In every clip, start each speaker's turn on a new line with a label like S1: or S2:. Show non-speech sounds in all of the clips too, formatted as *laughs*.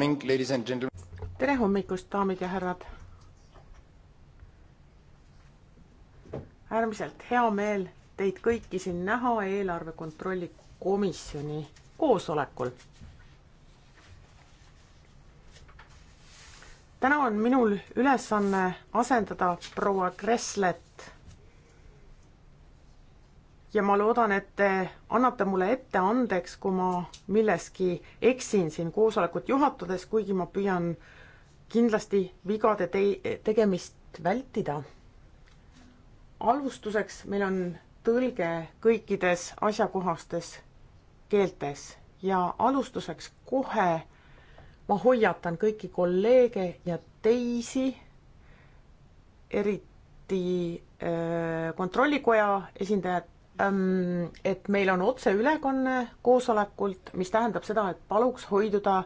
S1: morning,
S2: ladies and gentlemen.
S1: tere hommikust, daamid ja härrad. äärmiselt hea meel teid kõiki siin näha eelarve kontrolli komisjoni koosolekul. täna on minul ülesanne asendada proua Kresslet ja ma loodan, et te annate mulle ette andeks, kui ma milleski eksin siin koosolekut juhatades, kuigi ma püüan kindlasti vigade te tegemist vältida. alustuseks meil on tõlge kõikides asjakohastes keeltes ja alustuseks kohe ma hoiatan kõiki kolleege ja teisi, eriti öö, äh, kontrollikoja esindajat, et meil on otseülekanne koosolekult, mis tähendab seda, et paluks hoiduda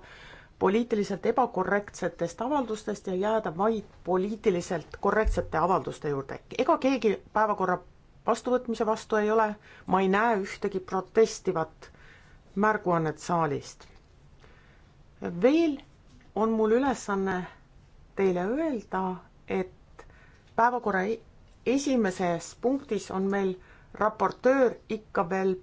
S1: poliitiliselt ebakorrektsetest avaldustest ja jääda vaid poliitiliselt korrektsete avalduste juurde. ega keegi päevakorra vastuvõtmise vastu ei ole, ma ei näe ühtegi protestivat märguannet saalist. veel on mul ülesanne teile öelda, et päevakorra e-, esimeses punktis on meil raportöör ikka veel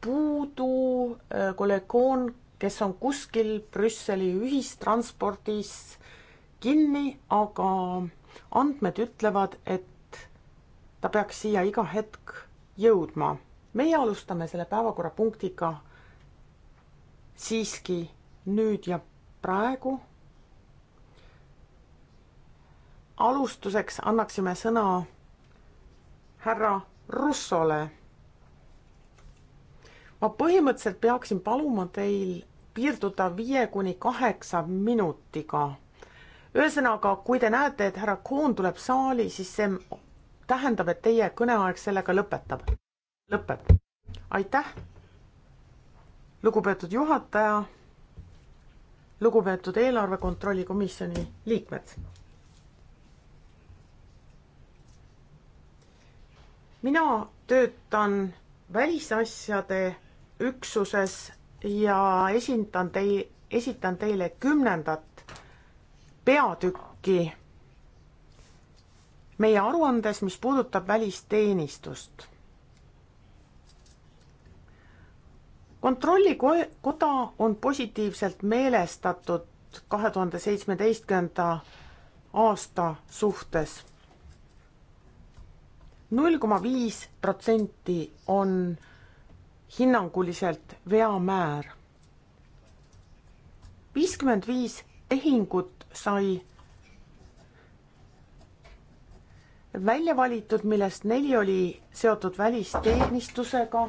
S1: puudu, äh, kolleeg Koon, kes on kuskil Brüsseli ühistranspordis kinni, aga andmed ütlevad, et ta peaks siia iga hetk jõudma. meie alustame selle päevakorrapunktiga siiski nüüd ja praegu. alustuseks annaksime sõna härra Russole. ma põhimõtteliselt peaksin paluma teil piirduda viie kuni kaheksa minutiga. ühesõnaga, kui te näete, et härra Koon tuleb saali, siis see tähendab, et teie kõneaeg sellega lõpetab, lõpeb. aitäh, lugupeetud juhataja, lugupeetud eelarve kontrolli komisjoni liikmed mina töötan välisasjade üksuses ja esindan tei-, esitan teile kümnendat peatükki meie aruandes, mis puudutab välisteenistust. kontrollikoda on positiivselt meelestatud kahe tuhande seitsmeteistkümnenda aasta suhtes null koma viis protsenti on hinnanguliselt veamäär. viiskümmend viis tehingut sai välja valitud, millest neli oli seotud välisteenistusega.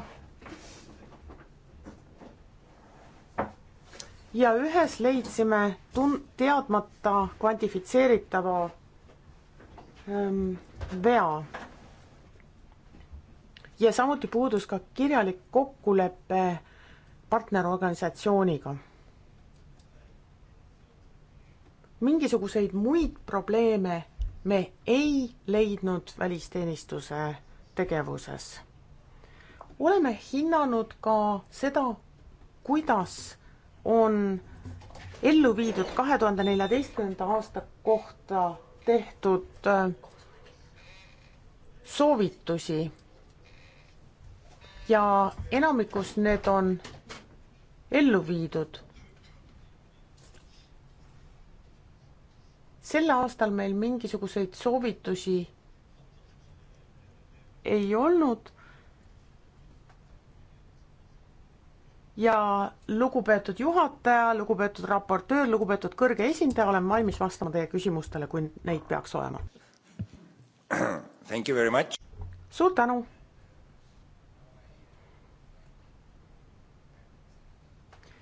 S1: ja ühes leidsime tun-, teadmata kvantifitseeritava ähm, vea ja samuti puudus ka kirjalik kokkulepe partnerorganisatsiooniga. mingisuguseid muid probleeme me ei leidnud välisteenistuse tegevuses. oleme hinnanud ka seda, kuidas on ellu viidud kahe tuhande neljateistkümnenda aasta kohta tehtud äh, soovitusi ja enamikus need on ellu viidud. sel aastal meil mingisuguseid soovitusi ei olnud. ja lugupeetud juhataja, lugupeetud raportöör, lugupeetud kõrge esindaja, olen valmis vastama teie küsimustele, kui neid peaks olema. suur tänu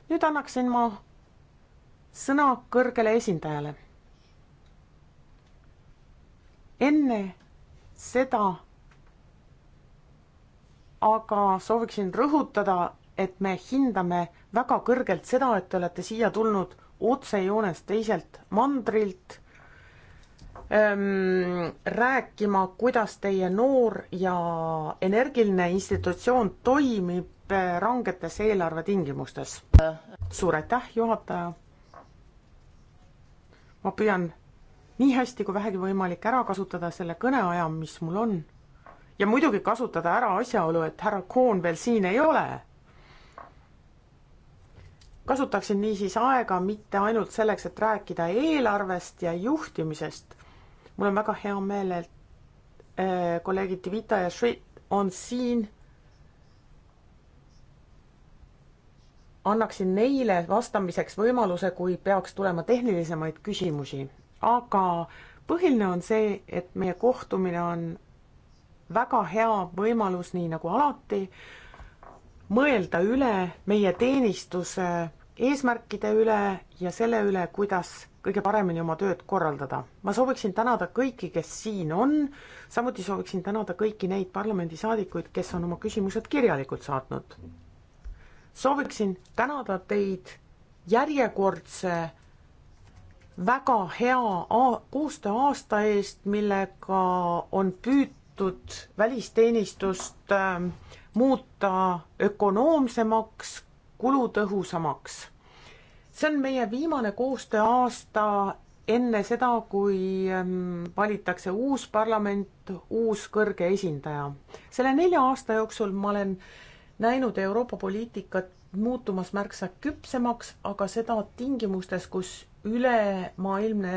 S1: nüüd annaksin ma sõna kõrgele esindajale. enne seda aga sooviksin rõhutada, et me hindame väga kõrgelt seda, et te olete siia tulnud otsejoones teiselt mandrilt ähm, rääkima, kuidas teie noor ja energiline institutsioon toimib Äh, rangetes eelarvetingimustes? suur aitäh, juhataja! ma püüan nii hästi kui vähegi võimalik ära kasutada selle kõneaja, mis mul on. ja muidugi kasutada ära asjaolu, et härra Koon veel siin ei ole. kasutaksin niisiis aega mitte ainult selleks, et rääkida eelarvest ja juhtimisest. mul on väga hea meel, et äh, kolleegid Divita ja Šveit on siin annaksin neile vastamiseks võimaluse, kui peaks tulema tehnilisemaid küsimusi. aga põhiline on see, et meie kohtumine on väga hea võimalus, nii nagu alati, mõelda üle meie teenistuse eesmärkide üle ja selle üle, kuidas kõige paremini oma tööd korraldada. ma sooviksin tänada kõiki, kes siin on, samuti sooviksin tänada kõiki neid parlamendisaadikuid, kes on oma küsimused kirjalikult saatnud sooviksin tänada teid järjekordse väga hea koostöö aasta eest, millega on püütud välisteenistust äh, muuta ökonoomsemaks, kulutõhusamaks. see on meie viimane koostööaasta enne seda, kui ähm, valitakse uus parlament, uus kõrge esindaja. selle nelja aasta jooksul ma olen äh, näinud Euroopa poliitikat muutumas märksa küpsemaks, aga seda tingimustes, kus ülemaailmne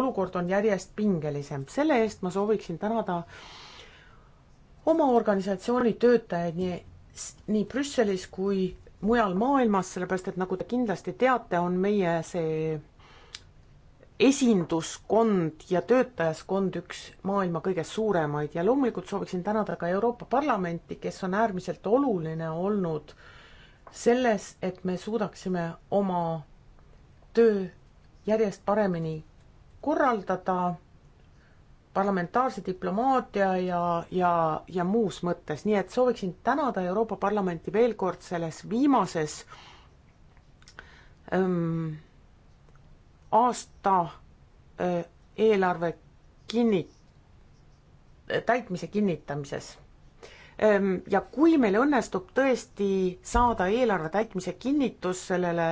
S1: olukord on järjest pingelisem. selle eest ma sooviksin tänada oma organisatsiooni töötajaid nii, nii Brüsselis kui mujal maailmas, sellepärast et nagu te kindlasti teate, on meie see esinduskond ja töötajaskond üks maailma kõige suuremaid ja loomulikult sooviksin tänada ka Euroopa Parlamenti, kes on äärmiselt oluline olnud selles, et me suudaksime oma töö järjest paremini korraldada parlamentaarse diplomaatia ja, ja, ja muus mõttes, nii et sooviksin tänada Euroopa Parlamenti veel kord selles viimases öö, ähm, aasta eelarve kinni, täitmise kinnitamises. ja kui meil õnnestub tõesti saada eelarve täitmise kinnitus sellele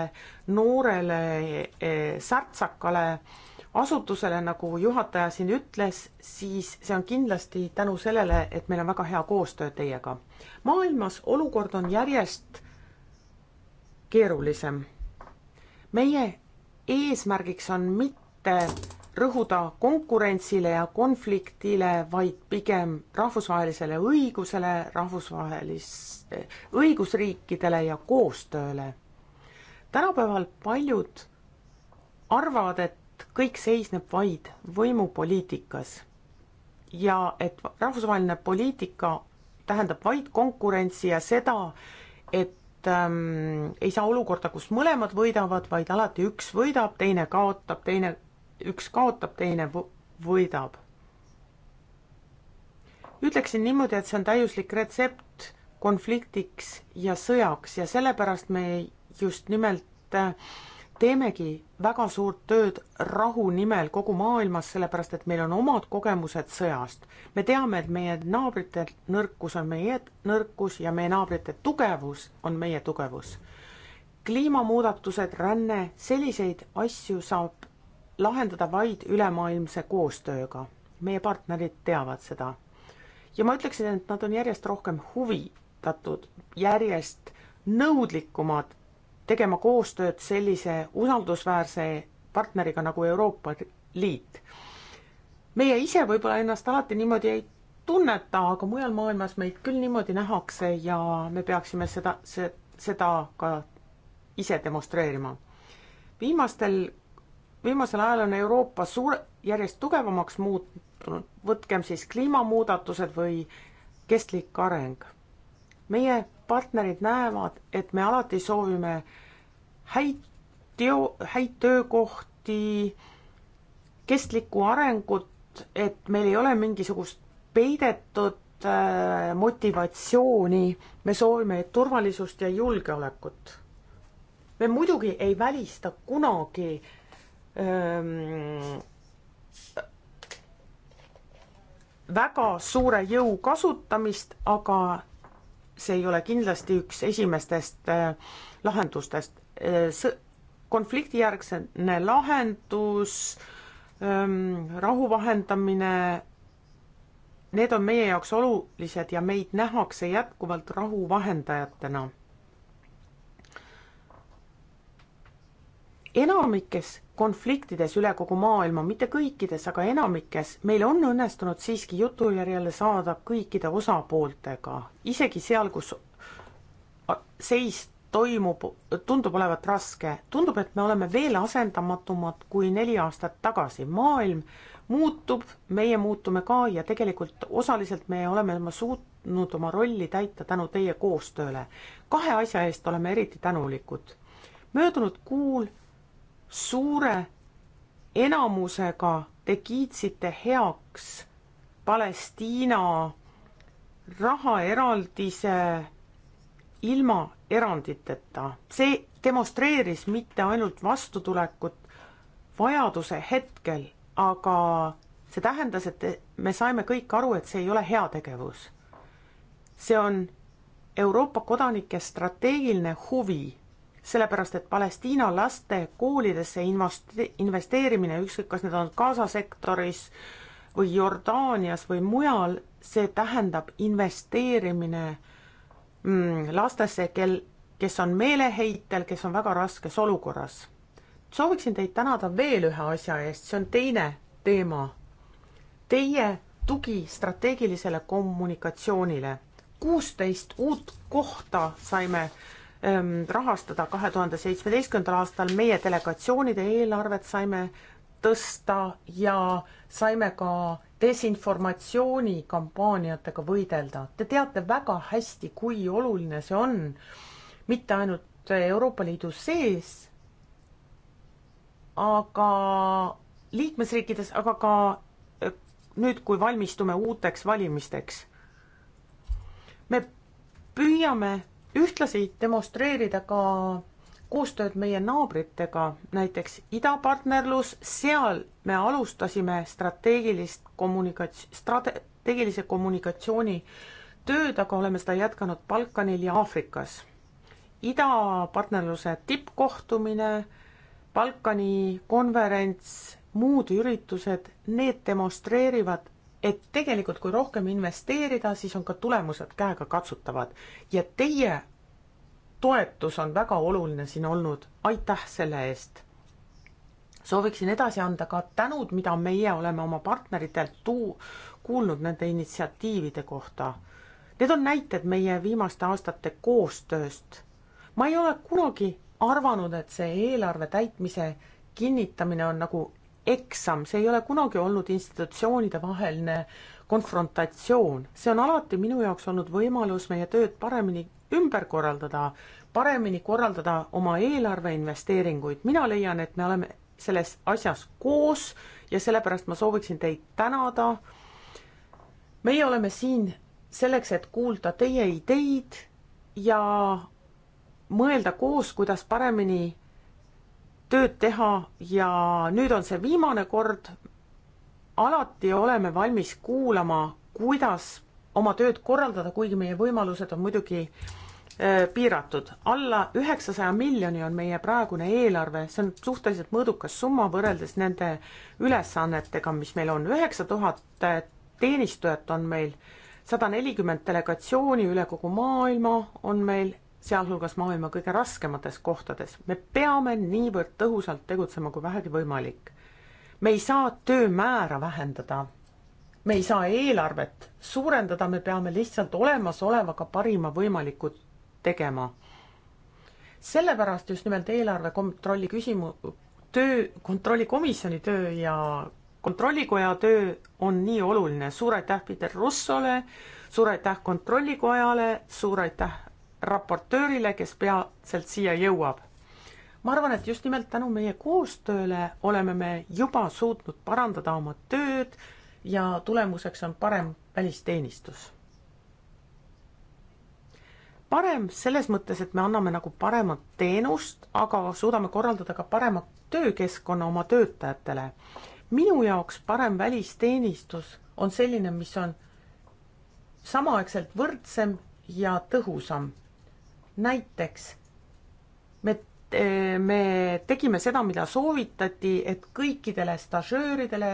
S1: noorele särtsakale asutusele, nagu juhataja siin ütles, siis see on kindlasti tänu sellele, et meil on väga hea koostöö teiega. maailmas olukord on järjest keerulisem. meie eesmärgiks on mitte rõhuda konkurentsile ja konfliktile, vaid pigem rahvusvahelisele õigusele, rahvusvahelis-, õigusriikidele ja koostööle. tänapäeval paljud arvavad, et kõik seisneb vaid võimupoliitikas ja et rahvusvaheline poliitika tähendab vaid konkurentsi ja seda, et ähm, ei saa olukorda, kus mõlemad võidavad, vaid alati üks võidab, teine kaotab, teine, üks kaotab, teine võidab. ütleksin niimoodi, et see on täiuslik retsept konfliktiks ja sõjaks ja sellepärast me just nimelt äh, teemegi väga suurt tööd rahu nimel kogu maailmas, sellepärast et meil on omad kogemused sõjast. me teame, et meie naabrite nõrkus on meie nõrkus ja meie naabrite tugevus on meie tugevus. kliimamuudatused, ränne, selliseid asju saab lahendada vaid ülemaailmse koostööga. meie partnerid teavad seda. ja ma ütleksin, et nad on järjest rohkem huvitatud, järjest nõudlikumad tegema koostööd sellise usaldusväärse partneriga nagu Euroopa Liit. meie ise võib-olla ennast alati niimoodi ei tunneta, aga mujal maailmas meid küll niimoodi nähakse ja me peaksime seda, seda ka ise demonstreerima. viimastel, viimasel ajal on Euroopa suure, järjest tugevamaks muutunud, võtkem siis kliimamuudatused või kestlik areng. meie partnerid näevad, et me alati soovime häid teo, häid töökohti, kestlikku arengut, et meil ei ole mingisugust peidetud äh, motivatsiooni, me soovime turvalisust ja julgeolekut. me muidugi ei välista kunagi ähm, väga suure jõu kasutamist, aga see ei ole kindlasti üks esimestest äh, lahendustest. Äh, konfliktijärgne lahendus, ähm, rahu vahendamine, need on meie jaoks olulised ja meid nähakse jätkuvalt rahu vahendajatena. enamikes konfliktides üle kogu maailma, mitte kõikides, aga enamikes, meil on õnnestunud siiski jutujärjele saada kõikide osapooltega, isegi seal, kus seis toimub, tundub olevat raske. tundub, et me oleme veel asendamatumad kui neli aastat tagasi. maailm muutub, meie muutume ka ja tegelikult osaliselt me oleme oma suutnud oma rolli täita tänu teie koostööle. kahe asja eest oleme eriti tänulikud. möödunud kuul suure enamusega te kiitsite heaks Palestiina rahaeraldise ilma eranditeta. see demonstreeris mitte ainult vastutulekut vajaduse hetkel, aga see tähendas, et me saime kõik aru, et see ei ole heategevus. see on Euroopa kodanike strateegiline huvi sellepärast et Palestiina laste koolidesse investeerimine, ükskõik kas need on Gaza sektoris või Jordaanias või mujal, see tähendab investeerimine mm, lastesse, kel, kes on meeleheitel, kes on väga raskes olukorras. sooviksin teid tänada veel ühe asja eest, see on teine teema. Teie tugi strateegilisele kommunikatsioonile. kuusteist uut kohta saime äh, Ähm, rahastada kahe tuhande seitsmeteistkümnendal aastal meie delegatsioonide eelarvet saime tõsta ja saime ka desinformatsioonikampaaniatega võidelda. Te teate väga hästi, kui oluline see on, mitte ainult Euroopa Liidu sees, aga liikmesriikides, aga ka äh, nüüd, kui valmistume uuteks valimisteks. me püüame ühtlasi demonstreerida ka koostööd meie naabritega, näiteks idapartnerlus, seal me alustasime strateegilist kommunikats-, strateegilise kommunikatsiooni tööd, aga oleme seda jätkanud Balkanil ja Aafrikas. idapartnerluse tippkohtumine, Balkani konverents, muud üritused, need demonstreerivad, et tegelikult, kui rohkem investeerida, siis on ka tulemused käegakatsutavad ja teie toetus on väga oluline siin olnud, aitäh selle eest! sooviksin edasi anda ka tänud, mida meie oleme oma partneritelt tuu-, kuulnud nende initsiatiivide kohta. Need on näited meie viimaste aastate koostööst. ma ei ole kunagi arvanud, et see eelarve täitmise kinnitamine on nagu eksam, see ei ole kunagi olnud institutsioonide vaheline konfrontatsioon, see on alati minu jaoks olnud võimalus meie tööd paremini ümber korraldada, paremini korraldada oma eelarve investeeringuid, mina leian, et me oleme selles asjas koos ja sellepärast ma sooviksin teid tänada. meie oleme siin selleks, et kuulda teie ideid ja mõelda koos, kuidas paremini tööd teha ja nüüd on see viimane kord. alati oleme valmis kuulama, kuidas oma tööd korraldada, kuigi meie võimalused on muidugi äh, piiratud, alla üheksasaja miljoni on meie praegune eelarve, see on suhteliselt mõõdukas summa võrreldes nende ülesannetega, mis meil on, üheksa tuhat äh, teenistujat on meil, sada nelikümmend delegatsiooni üle kogu maailma on meil sealhulgas maailma kõige raskemates kohtades. me peame niivõrd tõhusalt tegutsema, kui vähegi võimalik. me ei saa töömäära vähendada, me ei saa eelarvet suurendada, me peame lihtsalt olemasolevaga parima võimaliku tegema. sellepärast just nimelt eelarve kontrolli küsimu-, töö, kontrollikomisjoni töö ja kontrollikoja töö on nii oluline, suur aitäh Peter Russole, suur aitäh kontrollikojale, suur aitäh raportöörile, kes peatselt siia jõuab. ma arvan, et just nimelt tänu meie koostööle oleme me juba suutnud parandada oma tööd ja tulemuseks on parem välisteenistus. parem selles mõttes, et me anname nagu paremat teenust, aga suudame korraldada ka parema töökeskkonna oma töötajatele. minu jaoks parem välisteenistus on selline, mis on samaaegselt võrdsem ja tõhusam näiteks me, eh, me tegime seda, mida soovitati, et kõikidele stažööridele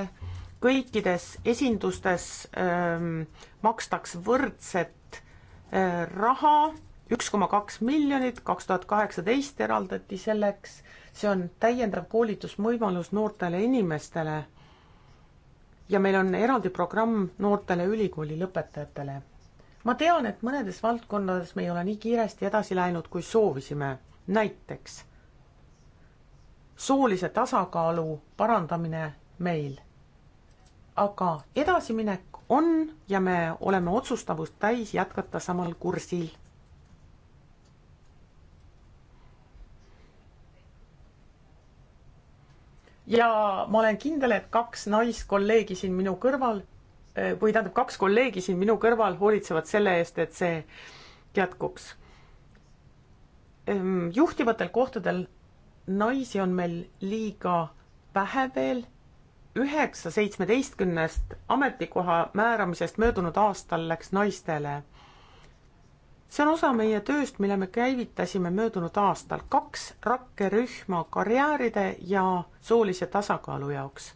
S1: kõikides esindustes ähm, makstaks võrdset äh, raha, üks koma kaks miljonit, kaks tuhat kaheksateist eraldati selleks, see on täiendav koolitusvõimalus noortele inimestele. ja meil on eraldi programm noortele ülikooli lõpetajatele ma tean, et mõnedes valdkondades me ei ole nii kiiresti edasi läinud, kui soovisime. näiteks soolise tasakaalu parandamine meil. aga edasiminek on ja me oleme otsustavust täis jätkata samal kursil ja ma olen kindel, et kaks naiskolleegi siin minu kõrval või tähendab, kaks kolleegi siin minu kõrval hoolitsevad selle eest, et see jätkuks. Ehm, juhtivatel kohtadel naisi on meil liiga vähe veel, üheksa seitsmeteistkümnest ametikoha määramisest möödunud aastal läks naistele. see on osa meie tööst, mille me käivitasime möödunud aastal, kaks rakkerühma karjääride ja soolise tasakaalu jaoks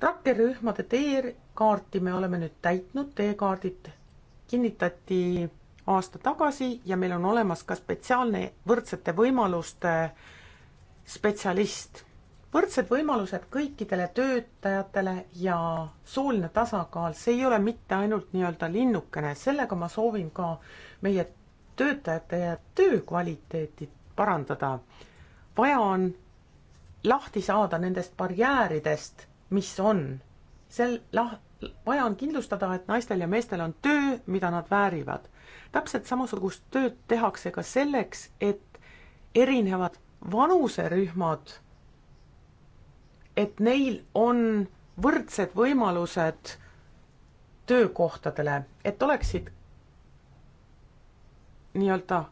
S1: rakkerühmade teer kaarti me oleme nüüd täitnud, teekaardid kinnitati aasta tagasi ja meil on olemas ka spetsiaalne võrdsete võimaluste spetsialist. võrdsed võimalused kõikidele töötajatele ja sooline tasakaal, see ei ole mitte ainult nii-öelda linnukene, sellega ma soovin ka meie töötajate ja töö kvaliteeti parandada. vaja on lahti saada nendest barjääridest, mis on sel lah-, vaja on kindlustada, et naistel ja meestel on töö, mida nad väärivad. täpselt samasugust tööd tehakse ka selleks, et erinevad vanuserühmad, et neil on võrdsed võimalused töökohtadele, et oleksid nii-öelda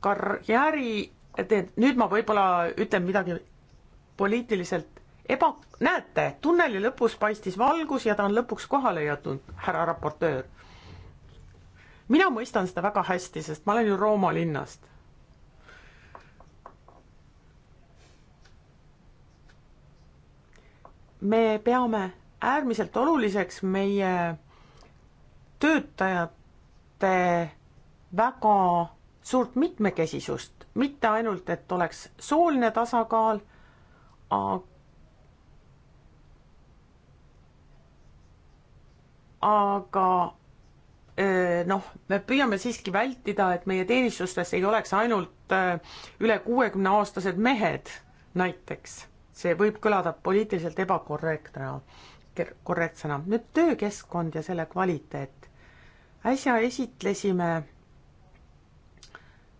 S1: karjääri, et nüüd ma võib-olla ütlen midagi poliitiliselt eba, näete, tunneli lõpus paistis valgus ja ta on lõpuks kohale jõudnud, härra raportöör. mina mõistan seda väga hästi, sest ma olen ju Rooma linnast. me peame äärmiselt oluliseks meie töötajate väga suurt mitmekesisust, mitte ainult, et oleks sooline tasakaal, aga aga noh, me püüame siiski vältida, et meie teenistustes ei oleks ainult üle kuuekümne aastased mehed näiteks. see võib kõlada poliitiliselt ebakorrektna, korrektsena. nüüd töökeskkond ja selle kvaliteet. äsja esitlesime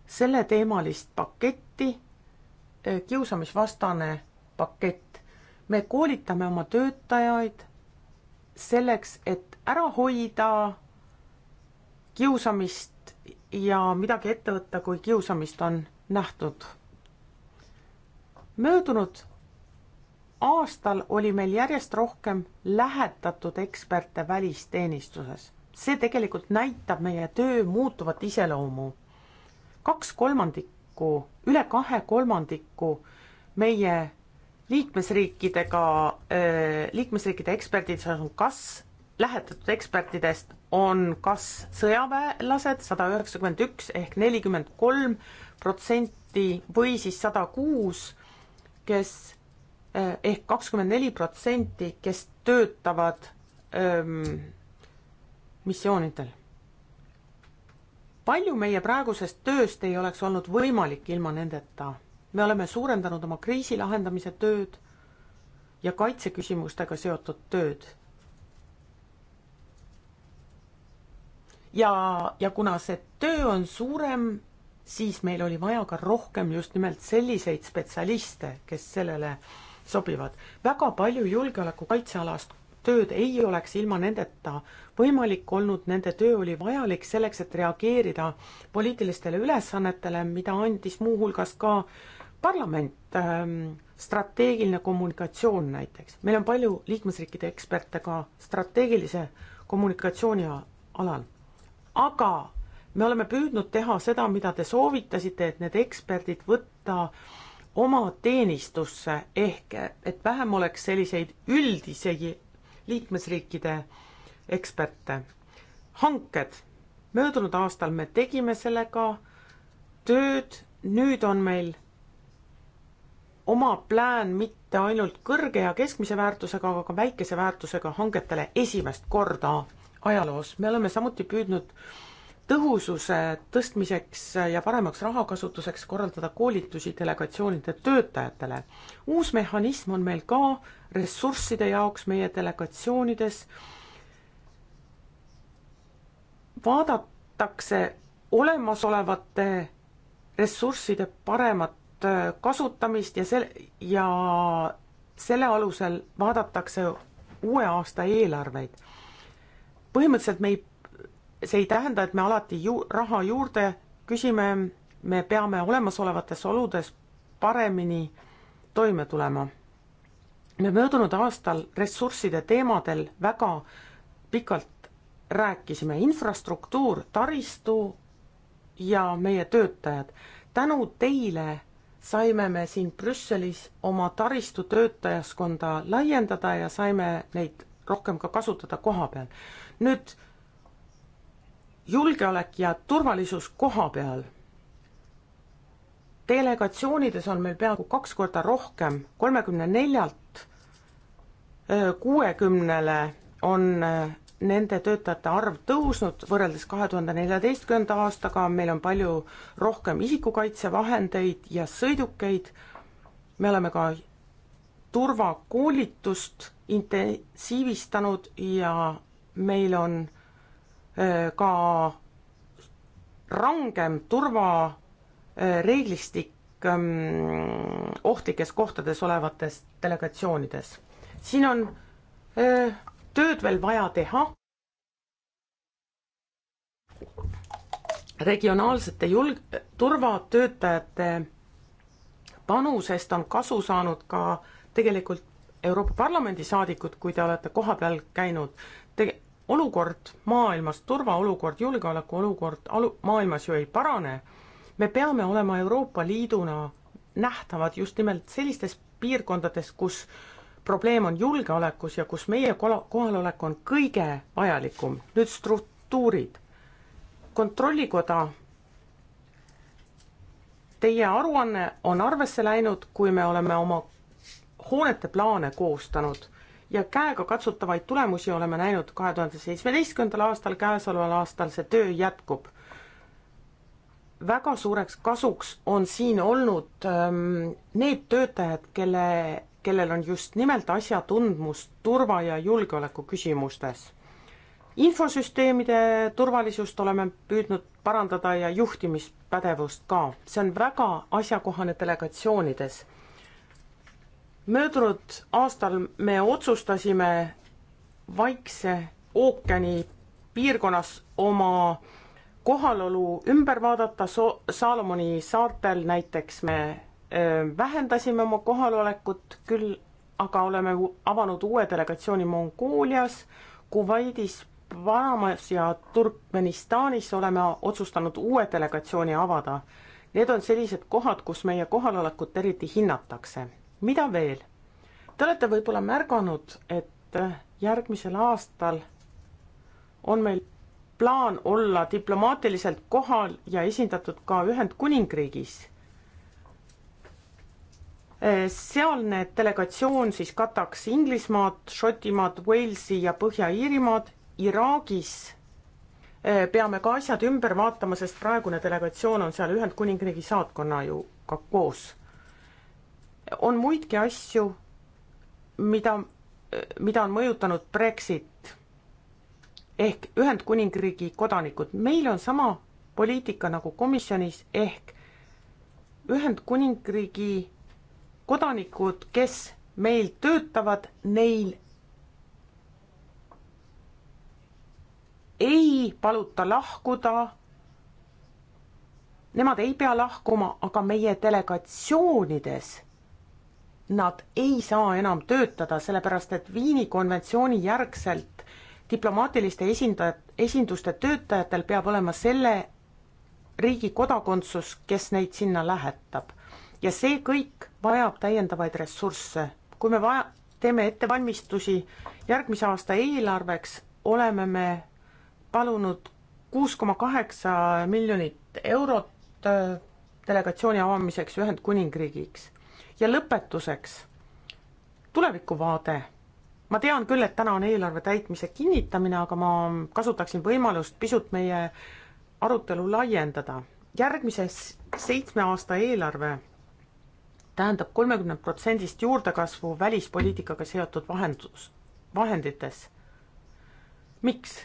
S1: selleteemalist paketti, kiusamisvastane pakett. me koolitame oma töötajaid selleks, et ära hoida kiusamist ja midagi ette võtta, kui kiusamist on nähtud. möödunud aastal oli meil järjest rohkem lähetatud eksperte välisteenistuses. see tegelikult näitab meie töö muutuvat iseloomu. kaks kolmandikku, üle kahe kolmandiku meie liikmesriikidega, liikmesriikide eksperdid, seal on kas lähetatud ekspertidest on kas sõjaväelased sada üheksakümmend üks ehk nelikümmend kolm protsenti või siis sada kuus, kes eh, ehk kakskümmend neli protsenti, kes töötavad öö, ehm, missioonidel. palju meie praegusest tööst ei oleks olnud võimalik ilma nendeta. me oleme suurendanud oma kriisi lahendamise tööd ja kaitseküsimustega seotud tööd ja, ja kuna see töö on suurem, siis meil oli vaja ka rohkem just nimelt selliseid spetsialiste, kes sellele sobivad. väga palju julgeoleku kaitsealast tööd ei oleks ilma nendeta võimalik olnud, nende töö oli vajalik selleks, et reageerida poliitilistele ülesannetele, mida andis muuhulgas ka parlament ähm,, strateegiline kommunikatsioon näiteks. meil on palju liikmesriikide eksperte ka strateegilise kommunikatsiooni alal aga me oleme püüdnud teha seda, mida te soovitasite, et need eksperdid võtta oma teenistusse ehk et vähem oleks selliseid üldisegi liikmesriikide eksperte. hanked, möödunud aastal me tegime sellega tööd, nüüd on meil oma plaan mitte ainult kõrge ja keskmise väärtusega, aga ka väikese väärtusega hangetele esimest korda ajaloos. me oleme samuti püüdnud tõhususe tõstmiseks ja paremaks rahakasutuseks korraldada koolitusi delegatsioonide töötajatele. uus mehhanism on meil ka ressursside jaoks meie delegatsioonides. vaadatakse olemasolevate ressursside paremat kasutamist ja sel-, ja selle alusel vaadatakse uue aasta eelarveid põhimõtteliselt me ei, see ei tähenda, et me alati ju raha juurde küsime, me peame olemasolevates oludes paremini toime tulema. me möödunud aastal ressursside teemadel väga pikalt rääkisime, infrastruktuur, taristu ja meie töötajad. tänu teile saime me siin Brüsselis oma taristu töötajaskonda laiendada ja saime neid rohkem ka kasutada koha peal nüüd julgeolek ja turvalisus koha peal. delegatsioonides on meil peaaegu kaks korda rohkem, kolmekümne neljalt kuuekümnele on nende töötajate arv tõusnud võrreldes kahe tuhande neljateistkümnenda aastaga, meil on palju rohkem isikukaitsevahendeid ja sõidukeid, me oleme ka turvakoolitust intensiivistanud ja meil on ka rangem turvareeglistik ohtlikes kohtades olevates delegatsioonides. siin on tööd veel vaja teha. regionaalsete julg-, turvatöötajate panusest on kasu saanud ka tegelikult Euroopa Parlamendi saadikud, kui te olete kohapeal käinud olukord maailmas, turvaolukord, julgeolekuolukord alu-, maailmas ju ei parane, me peame olema Euroopa Liiduna nähtavad just nimelt sellistes piirkondades, kus probleem on julgeolekus ja kus meie kohalolek on kõige vajalikum. nüüd struktuurid. kontrollikoda, teie aruanne on arvesse läinud, kui me oleme oma hoonete plaane koostanud ja käegakatsutavaid tulemusi oleme näinud kahe tuhande seitsmeteistkümnendal aastal, käesoleval aastal see töö jätkub. väga suureks kasuks on siin olnud ähm, need töötajad, kelle, kellel on just nimelt asjatundmus turva- ja julgeoleku küsimustes. infosüsteemide turvalisust oleme püüdnud parandada ja juhtimispädevust ka, see on väga asjakohane delegatsioonides möödunud aastal me otsustasime Vaikse ookeani piirkonnas oma kohalolu ümber vaadata, Saalomoni saartel näiteks me öö, vähendasime oma kohalolekut küll, aga oleme avanud uue delegatsiooni Mongoolias, Kuveidis, Panamas ja Turkmenistanis oleme otsustanud uue delegatsiooni avada. Need on sellised kohad, kus meie kohalolekut eriti hinnatakse mida veel? Te olete võib-olla märganud, et järgmisel aastal on meil plaan olla diplomaatiliselt kohal ja esindatud ka Ühendkuningriigis. Eh, sealne delegatsioon siis kataks Inglismaad, Šotimaad, Walesi ja Põhja-Iirimaad. Iraagis eh, peame ka asjad ümber vaatama, sest praegune delegatsioon on seal Ühendkuningriigi saatkonnaga koos on muidki asju, mida, mida on mõjutanud Brexit ehk Ühendkuningriigi kodanikud. meil on sama poliitika nagu komisjonis ehk Ühendkuningriigi kodanikud, kes meil töötavad, neil ei paluta lahkuda, nemad ei pea lahkuma, aga meie delegatsioonides nad ei saa enam töötada, sellepärast et Viini konventsiooni järgselt diplomaatiliste esindajad, esinduste töötajatel peab olema selle riigi kodakondsus, kes neid sinna lähetab. ja see kõik vajab täiendavaid ressursse. kui me vaja, teeme ettevalmistusi järgmise aasta eelarveks, oleme me palunud kuus koma kaheksa miljonit eurot äh, delegatsiooni avamiseks Ühendkuningriigiks ja lõpetuseks tulevikuvaade. ma tean küll, et täna on eelarve täitmise kinnitamine, aga ma kasutaksin võimalust pisut meie arutelu laiendada. järgmise seitsme aasta eelarve tähendab kolmekümne protsendist juurdekasvu välispoliitikaga seotud vahendus, vahendites. miks?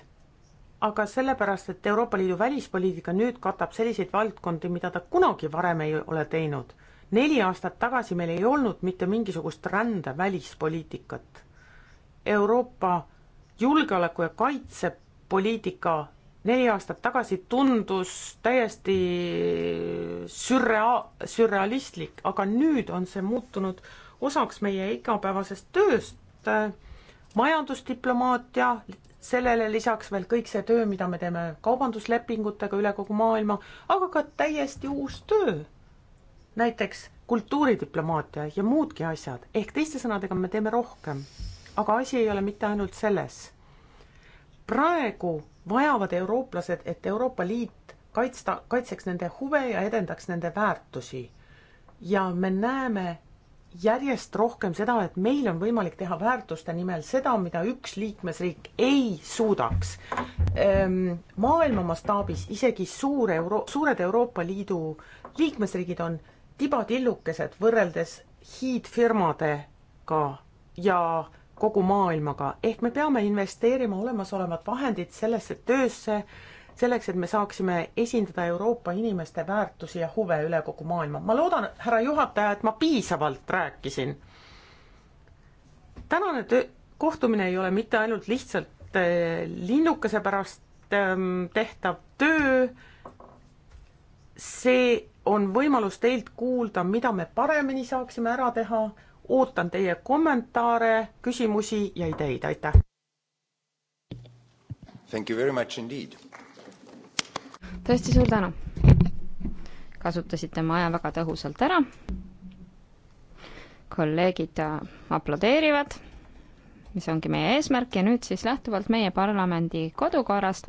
S1: aga sellepärast, et Euroopa Liidu välispoliitika nüüd katab selliseid valdkondi, mida ta kunagi varem ei ole teinud neli aastat tagasi meil ei olnud mitte mingisugust rände välispoliitikat. Euroopa julgeoleku ja kaitsepoliitika neli aastat tagasi tundus täiesti sürrea-, sürrealistlik, aga nüüd on see muutunud osaks meie igapäevasest tööst, äh, majandusdiplomaatia, sellele lisaks veel kõik see töö, mida me teeme kaubanduslepingutega üle kogu maailma, aga ka täiesti uus töö näiteks kultuuridiplomaatia ja muudki asjad, ehk teiste sõnadega me teeme rohkem. aga asi ei ole mitte ainult selles. praegu vajavad eurooplased, et Euroopa Liit kaitsta, kaitseks nende huve ja edendaks nende väärtusi. ja me näeme järjest rohkem seda, et meil on võimalik teha väärtuste nimel seda, mida üks liikmesriik ei suudaks. Ehm, maailma mastaabis isegi suur euro, suured Euroopa Liidu liikmesriigid on tibatillukesed võrreldes hiidfirmadega ja kogu maailmaga, ehk me peame investeerima olemasolevad vahendid sellesse töösse, selleks, et me saaksime esindada Euroopa inimeste väärtusi ja huve üle kogu maailma. ma loodan, härra juhataja, et ma piisavalt rääkisin. tänane töö, kohtumine ei ole mitte ainult lihtsalt äh, linnukese pärast äh, tehtav töö, see on võimalus teilt kuulda, mida me paremini saaksime ära teha. ootan teie kommentaare, küsimusi ja ideid, aitäh.
S2: Thank you very much indeed.
S1: tõesti suur tänu. kasutasite
S3: oma aja väga tõhusalt ära. kolleegid äh, aplodeerivad, mis ongi meie eesmärk ja nüüd siis lähtuvalt meie parlamendi kodukorrast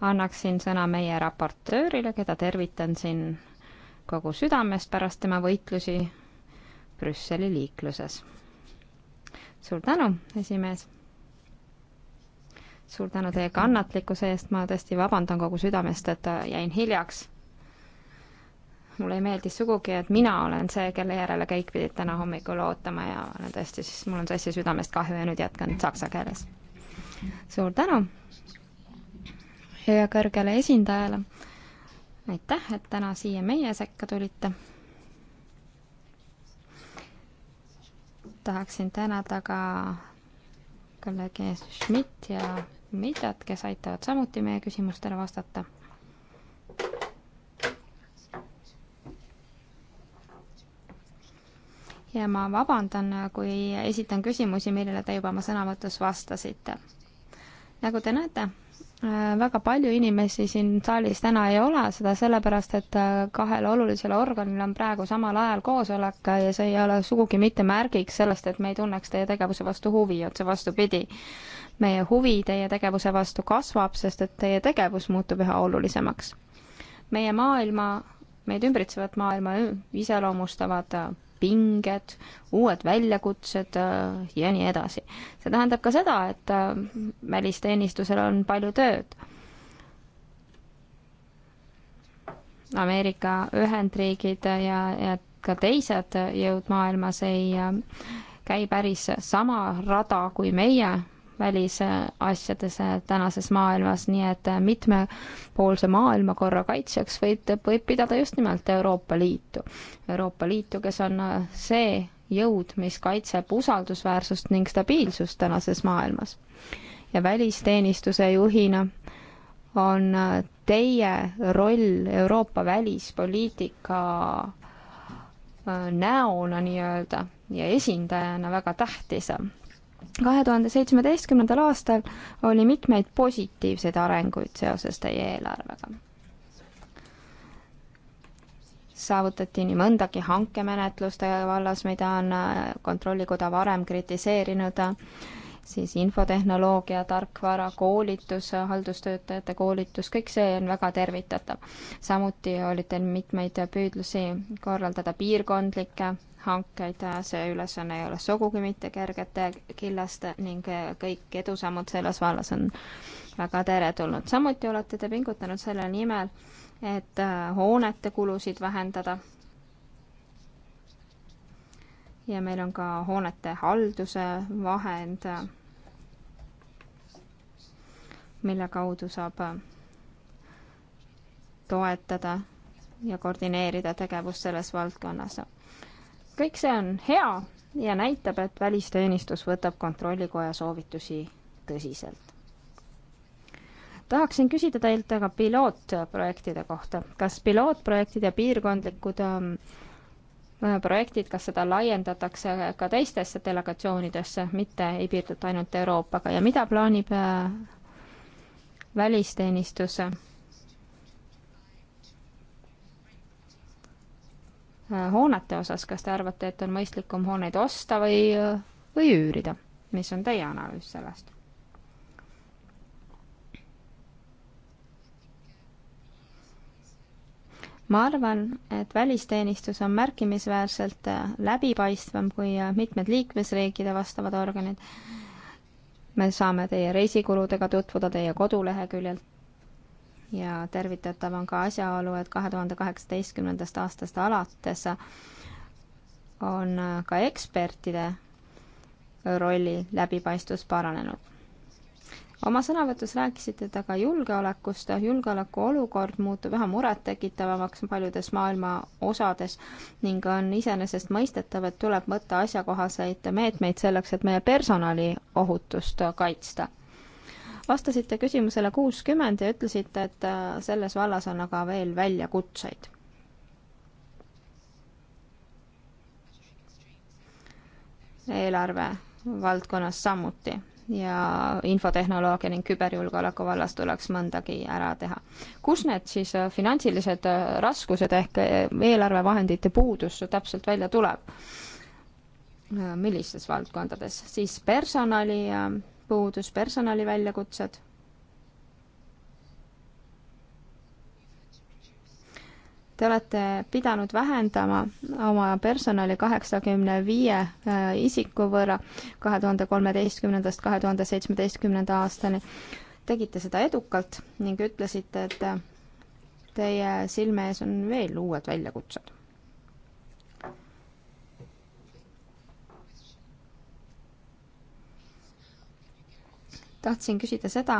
S3: annaksin sõna meie raportöörile, keda tervitan siin kogu südamest pärast tema võitlusi Brüsseli liikluses. suur tänu, esimees! suur tänu teie kannatlikkuse eest, ma tõesti vabandan kogu südamest, et jäin hiljaks. mulle ei meeldi sugugi, et mina olen see, kelle järele kõik pidid täna hommikul ootama ja olen tõesti siis, mul on tõesti südamest kahju ja nüüd jätkan saksa keeles. suur tänu! ja kõrgele esindajale. aitäh, et täna siia meie sekka tulite. tahaksin tänada ka kolleeg Schmidt ja Midjat, kes aitavad samuti meie küsimustele vastata. ja ma vabandan, kui esitan küsimusi, millele te juba oma sõnavõtus vastasite. nagu te näete Äh, väga palju inimesi siin saalis täna ei ole, seda sellepärast, et äh, kahel olulisel organil on praegu samal ajal koosolek ja see ei ole sugugi mitte märgiks sellest, et me ei tunneks teie tegevuse vastu huvi, otse vastupidi. meie huvi teie tegevuse vastu kasvab, sest et teie tegevus muutub üha olulisemaks. meie maailma, meid ümbritsevat maailma iseloomustavad äh, pinged, uued väljakutsed äh, ja nii edasi. see tähendab ka seda, et äh, välisteenistusel on palju tööd. Ameerika Ühendriigid ja, ja ka teised jõud maailmas ei äh, käi päris sama rada kui meie välisasjades äh, tänases maailmas, nii et äh, mitmepoolse maailmakorra kaitsjaks võib, võib pidada just nimelt Euroopa Liitu. Euroopa Liitu, kes on äh, see jõud, mis kaitseb usaldusväärsust ning stabiilsust tänases maailmas. ja välisteenistuse juhina on teie roll Euroopa välispoliitika näona nii-öelda ja esindajana väga tähtis kahe tuhande seitsmeteistkümnendal aastal oli mitmeid positiivseid arenguid seoses teie eelarvega. saavutati nii mõndagi hankemenetluste vallas, mida on äh, Kontrollikoda varem kritiseerinud, siis infotehnoloogia, tarkvara, koolitus, haldustöötajate koolitus, kõik see on väga tervitatav. samuti oli teil mitmeid püüdlusi korraldada piirkondlikke hankeid, äh, see ülesanne ei ole sugugi mitte kergete killast ning äh, kõik edusammud selles vallas on väga teretulnud. samuti olete te pingutanud selle nimel, et äh, hoonete kulusid vähendada. ja meil on ka hoonete halduse vahend, mille kaudu saab toetada ja koordineerida tegevust selles valdkonnas kõik see on hea ja näitab, et välisteenistus võtab Kontrollikoja soovitusi tõsiselt. tahaksin küsida teilt aga pilootprojektide kohta. kas pilootprojektid ja piirkondlikud ähm, äh, projektid, kas seda laiendatakse ka teistesse delegatsioonidesse, mitte ei piirduta ainult Euroopaga ja mida plaanib äh, välisteenistus äh, Äh, hoonete osas, kas te arvate, et on mõistlikum hooneid osta või, äh, või üürida? mis on teie analüüs sellest? ma arvan, et välisteenistus on märkimisväärselt äh, läbipaistvam kui mitmed liikmesriikide vastavad organid. me saame teie reisikuludega tutvuda teie koduleheküljelt ja tervitatav on ka asjaolu, et kahe tuhande kaheksateistkümnendast aastast alates on ka ekspertide rolli läbipaistvus paranenud oma sõnavõtus rääkisite te ka julgeolekust, julgeoleku olukord muutub üha murettekitavamaks paljudes maailma osades ning on iseenesestmõistetav, et tuleb võtta asjakohaseid meetmeid selleks, et meie personali ohutust kaitsta vastasite küsimusele kuuskümmend ja ütlesite, et äh, selles vallas on aga veel väljakutseid. eelarve valdkonnas samuti ja infotehnoloogia ning küberjulgeoleku vallas tuleks mõndagi ära teha. kus need siis äh, finantsilised äh, raskused ehk eelarvevahendite puudus täpselt välja tuleb? millistes valdkondades, siis personali puudus personali väljakutsed. Te olete pidanud vähendama oma personali kaheksakümne viie äh, isiku võrra kahe tuhande kolmeteistkümnendast kahe tuhande seitsmeteistkümnenda aastani. tegite seda edukalt ning ütlesite, et teie silme ees on veel uued väljakutsed. tahtsin küsida seda,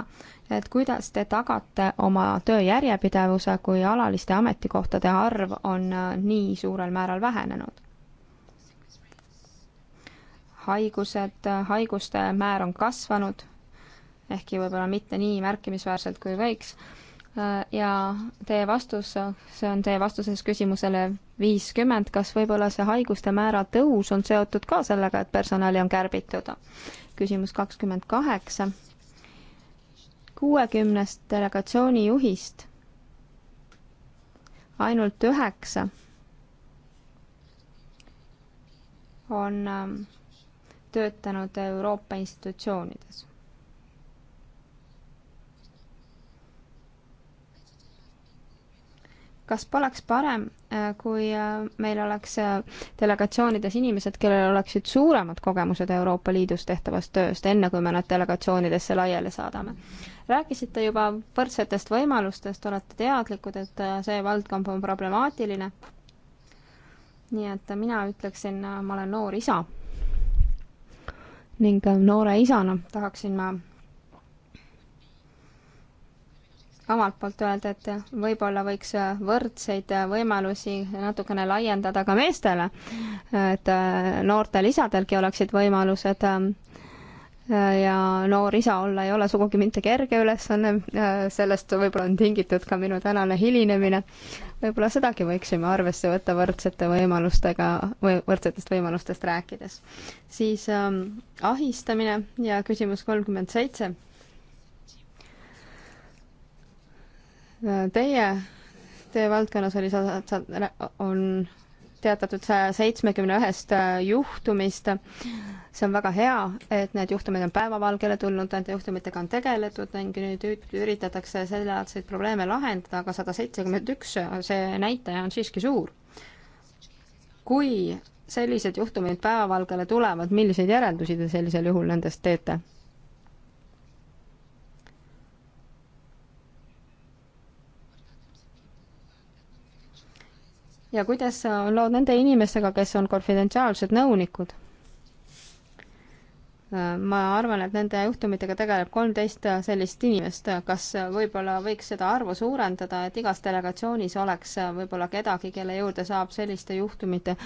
S3: et kuidas te tagate oma töö järjepidevuse, kui alaliste ametikohtade arv on äh, nii suurel määral vähenenud? haigused, äh, haiguste määr on kasvanud, ehkki võib-olla mitte nii märkimisväärselt, kui võiks, äh, ja teie vastus, see on teie vastuses küsimusele viiskümmend, kas võib-olla see haiguste määra tõus on seotud ka sellega, et personali on kärbitud? küsimus kakskümmend kaheksa kuuekümnest delegatsiooni juhist ainult üheksa on ähm, töötanud Euroopa institutsioonides kas poleks parem, äh, kui äh, meil oleks äh, delegatsioonides inimesed, kellel oleksid suuremad kogemused Euroopa Liidus tehtavast tööst, enne kui me nad delegatsioonidesse laiali saadame? rääkisite juba võrdsetest võimalustest, olete teadlikud, et see valdkond on problemaatiline. nii et mina ütleksin, ma olen noor isa ning noore isana tahaksin ma omalt poolt öelda, et võib-olla võiks võrdseid võimalusi natukene laiendada ka meestele, et noortel isadelgi oleksid võimalused ja noor isa olla ei ole sugugi mitte kerge ülesanne, sellest võib-olla on tingitud ka minu tänane hilinemine. võib-olla sedagi võiksime arvesse võtta võrdsete võimalustega või võrdsetest võimalustest rääkides. siis ähm, ahistamine ja küsimus kolmkümmend seitse Teie, teie valdkonnas oli, on teatatud saja seitsmekümne ühest äh, juhtumist. see on väga hea, et need juhtumid on päevavalgele tulnud, nende juhtumitega on tegeletud ning nüüd üritatakse sellealaseid probleeme lahendada, aga sada seitsekümmend üks, see näitaja on siiski suur. kui sellised juhtumid päevavalgele tulevad, milliseid järeldusi te sellisel juhul nendest teete? ja kuidas on lood nende inimestega, kes on konfidentsiaalsed nõunikud? ma arvan, et nende juhtumitega tegeleb kolmteist sellist inimest, kas võib-olla võiks seda arvu suurendada, et igas delegatsioonis oleks võib-olla kedagi, kelle juurde saab selliste juhtumite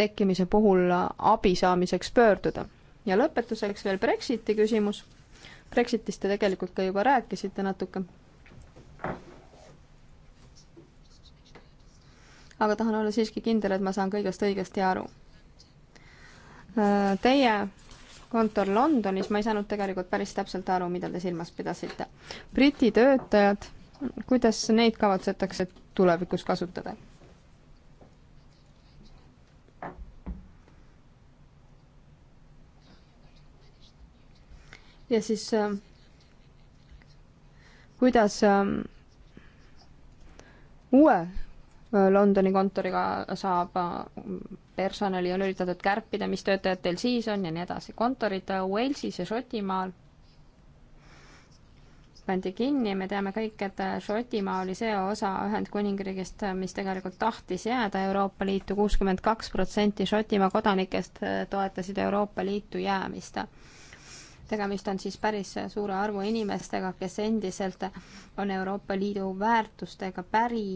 S3: tekkimise puhul abi saamiseks pöörduda? ja lõpetuseks veel Brexiti küsimus. Brexitist te tegelikult ka juba rääkisite natuke aga tahan olla siiski kindel, et ma saan kõigest õigesti aru. Äh, teie kontor Londonis, ma ei saanud tegelikult päris täpselt aru, mida te silmas pidasite. Briti töötajad, kuidas neid kavatsetakse tulevikus kasutada? ja siis äh, kuidas äh, uue Londoni kontoriga saab, äh, personali on üritatud kärpida, mis töötajad teil siis on ja nii edasi. kontorid äh, Walesis ja Šotimaal pandi kinni, me teame kõik, et äh, Šotimaa oli see osa Ühendkuningriigist, mis tegelikult tahtis jääda Euroopa Liitu, kuuskümmend kaks protsenti Šotimaa kodanikest toetasid Euroopa Liitu jäämist. tegemist on siis päris suure arvu inimestega, kes endiselt on Euroopa Liidu väärtustega päri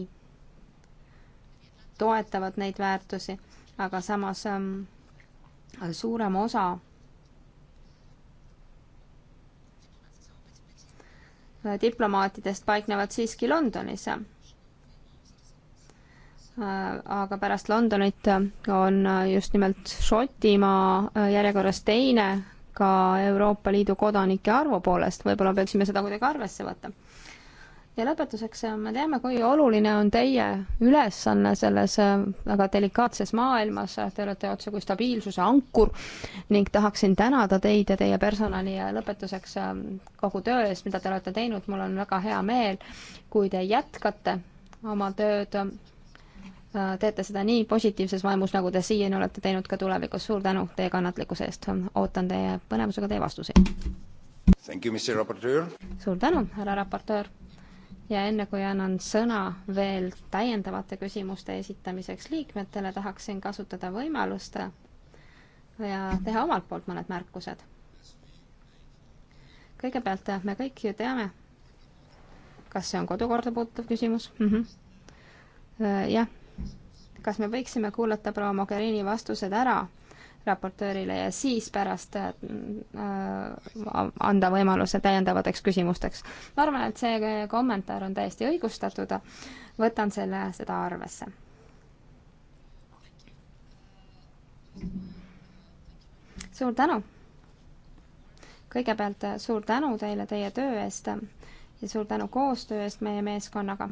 S3: toetavad neid väärtusi, aga samas ähm, suurem osa diplomaatidest paiknevad siiski Londonis. Äh, aga pärast Londonit on just nimelt Šotimaa äh, järjekorras teine ka Euroopa Liidu kodanike arvu poolest, võib-olla peaksime seda kuidagi arvesse võtma ja lõpetuseks äh, me teame, kui oluline on teie ülesanne selles äh, väga delikaatses maailmas, te olete otsekui stabiilsuse ankur ning tahaksin tänada teid ja teie personali ja lõpetuseks äh, kogu töö eest, mida te olete teinud, mul on väga hea meel, kui te jätkate oma tööd teete seda nii positiivses vaimus, nagu te siiani olete teinud ka tulevikus. suur tänu teie kannatlikkuse eest. ootan teie põnevusega teie vastuseid. suur tänu, härra raportöör ja enne kui annan sõna veel täiendavate küsimuste esitamiseks liikmetele, tahaksin kasutada võimalust ja teha omalt poolt mõned märkused. kõigepealt me kõik ju teame, kas see on kodukorda puutuv küsimus mm? -hmm. jah. kas me võiksime kuulata proua Mogherini vastused ära raportöörile ja siis pärast äh, äh, anda võimaluse täiendavateks küsimusteks. ma arvan, et see kommentaar on täiesti õigustatud, võtan selle, seda arvesse. suur tänu! kõigepealt äh, suur tänu teile teie töö eest ja suur tänu koostöö eest meie meeskonnaga.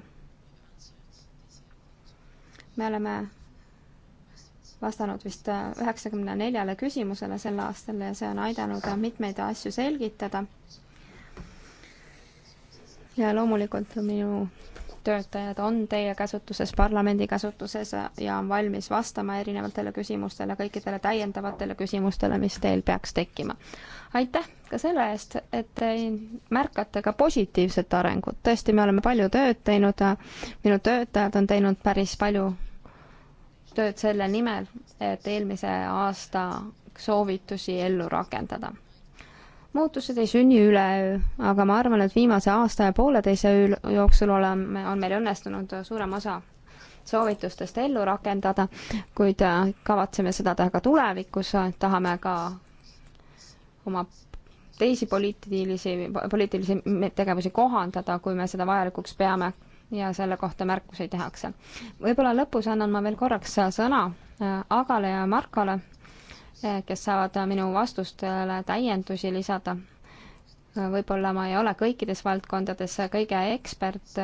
S3: me oleme vastanud vist äh, üheksakümne neljale küsimusele sel aastal ja see on aidanud äh, mitmeid asju selgitada. ja loomulikult minu töötajad on teie käsutuses, parlamendi käsutuses äh, ja on valmis vastama erinevatele küsimustele, kõikidele täiendavatele küsimustele, mis teil peaks tekkima. aitäh ka selle eest, et te märkate ka positiivset arengut, tõesti, me oleme palju tööd teinud, minu töötajad on teinud päris palju tööd selle nimel, et eelmise aasta soovitusi ellu rakendada. muutused ei sünni üleöö, aga ma arvan, et viimase aasta ja pooleteise öö jooksul oleme, on meil õnnestunud suurem osa soovitustest ellu rakendada, kuid äh, kavatseme seda teha ka tulevikus, äh, tahame ka oma teisi poliitilisi, poliitilisi tegevusi kohandada, kui me seda vajalikuks peame ja selle kohta märkusi tehakse. võib-olla lõpus annan ma veel korraks sõna äh, Agale ja Markole, äh, kes saavad minu vastustele täiendusi lisada. Äh, võib-olla ma ei ole kõikides valdkondades kõige ekspert,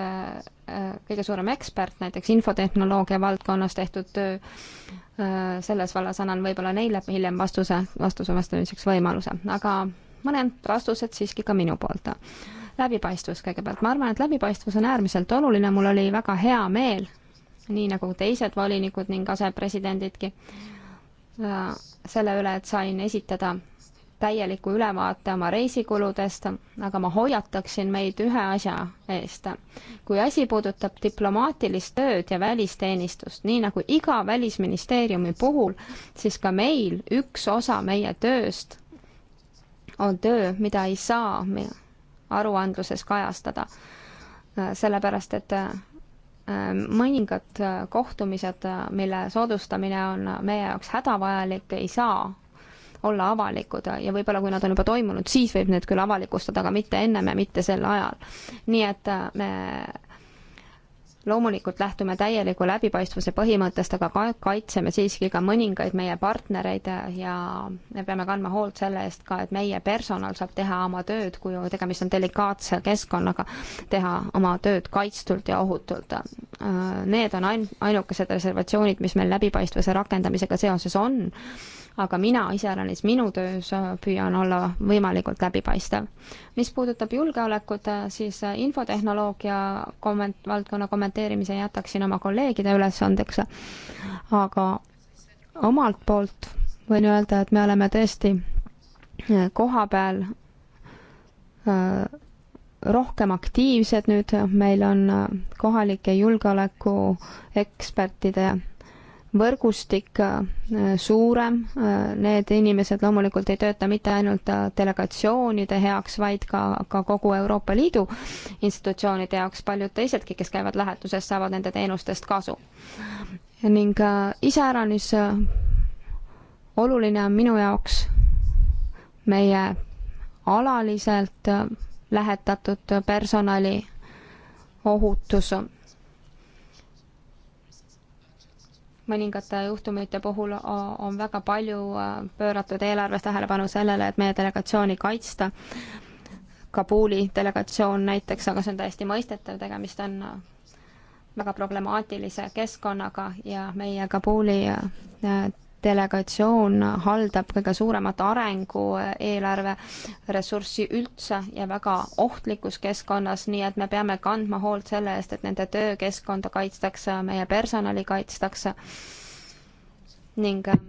S3: kõige suurem ekspert, näiteks infotehnoloogia valdkonnas tehtud töö, selles vallas annan võib-olla neile hiljem vastuse, vastuse vastamiseks võimaluse, aga mõned vastused siiski ka minu poolt läbipaistvus kõigepealt, ma arvan, et läbipaistvus on äärmiselt oluline, mul oli väga hea meel, nii nagu teised volinikud ning asepresidendidki, äh, selle üle, et sain esitada täieliku ülevaate oma reisikuludest, aga ma hoiataksin meid ühe asja eest. kui asi puudutab diplomaatilist tööd ja välisteenistust, nii nagu iga välisministeeriumi puhul, siis ka meil üks osa meie tööst on töö, mida ei saa aruandluses kajastada. sellepärast, et äh, mõningad äh, kohtumised, äh, mille soodustamine on meie jaoks hädavajalik, ei saa olla avalikud ja võib-olla kui nad on juba toimunud, siis võib need küll avalikustada, aga mitte ennem ja mitte sel ajal. nii et me loomulikult lähtume täieliku läbipaistvuse põhimõttest, aga ka kaitseme siiski ka mõningaid meie partnereid ja me peame kandma hoolt selle eest ka, et meie personal saab teha oma tööd, kui tegemist on delikaatse keskkonnaga, teha oma tööd kaitstult ja ohutult. Need on ain-, ainukesed reservatsioonid, mis meil läbipaistvuse rakendamisega seoses on aga mina iseäranis minu töös äh, püüan olla võimalikult läbipaistev. mis puudutab julgeolekut, äh, siis äh, infotehnoloogia komment-, valdkonna kommenteerimise jätaksin oma kolleegide ülesandeks, aga omalt poolt võin öelda, et me oleme tõesti koha peal rohkem aktiivsed nüüd, meil on kohalike julgeolekuekspertide võrgustik äh, suurem, äh, need inimesed loomulikult ei tööta mitte ainult äh, delegatsioonide heaks, vaid ka, ka kogu Euroopa Liidu institutsioonide jaoks, paljud teisedki, kes käivad lähetuses, saavad nende teenustest kasu. ning iseäranis oluline on minu jaoks meie alaliselt lähetatud personali ohutus mõningate juhtumite puhul on väga palju äh, pööratud eelarves tähelepanu sellele, et meie delegatsiooni kaitsta. Kabuli delegatsioon näiteks, aga see on täiesti mõistetav, tegemist on äh, väga problemaatilise keskkonnaga ja meie Kabuli äh, delegatsioon haldab kõige suuremat arengueelarve eh, ressurssi üldse ja väga ohtlikus keskkonnas, nii et me peame kandma hoolt selle eest, et nende töökeskkonda kaitstakse, meie personali kaitstakse ning eh,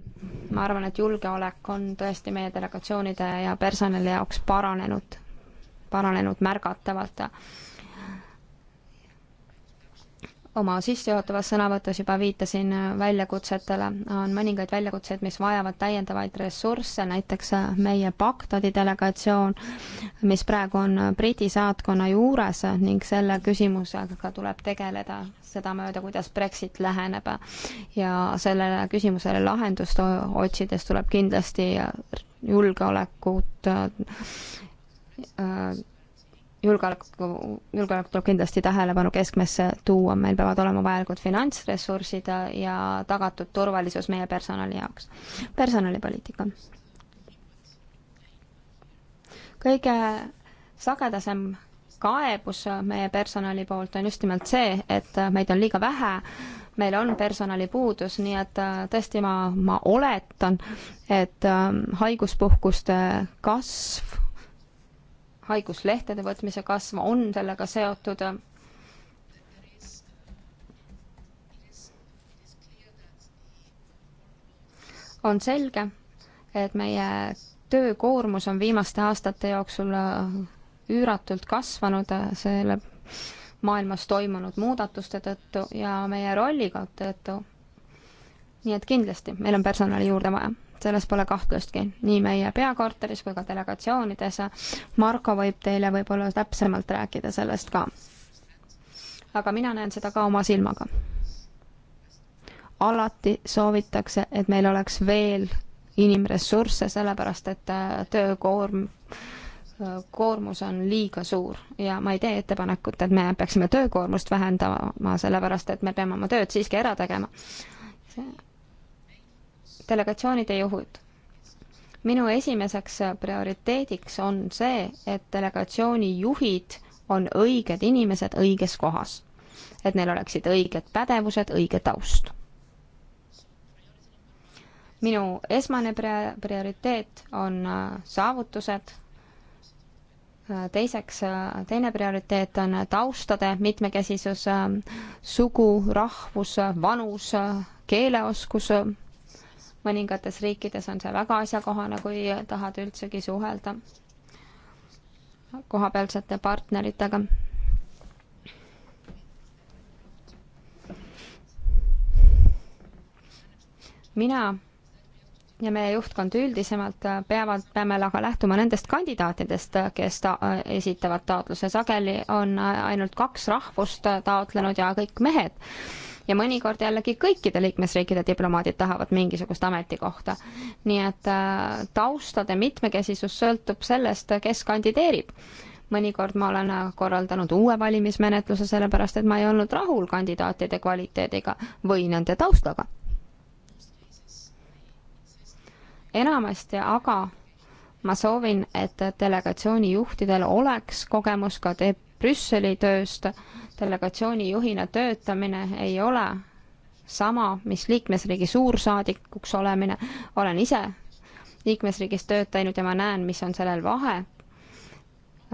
S3: ma arvan, et julgeolek on tõesti meie delegatsioonide ja personali jaoks paranenud, paranenud märgatavalt oma sissejuhatavas sõnavõtus juba viitasin äh, väljakutsetele, on mõningaid väljakutseid, mis vajavad täiendavaid ressursse, näiteks äh, meie Bagdadi delegatsioon, mis praegu on äh, Briti saatkonna juures ning selle küsimusega tuleb tegeleda sedamööda, kuidas Brexit läheneb. ja sellele küsimusele lahendust otsides tuleb kindlasti julgeolekut äh, julgeolek, julgeolek tuleb kindlasti tähelepanu keskmesse tuua, meil peavad olema vajalikud finantsressursid ja tagatud turvalisus meie personali jaoks. personalipoliitika. kõige sagedasem kaebus meie personali poolt on just nimelt see, et meid on liiga vähe, meil on personalipuudus, nii et äh, tõesti ma, ma oletan, et ähm, haiguspuhkuste kasv haiguslehtede võtmise kasv on sellega seotud. on selge, et meie töökoormus on viimaste aastate jooksul äh, üüratult kasvanud äh, selle maailmas toimunud muudatuste tõttu ja meie rolliga tõttu. nii et kindlasti meil on personali juurde vaja selles pole kahtlustki, nii meie peakorteris kui ka delegatsioonides. Marko võib teile võib-olla täpsemalt rääkida sellest ka. aga mina näen seda ka oma silmaga. alati soovitakse, et meil oleks veel inimressursse, sellepärast et äh, töökoorm, äh, koormus on liiga suur ja ma ei tee ettepanekut, et me peaksime töökoormust vähendama, sellepärast et me peame oma tööd siiski ära tegema delegatsioonide juhud. minu esimeseks prioriteediks on see, et delegatsiooni juhid on õiged inimesed õiges kohas. et neil oleksid õiged pädevused, õige taust. minu esmane prioriteet on äh, saavutused, äh, teiseks, äh, teine prioriteet on taustade mitmekesisus, sugu, rahvus, vanus, keeleoskus mõningates riikides on see väga asjakohane, kui tahad üldsegi suhelda kohapealsete partneritega. mina ja meie juhtkond üldisemalt peavad, peame aga lähtuma nendest kandidaatidest, kes ta-, esitavad taotluse. sageli on ainult kaks rahvust taotlenud ja kõik mehed ja mõnikord jällegi kõikide liikmesriikide diplomaadid tahavad mingisugust ametikohta. nii et äh, taustade mitmekesisus sõltub sellest, kes kandideerib mõnikord ma olen äh, korraldanud uue valimismenetluse, sellepärast et ma ei olnud rahul kandidaatide kvaliteediga või nende taustaga. enamasti aga ma soovin, et delegatsiooni juhtidel oleks kogemus ka de Brüsseli tööst. delegatsiooni juhina töötamine ei ole sama, mis liikmesriigi suursaadikuks olemine. olen ise liikmesriigis tööd teinud ja ma näen, mis on sellel vahe.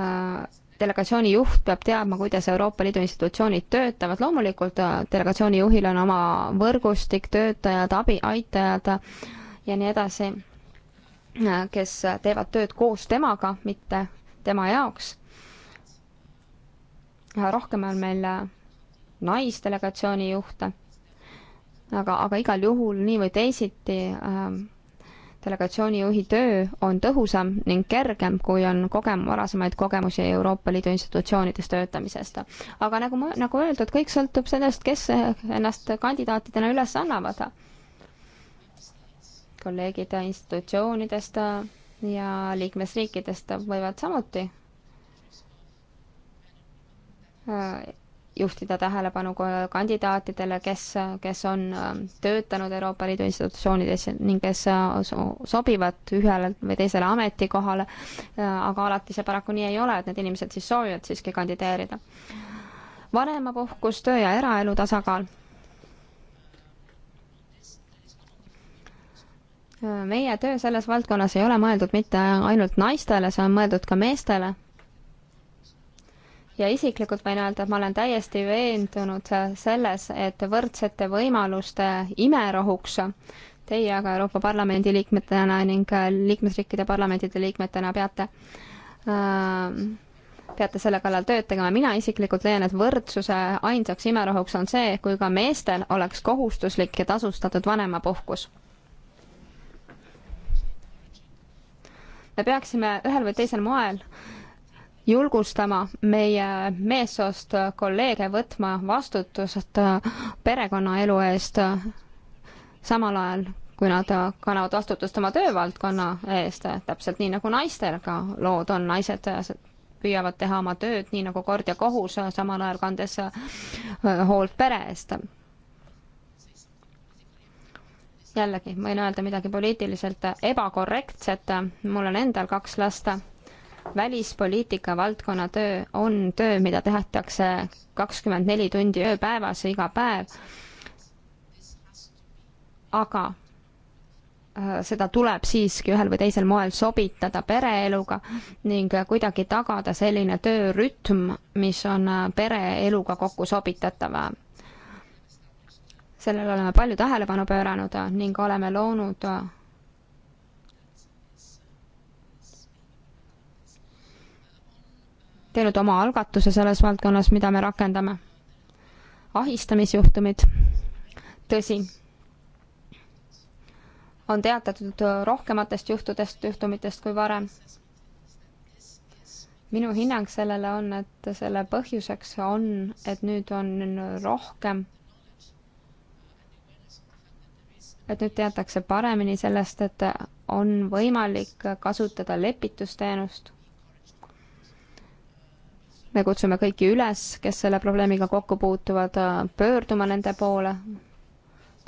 S3: Äh, delegatsiooni juht peab teadma, kuidas Euroopa Liidu institutsioonid töötavad, loomulikult äh, delegatsiooni juhil on oma võrgustik, töötajad, abi, aitajad ja nii edasi, äh, kes teevad tööd koos temaga, mitte tema jaoks üha rohkem on meil äh, naisdelegatsiooni juhte, aga, aga igal juhul nii või teisiti äh, delegatsiooni juhi töö on tõhusam ning kergem, kui on kogem-, varasemaid kogemusi Euroopa Liidu institutsioonides töötamisest. aga nagu ma, nagu öeldud, kõik sõltub sellest, kes äh, ennast kandidaatidena üles annavad. kolleegid institutsioonidest äh, ja liikmesriikidest võivad samuti juhtida tähelepanu kandidaatidele, kes, kes on ähm, töötanud Euroopa Liidu institutsioonides ning kes äh, sobivad ühele või teisele ametikohale, äh, aga alati see paraku nii ei ole, et need inimesed siis soovivad siiski kandideerida. vanemapuhkus, töö ja eraelu tasakaal. Äh, meie töö selles valdkonnas ei ole mõeldud mitte ainult naistele, see on mõeldud ka meestele ja isiklikult võin öelda, et ma olen täiesti veendunud selles, et võrdsete võimaluste imerohuks teie aga Euroopa Parlamendi liikmetena ning äh, liikmesriikide parlamendide liikmetena peate äh, peate selle kallal tööd tegema, mina isiklikult leian, et võrdsuse ainsaks imerohuks on see, kui ka meestel oleks kohustuslik ja tasustatud vanemapuhkus. me peaksime ühel või teisel moel äh, julgustama meie meessoost kolleege võtma vastutust perekonnaelu eest samal ajal, kui nad kannavad vastutust oma töövaldkonna eest, täpselt nii nagu naistega lood on, naised püüavad teha oma tööd nii nagu kord ja kohus, samal ajal kandes hoolt pere eest. jällegi, võin öelda midagi poliitiliselt ebakorrektset, mul on endal kaks last välispoliitika valdkonna töö on töö, mida tehakse kakskümmend neli tundi ööpäevas, iga päev. aga äh, seda tuleb siiski ühel või teisel moel sobitada pereeluga ning kuidagi tagada selline töörütm, mis on äh, pereeluga kokku sobitatav. sellele oleme palju tähelepanu pööranud ning oleme loonud äh, teinud oma algatuse selles valdkonnas, mida me rakendame. ahistamisjuhtumid, tõsi, on teatatud rohkematest juhtudest, juhtumitest kui varem. minu hinnang sellele on, et selle põhjuseks on, et nüüd on rohkem et nüüd teatakse paremini sellest, et on võimalik kasutada lepitusteenust me kutsume kõiki üles, kes selle probleemiga kokku puutuvad, äh, pöörduma nende poole.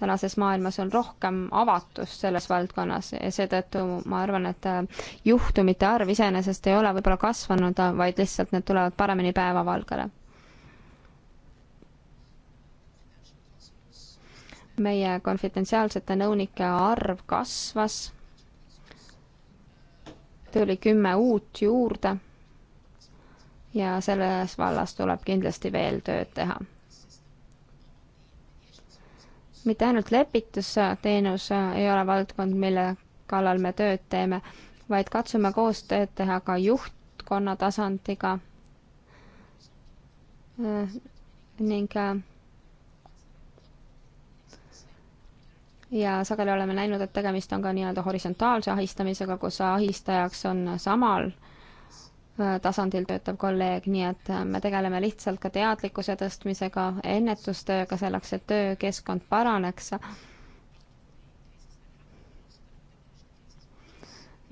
S3: tänases maailmas on rohkem avatust selles valdkonnas ja seetõttu ma arvan, et äh, juhtumite arv iseenesest ei ole võib-olla kasvanud, äh, vaid lihtsalt need tulevad paremini päevavalgele. meie konfidentsiaalsete nõunike arv kasvas, tuli kümme uut juurde ja selles vallas tuleb kindlasti veel tööd teha. mitte ainult lepitusteenus ei ole valdkond, mille kallal me tööd teeme, vaid katsume koostööd teha ka juhtkonna tasandiga äh, ning äh, ja sageli oleme näinud, et tegemist on ka nii-öelda horisontaalse ahistamisega, kus ahistajaks on samal äh, Äh, tasandil töötav kolleeg, nii et äh, me tegeleme lihtsalt ka teadlikkuse tõstmisega, ennetustööga selleks, et töökeskkond paraneks.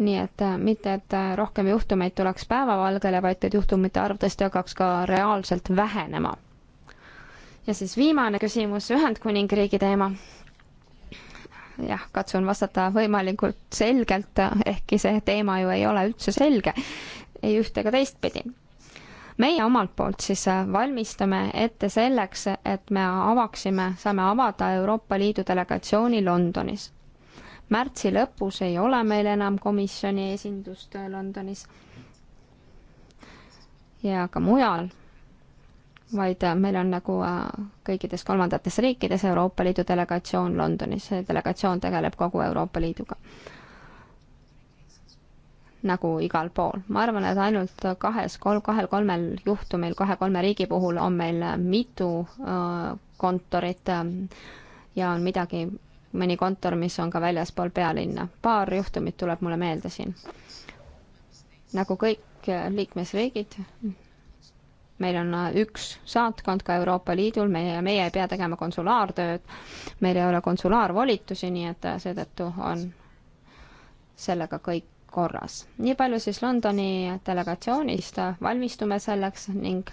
S3: nii et äh, mitte, et rohkem juhtumeid tuleks päevavalgele, vaid et juhtumite arv tõesti hakkaks ka reaalselt vähenema. ja siis viimane küsimus, Ühendkuningriigi teema jah, katsun vastata võimalikult selgelt, ehkki see teema ju ei ole üldse selge ei ühte ega teistpidi. meie omalt poolt siis äh, valmistame ette selleks, et me avaksime, saame avada Euroopa Liidu delegatsiooni Londonis. märtsi lõpus ei ole meil enam komisjoni esindust äh, Londonis ja ka mujal vaid äh, meil on nagu kõikides kolmandates riikides Euroopa Liidu delegatsioon Londonis, see delegatsioon tegeleb kogu Euroopa Liiduga nagu igal pool. ma arvan, et ainult kahes, kahel-kolmel juhtumil, kahe-kolme riigi puhul on meil äh, mitu äh, kontorit äh, ja on midagi, mõni kontor, mis on ka väljaspool pealinna. paar juhtumit tuleb mulle meelde siin. nagu kõik liikmesriigid, meil on üks saatkond ka Euroopa Liidul, meie, meie ei pea tegema konsulaartööd, meil ei ole konsulaarvolitusi, nii et seetõttu on sellega kõik korras. nii palju siis Londoni delegatsioonist, valmistume selleks ning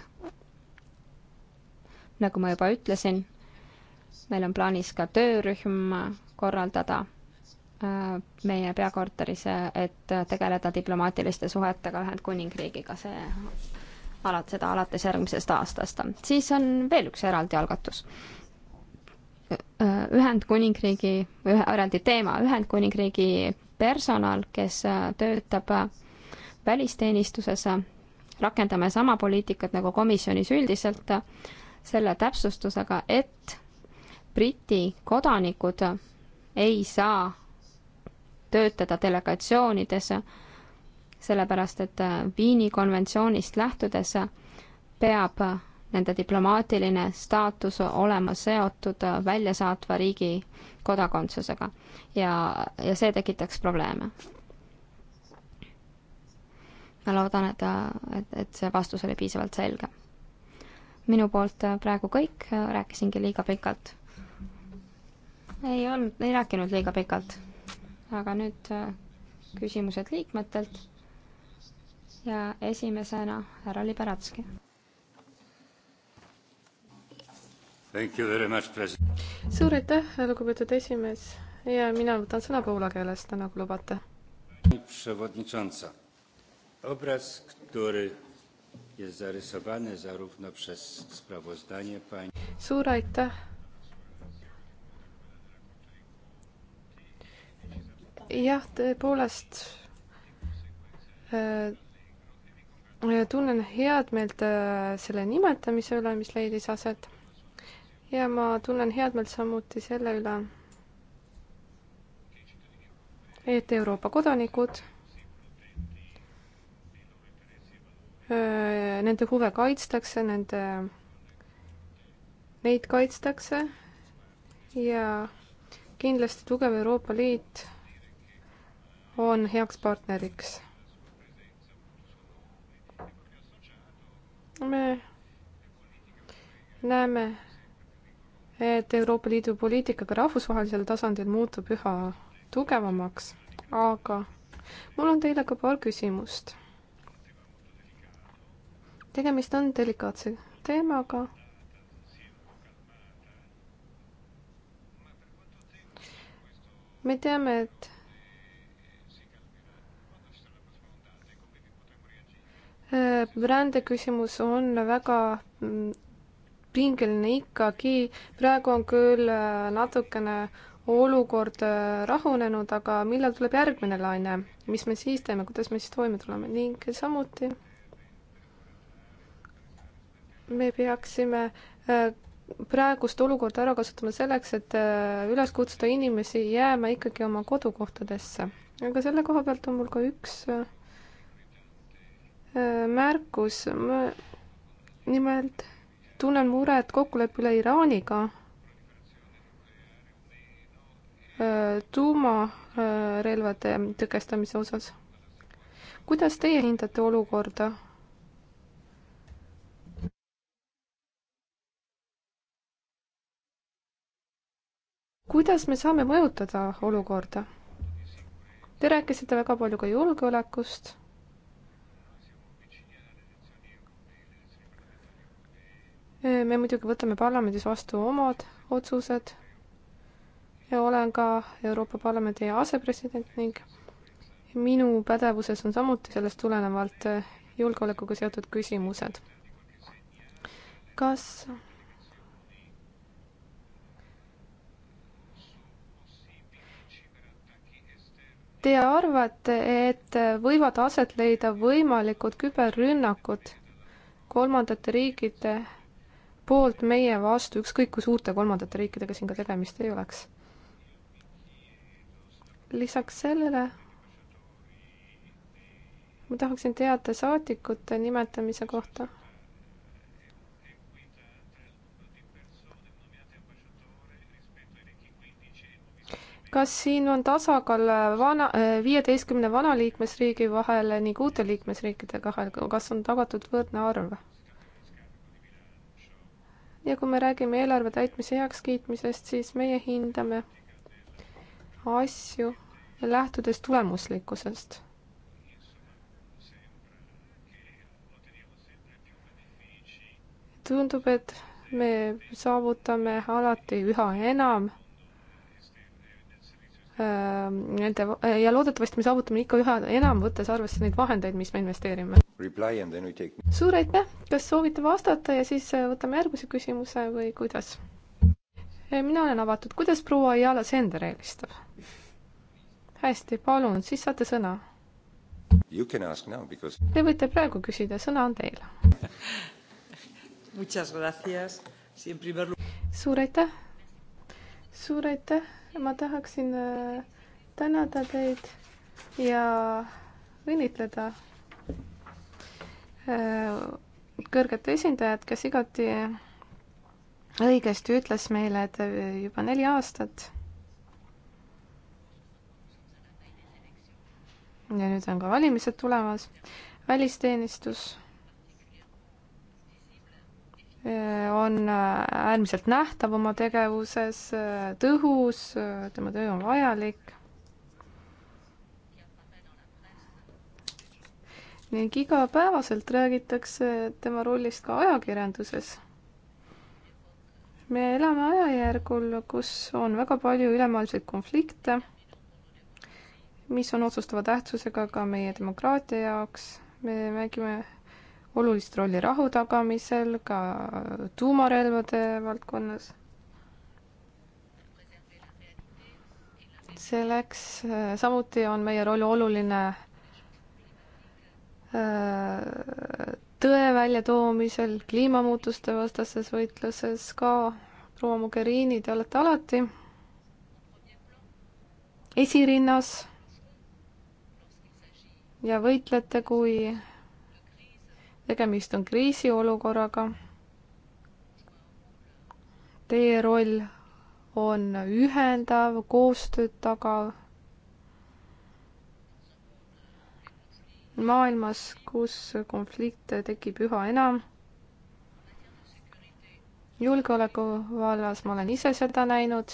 S3: nagu ma juba ütlesin, meil on plaanis ka töörühm korraldada äh, meie peakorteris, et tegeleda diplomaatiliste suhetega Ühendkuningriigiga, see alati, seda alates järgmisest aastast. siis on veel üks eraldi algatus. Ühendkuningriigi, ühe eraldi teema, Ühendkuningriigi personal, kes äh, töötab äh, välisteenistuses, äh, rakendame sama poliitikat nagu komisjonis üldiselt, selle täpsustusega, et Briti kodanikud ei saa töötada delegatsioonides, sellepärast et Viini konventsioonist lähtudes peab nende diplomaatiline staatus olema seotud väljasaatva riigi kodakondsusega ja, ja see tekitaks probleeme. ma loodan, et, et, et see vastus oli piisavalt selge. minu poolt praegu kõik, rääkisingi liiga pikalt. ei olnud, ei rääkinud liiga pikalt. aga nüüd küsimused liikmetelt ja esimesena härra Liberatski. suur aitäh, lugupeetud
S4: esimees ja mina võtan sõna poola keeles täna, kui lubate.
S2: Obraz, który jest zarysowany zarówno przez sprawozdanie pani...
S4: Suur aitäh! jah, tõepoolest äh, tunnen head meelt äh, selle nimetamise üle, mis leidis aset ja ma tunnen head meelt samuti selle üle, et Euroopa kodanikud, nende huve kaitstakse, nende, neid kaitstakse ja kindlasti tugev Euroopa Liit on heaks partneriks. me näeme et Euroopa Liidu poliitika ka rahvusvahelisel tasandil muutub üha tugevamaks, aga mul on teile ka paar küsimust. tegemist on delikaatse teemaga. me teame, et äh, rändeküsimus on väga mm, pingeline ikkagi, praegu on küll äh, natukene olukord äh, rahunenud, aga millal tuleb järgmine laine, mis me siis teeme, kuidas me siis toime tuleme ning samuti me peaksime äh, praegust olukorda ära kasutama selleks, et üles kutsuda inimesi jääma ikkagi oma kodukohtadesse. aga selle koha pealt on mul ka üks märkus, nimelt tunnen muret kokkuleppele Iraaniga äh, tuumarelvade äh, tõkestamise osas. kuidas teie hindate olukorda? kuidas me saame mõjutada olukorda? Te rääkisite väga palju ka julgeolekust me muidugi võtame parlamendis vastu omad otsused ja olen ka Euroopa Parlamendi asepresident ning minu pädevuses on samuti sellest tulenevalt julgeolekuga seotud küsimused. kas Te arvate, et võivad aset leida võimalikud küberrünnakud kolmandate riikide poolt, meie vastu, ükskõik kui suurte kolmandate riikidega siin ka tegemist ei oleks. lisaks sellele ma tahaksin teada saadikute nimetamise kohta. kas siin on tasakaal vana, äh, viieteistkümne vana liikmesriigi vahel ning uute liikmesriikide vahel, kas on tagatud võrdne arv? ja kui me räägime eelarve täitmise heakskiitmisest, siis meie hindame asju lähtudes tulemuslikkusest. tundub, et me saavutame alati üha enam ähm, nende ja loodetavasti me saavutame ikka üha enam, võttes arvesse neid vahendeid, mis me investeerime suur aitäh, kas soovite vastata ja siis äh, võtame järgmise küsimuse või kuidas? Äh, mina olen avatud, kuidas proua Ayala Sender eelistab? hästi, palun, siis saate sõna. Because... Te võite praegu küsida, sõna on teil
S1: *laughs* primer...
S4: suur aitäh, suur aitäh, ma tahaksin äh, tänada teid ja õnnitleda Äh, kõrget esindajat, kes igati õigesti ütles meile, et juba neli aastat ja nüüd on ka valimised tulemas, välisteenistus äh, on äh, äärmiselt nähtav oma tegevuses, tõhus, tema töö on vajalik ning igapäevaselt räägitakse tema rollist ka ajakirjanduses. me elame ajajärgul, kus on väga palju ülemaailmseid konflikte, mis on otsustava tähtsusega ka meie demokraatia jaoks, me mängime olulist rolli rahu tagamisel, ka tuumarelvade valdkonnas. selleks samuti on meie roll oluline tõe väljatoomisel, kliimamuutuste vastases võitluses ka proua Mogherini, te olete alati esirinnas ja võitlete, kui tegemist on kriisiolukorraga. Teie roll on ühendav, koostööd tagav maailmas, kus konflikte tekib üha enam. julgeoleku vallas ma olen ise seda näinud.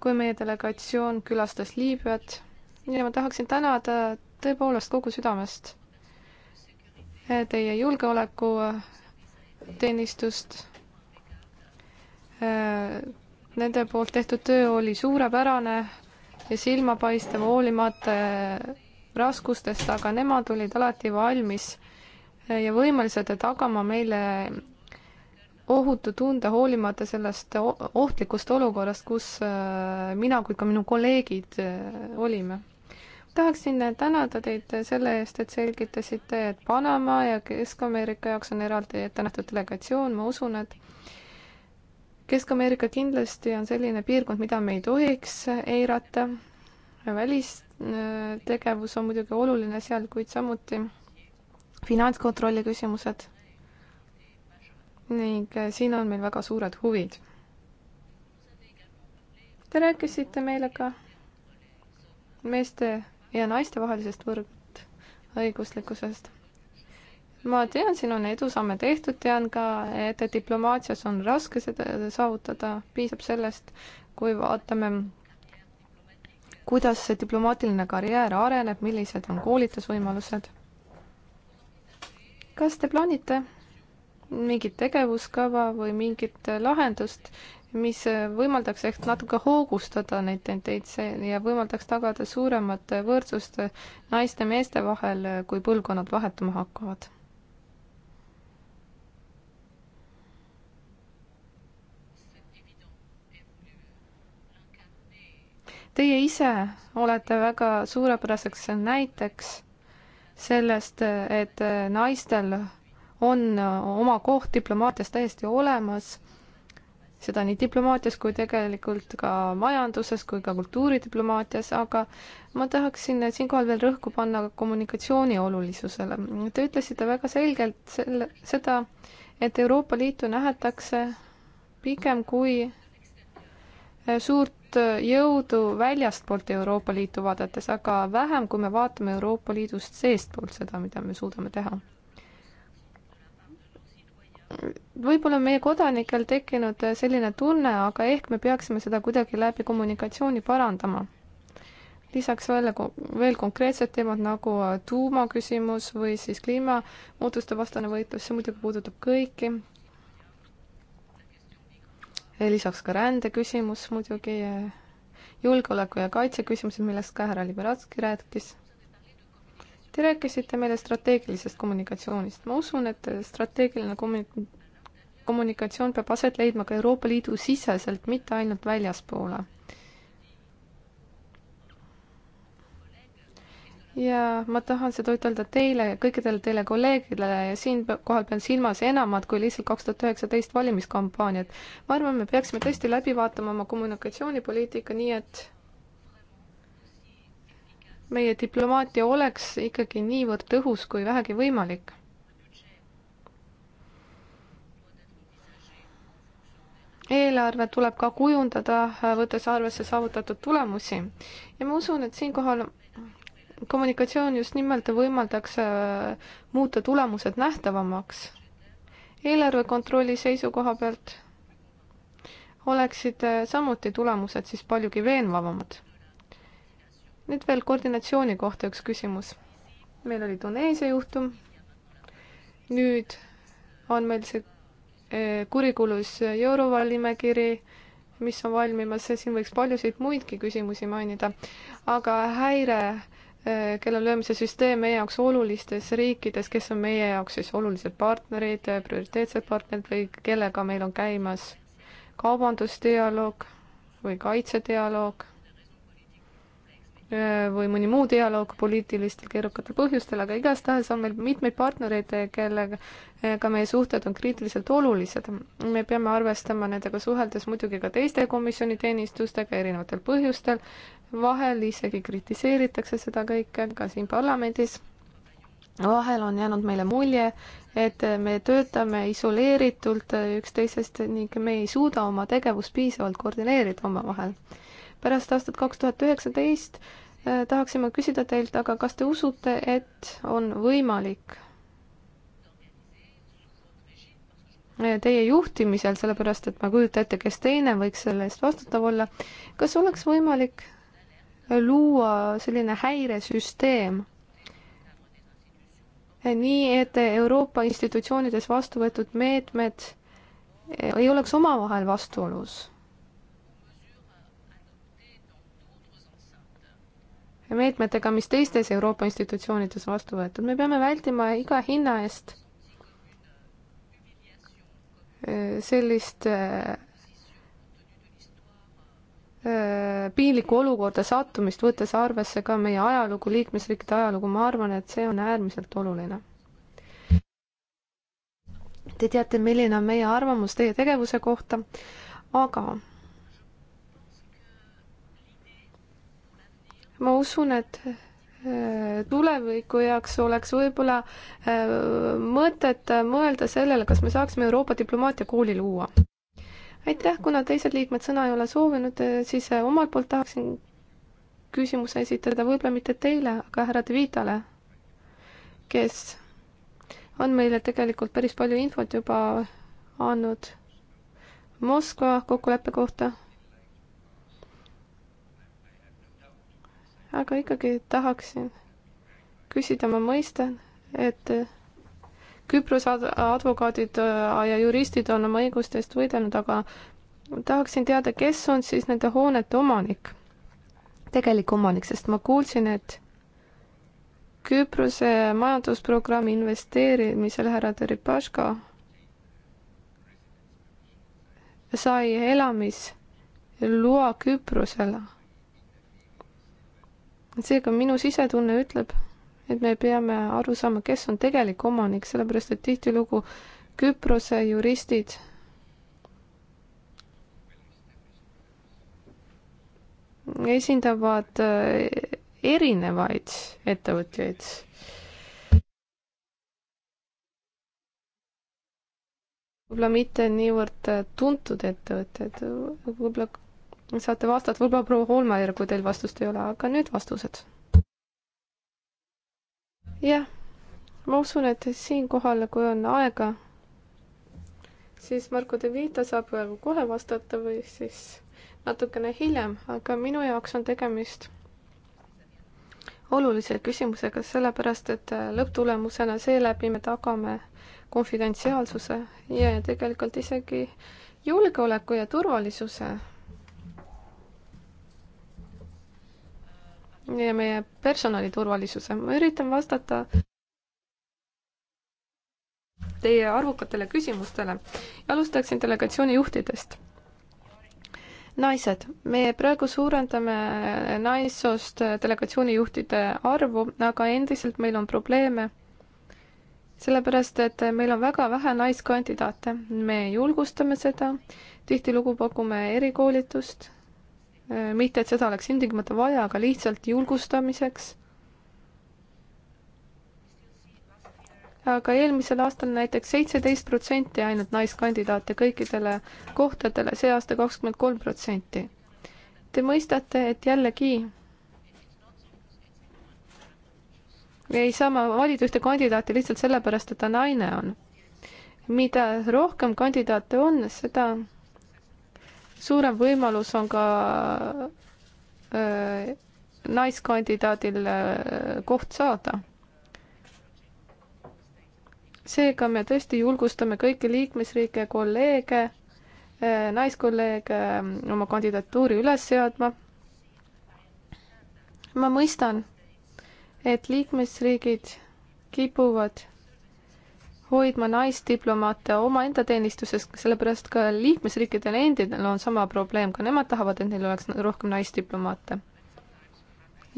S4: kui meie delegatsioon külastas Liibüat ja ma tahaksin tänada tõepoolest kogu südamest teie julgeolekuteenistust. Nende poolt tehtud töö oli suurepärane, silma paista hoolimata äh, raskustest, aga nemad olid alati valmis äh, ja võimelised tagama meile ohutu tunde hoolimata sellest ohtlikust olukorrast, kus äh, mina kui ka minu kolleegid olime. tahaksin tänada teid selle eest, et selgitasite, et Panama ja Kesk-Ameerika jaoks on eraldi ette nähtud delegatsioon, ma usun, et Kesk-Ameerika kindlasti on selline piirkond, mida me ei tohiks eirata. välistegevus on muidugi oluline seal, kuid samuti finantskontrolli küsimused. ning siin on meil väga suured huvid. Te rääkisite meile ka meeste ja naiste vahelisest võrdõiguslikkusest ma tean, siin on edusamme tehtud, tean ka, et diplomaatias on raske seda saavutada, piisab sellest, kui vaatame, kuidas see diplomaatiline karjäär areneb, millised on koolitusvõimalused. kas te plaanite mingit tegevuskava või mingit lahendust, mis võimaldaks ehk natuke hoogustada neid tendentse ja võimaldaks tagada suuremat võrdsust naiste ja meeste vahel, kui põlvkonnad vahetuma hakkavad. Teie ise olete väga suurepäraseks näiteks sellest, et naistel on oma koht diplomaatias täiesti olemas, seda nii diplomaatias kui tegelikult ka majanduses kui ka kultuuridiplomaatias, aga ma tahaksin siinkohal veel rõhku panna kommunikatsiooni olulisusele. Te ütlesite väga selgelt selle, seda, et Euroopa Liitu nähetakse pigem kui suurt Äh, jõudu väljastpoolt Euroopa Liitu vaadates, aga vähem, kui me vaatame Euroopa Liidust seestpoolt seda, mida me suudame teha. võib-olla on meie kodanikel tekkinud äh, selline tunne, aga ehk me peaksime seda kuidagi läbi kommunikatsiooni parandama. lisaks veel, veel konkreetsed teemad nagu äh, tuumaküsimus või siis kliimamuutuste vastane võitlus, see muidugi puudutab kõiki lisaks ka rändeküsimus muidugi, julgeoleku ja kaitse küsimused, millest ka härra Liberatski rääkis. Te rääkisite meile strateegilisest kommunikatsioonist. ma usun, et strateegiline kommuni-, kommunikatsioon peab aset leidma ka Euroopa Liidu siseselt, mitte ainult väljaspoole ja ma tahan seda ütelda teile ja kõikidele teile kolleegidele ja siinkohal pean silmas enamat kui lihtsalt kaks tuhat üheksateist valimiskampaaniat. ma arvan, me peaksime tõesti läbi vaatama oma kommunikatsioonipoliitika, nii et meie diplomaatia oleks ikkagi niivõrd tõhus kui vähegi võimalik. eelarve tuleb ka kujundada, võttes arvesse saavutatud tulemusi ja ma usun, et siinkohal kommunikatsioon just nimelt võimaldaks äh, muuta tulemused nähtavamaks. eelarve kontrolli seisukoha pealt oleksid äh, samuti tulemused siis paljugi veenvamad. nüüd veel koordinatsiooni kohta üks küsimus. meil oli Tuneesia juhtum, nüüd on meil see äh, kurikuulus Eurova nimekiri, mis on valmimas, siin võiks paljusid muidki küsimusi mainida, aga häire Äh, kella löömise süsteem meie jaoks olulistes riikides, kes on meie jaoks siis olulised partnerid, äh, prioriteetsed partnerid või kellega meil on käimas kaubandusdialoog või kaitsedialoog äh, või mõni muu dialoog poliitilistel keerukatel põhjustel, aga igastahes on meil mitmeid partnereid, kellega meie suhted on kriitiliselt olulised. me peame arvestama nendega suheldes muidugi ka teiste komisjoni teenistustega erinevatel põhjustel, vahel isegi kritiseeritakse seda kõike ka siin parlamendis. vahel on jäänud meile mulje, et me töötame isoleeritult üksteisest ning me ei suuda oma tegevust piisavalt koordineerida omavahel. pärast aastat kaks tuhat üheksateist äh, tahaksime küsida teilt, aga kas te usute, et on võimalik äh, teie juhtimisel, sellepärast et ma ei kujuta ette, kes teine võiks selle eest vastutav olla, kas oleks võimalik luua selline häiresüsteem, nii et Euroopa institutsioonides vastu võetud meetmed ei oleks omavahel vastuolus. meetmetega, mis teistes Euroopa institutsioonides vastu võetud, me peame vältima iga hinna eest sellist äh, piinlikku olukorda sattumist, võttes arvesse ka meie ajalugu, liikmesriikide ajalugu, ma arvan, et see on äärmiselt oluline. Te teate, milline on meie arvamus teie tegevuse kohta, aga ma usun, et tuleviku jaoks oleks võib-olla mõtet mõelda sellele, kas me saaksime Euroopa diplomaatia kooli luua aitäh, kuna teised liikmed sõna ei ole soovinud, eh, siis eh, omalt poolt tahaksin küsimuse esitada võib-olla mitte teile, aga härra De Vitale, kes on meile tegelikult päris palju infot juba andnud Moskva kokkuleppe kohta. aga ikkagi tahaksin küsida, ma mõistan, et Küprose advokaadid äh, ja juristid on oma õiguste eest võidelnud, aga tahaksin teada, kes on siis nende hoonete omanik, tegelik omanik, sest ma kuulsin, et Küprose majandusprogrammi investeerimisel härra Deripaška sai elamisloa Küprosele. seega minu sisetunne ütleb et me peame aru saama, kes on tegelik omanik, sellepärast et tihtilugu Küprose juristid esindavad äh, erinevaid ettevõtjaid. võib-olla mitte niivõrd äh, tuntud ettevõtted, võib-olla saate vastata, võib-olla proua Holmajärv, kui teil vastust ei ole, aga nüüd vastused jah, ma usun, et siinkohal, kui on aega, siis Marko De Vita saab kohe vastata või siis natukene hiljem, aga minu jaoks on tegemist olulise küsimusega, sellepärast et lõpptulemusena seeläbi me tagame konfidentsiaalsuse ja tegelikult isegi julgeoleku ja turvalisuse ja meie personali turvalisuse. ma üritan vastata teie arvukatele küsimustele ja alustaksin delegatsiooni juhtidest. naised, me praegu suurendame naissoost delegatsiooni juhtide arvu, aga endiselt meil on probleeme sellepärast, et meil on väga vähe naiskandidaate, me julgustame seda, tihtilugu pakume erikoolitust Äh, mitte, et seda oleks ilmtingimata vaja, aga lihtsalt julgustamiseks. aga eelmisel aastal näiteks seitseteist protsenti ainult naiskandidaate kõikidele kohtadele, see aasta kakskümmend kolm protsenti. Te mõistate, et jällegi ei saa ma valida ühte kandidaati lihtsalt sellepärast, et ta naine on. mida rohkem kandidaate on, seda suurem võimalus on ka äh, naiskandidaadil äh, koht saada. seega me tõesti julgustame kõiki liikmesriike, kolleege, äh, naiskolleege oma kandidatuuri üles seadma. ma mõistan, et liikmesriigid kipuvad hoidma naisdiplomaate omaenda teenistuses, sellepärast ka liikmesriikidel endidel on sama probleem, ka nemad tahavad, et neil oleks rohkem naisdiplomaate.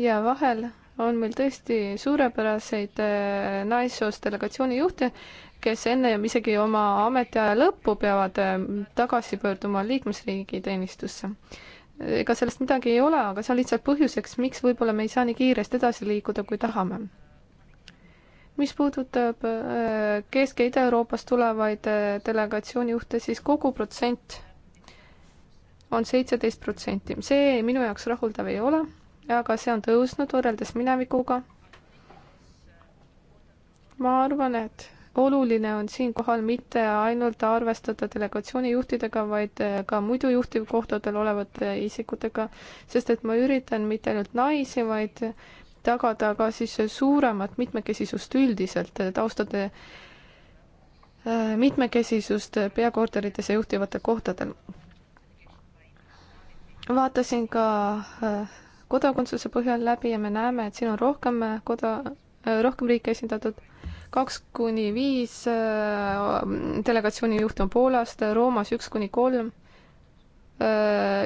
S4: ja vahel on meil tõesti suurepäraseid äh, naissoost delegatsiooni juhte, kes enne isegi oma ametiaja lõppu peavad äh, tagasi pöörduma liikmesriigi teenistusse. ega sellest midagi ei ole, aga see on lihtsalt põhjuseks, miks võib-olla me ei saa nii kiiresti edasi liikuda, kui tahame mis puudutab äh, Kesk- ja Ida-Euroopast tulevaid äh, delegatsioonijuhte, siis kogu protsent on seitseteist protsenti. see minu jaoks rahuldav ei ole, aga see on tõusnud võrreldes minevikuga. ma arvan, et oluline on siinkohal mitte ainult arvestada delegatsioonijuhtidega, vaid äh, ka muidu juhtivkohtadel olevate isikutega, sest et ma üritan mitte ainult naisi, vaid tagada ka siis suuremat mitmekesisust üldiselt, eh, taustade eh, mitmekesisust peakorterites ja juhtivatel kohtadel. vaatasin ka eh, kodakondsuse põhjal läbi ja me näeme, et siin on rohkem koda, rohkem riike esindatud, kaks kuni viis delegatsiooni juht on Poolast, Roomas üks kuni kolm,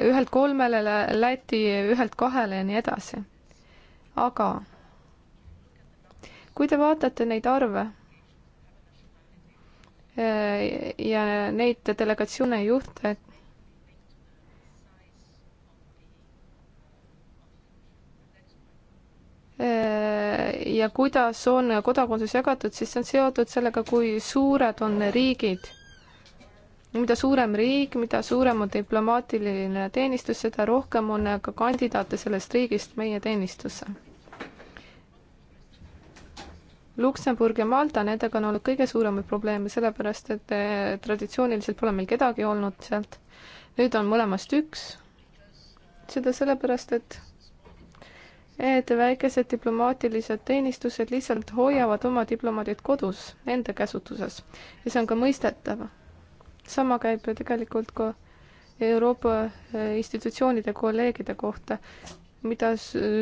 S4: ühelt kolmele Läti, ühelt kahele ja nii edasi aga kui te vaatate neid arve eh, ja neid delegatsioone ei juhta, et eh, ja kuidas on kodakondsus jagatud, siis see on seotud sellega, kui suured on riigid mida suurem riik, mida suurem on diplomaatiline teenistus, seda rohkem on ka kandidaate sellest riigist meie teenistusse. Luksemburg ja Malta, nendega on olnud kõige suuremaid probleeme, sellepärast et eh, traditsiooniliselt pole meil kedagi olnud sealt. nüüd on mõlemast üks. seda sellepärast, et et väikesed diplomaatilised teenistused lihtsalt hoiavad oma diplomaadid kodus, enda käsutuses ja see on ka mõistetav sama käib ju tegelikult ka Euroopa äh, institutsioonide kolleegide kohta. mida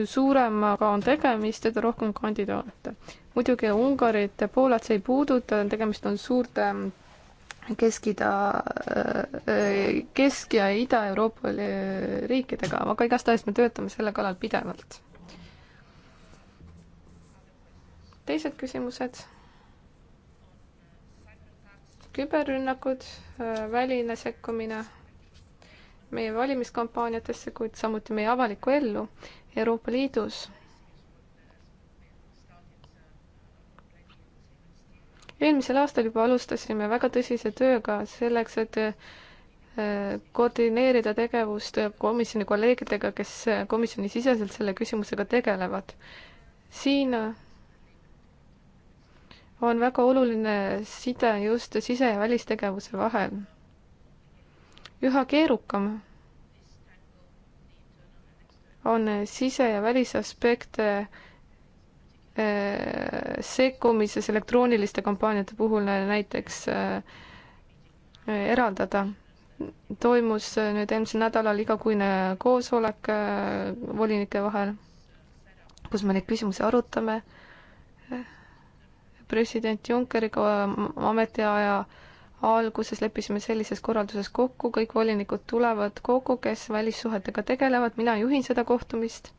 S4: suuremaga on tegemist, seda rohkem kandidaate. muidugi Ungarit ja Poolat see ei puuduta, tegemist on suurte äh, Kesk-Ida, äh, Kesk- ja Ida-Euroopa riikidega, aga igastahes me töötame selle kallal pidevalt. teised küsimused? küberrünnakud, äh, väline sekkumine meie valimiskampaaniatesse, kuid samuti meie avalikku ellu Euroopa Liidus. eelmisel aastal juba alustasime väga tõsise tööga selleks, et äh, koordineerida tegevust komisjoni kolleegidega, kes äh, komisjoni siseselt selle küsimusega tegelevad. siin on väga oluline side just sise- ja välistegevuse vahel. üha keerukam on sise- ja välisaspekte äh, sekkumises elektrooniliste kampaaniate puhul näiteks äh, eraldada. toimus nüüd eelmisel nädalal igakuine koosolek äh, volinike vahel, kus me neid küsimusi arutame president Junckeriga ametiaja alguses leppisime sellises korralduses kokku, kõik volinikud tulevad kokku, kes välissuhetega tegelevad, mina juhin seda kohtumist.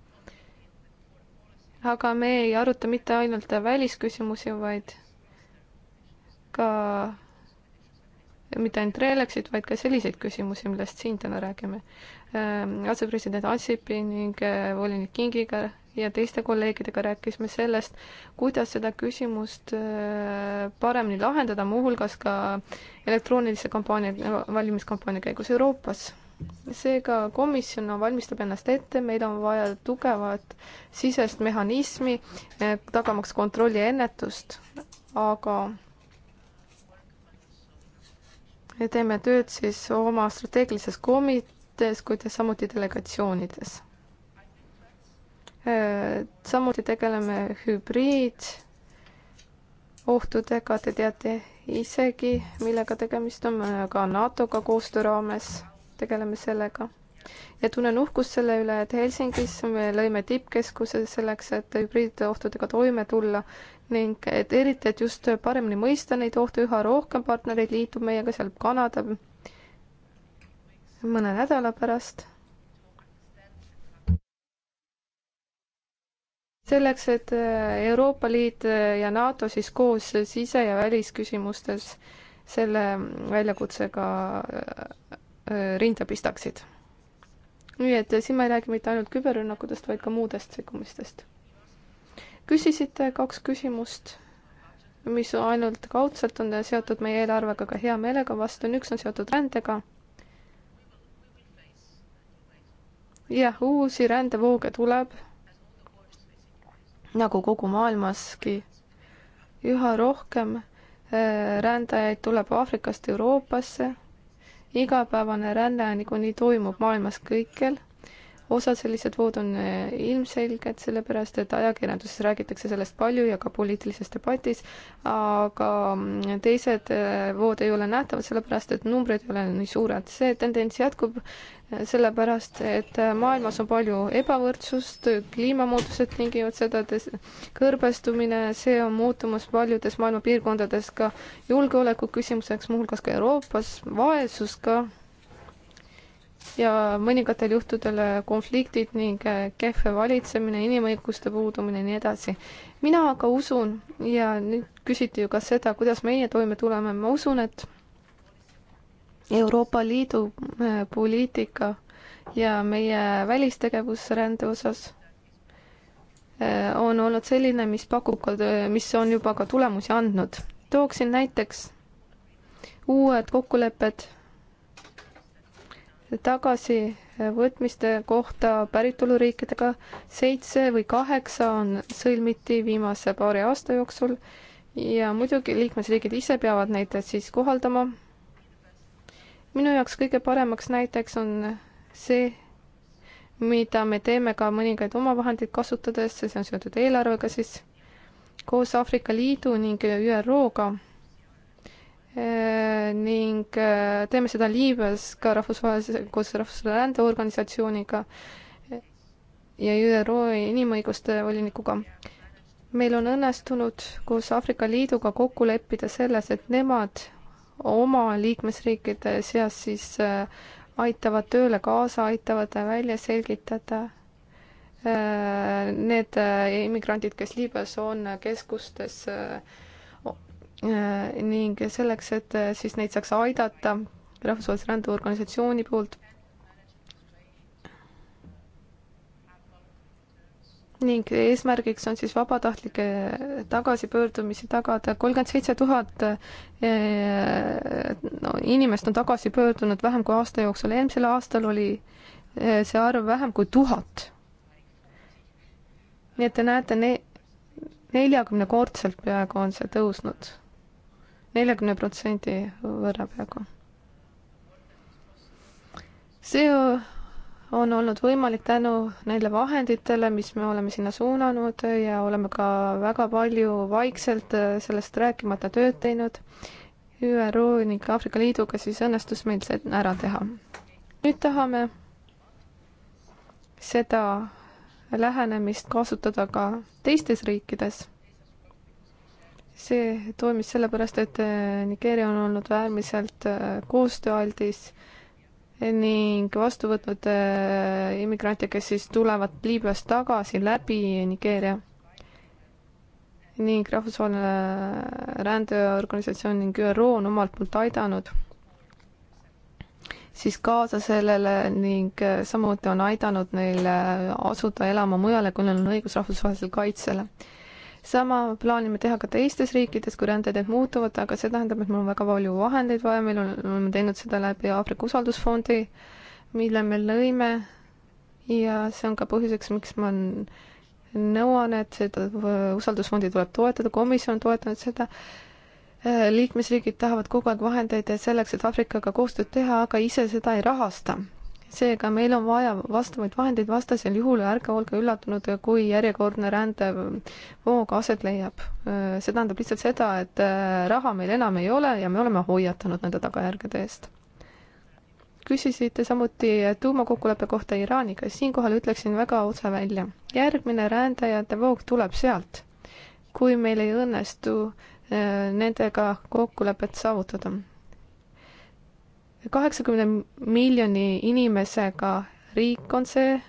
S4: aga me ei aruta mitte ainult välisküsimusi, vaid ka mitte ainult Relexit, vaid ka selliseid küsimusi, millest siin täna räägime. Äh, asepresident Ansipi ning äh, volinik Kingiga ja teiste kolleegidega rääkisime sellest, kuidas seda küsimust äh, paremini lahendada, muuhulgas ka elektroonilise kampaania, valimiskampaania käigus Euroopas. seega komisjon valmistab ennast ette, meil on vaja tugevat sisest mehhanismi, äh, tagamaks kontrolli ja ennetust, aga ja teeme tööd siis oma strateegilises komitees, kuid samuti delegatsioonides Äh, samuti tegeleme hübriidohtudega, te teate isegi, millega tegemist on, ka NATO-ga koostöö raames tegeleme sellega. ja tunnen uhkust selle üle, et Helsingis me lõime tippkeskuse selleks, et hübriidohtudega toime tulla ning et eriti, et just paremini mõista neid ohte, üha rohkem partnereid liitub meiega seal Kanada mõne nädala pärast selleks, et äh, Euroopa Liit äh, ja NATO siis koos sise- ja välisküsimustes selle mm, väljakutsega äh, rinda pistaksid. nii et siin ma ei räägi mitte ainult küberrünnakutest, vaid ka muudest sekkumistest. küsisite kaks küsimust, mis ainult kaudselt on seotud meie eelarvega, aga hea meelega vastan, üks on seotud rändega. jah, uusi rändevooge tuleb nagu kogu maailmaski, üha rohkem äh, rändajaid tuleb Aafrikast Euroopasse, igapäevane ränne niikuinii toimub maailmas kõikjal osad sellised vood on eh, ilmselged, sellepärast et ajakirjanduses räägitakse sellest palju ja ka poliitilises debatis, aga mm, teised eh, vood ei ole nähtavad, sellepärast et numbrid ei ole nii suured. see tendents jätkub eh, sellepärast, et maailmas on palju ebavõrdsust, kliimamuutused tingivad seda, kõrbestumine, see on muutumas paljudes maailma piirkondades ka julgeoleku küsimuseks, muuhulgas ka Euroopas, vaesus ka ja mõningatel juhtudel äh, konfliktid ning äh, kehv valitsemine, inimõiguste puudumine ja nii edasi. mina aga usun ja nüüd küsiti ju ka seda, kuidas meie toime tuleme, ma usun, et Euroopa Liidu äh, poliitika ja meie välistegevus rände osas on olnud selline, mis pakub ka, mis on juba ka tulemusi andnud. tooksin näiteks uued kokkulepped tagasivõtmiste kohta päritoluriikidega seitse või kaheksa on, sõlmiti viimase paari aasta jooksul ja muidugi liikmesriigid ise peavad neid siis kohaldama. minu jaoks kõige paremaks näiteks on see, mida me teeme ka mõningaid omavahendeid kasutades, see on seotud eelarvega siis, koos Aafrika Liidu ning ÜRO-ga Äh, ning äh, teeme seda Liibüas ka rahvusvahelise, koos rahvusvahelise rändeorganisatsiooniga ja ÜRO inimõiguste volinikuga. meil on õnnestunud koos Aafrika Liiduga kokku leppida selles, et nemad oma liikmesriikide seas siis äh, aitavad tööle kaasa, aitavad välja selgitada need immigrandid, kes Liibüas on keskustes äh, Äh, ning selleks, et äh, siis neid saaks aidata rahvusvahelise rändeorganisatsiooni poolt. ning eesmärgiks on siis vabatahtlike tagasipöördumisi tagada, kolmkümmend seitse tuhat äh, inimest on tagasi pöördunud vähem kui aasta jooksul, eelmisel aastal oli see arv vähem kui tuhat. nii et te näete ne, neljakümnekordselt peaaegu on see tõusnud neljakümne protsendi võrra peaaegu. see on olnud võimalik tänu neile vahenditele, mis me oleme sinna suunanud ja oleme ka väga palju vaikselt sellest rääkimata tööd teinud. ÜRO ning Aafrika Liiduga siis õnnestus meil see ära teha. nüüd tahame seda lähenemist kasutada ka teistes riikides see toimis sellepärast, et äh, Nigeeria on olnud äärmiselt äh, koostööaldis äh, ning vastu võtnud immigrante, kes siis tulevad Liibüast tagasi läbi Nigeeria ning rahvusvaheline rändeorganisatsioon ning ÜRO on omalt poolt aidanud siis kaasa sellele ning samuti on aidanud neil asuda elama mujale, kui neil on õigus rahvusvahelisele kaitsele sama plaanime teha ka teistes riikides, kui rändeteed muutuvad, aga see tähendab, et mul on väga palju vahendeid vaja, meil on, oleme teinud seda läbi Aafrika usaldusfondi, mille me lõime ja see on ka põhjuseks, miks ma nõuan, et seda usaldusfondi tuleb toetada, komisjon on toetanud seda, äh, liikmesriigid tahavad kogu aeg vahendeid selleks, et Aafrikaga koostööd teha, aga ise seda ei rahasta seega meil on vaja vastavaid vahendeid, vastasel juhul ärge olge üllatunud, kui järjekordne rändevoog aset leiab. see tähendab lihtsalt seda, et äh, raha meil enam ei ole ja me oleme hoiatanud nende tagajärgede eest. küsisite samuti äh, tuumakokkuleppe kohta Iraaniga, siinkohal ütleksin väga otse välja. järgmine rändajate voog tuleb sealt, kui meil ei õnnestu äh, nendega kokkulepet saavutada kaheksakümne miljoni inimesega riik on see,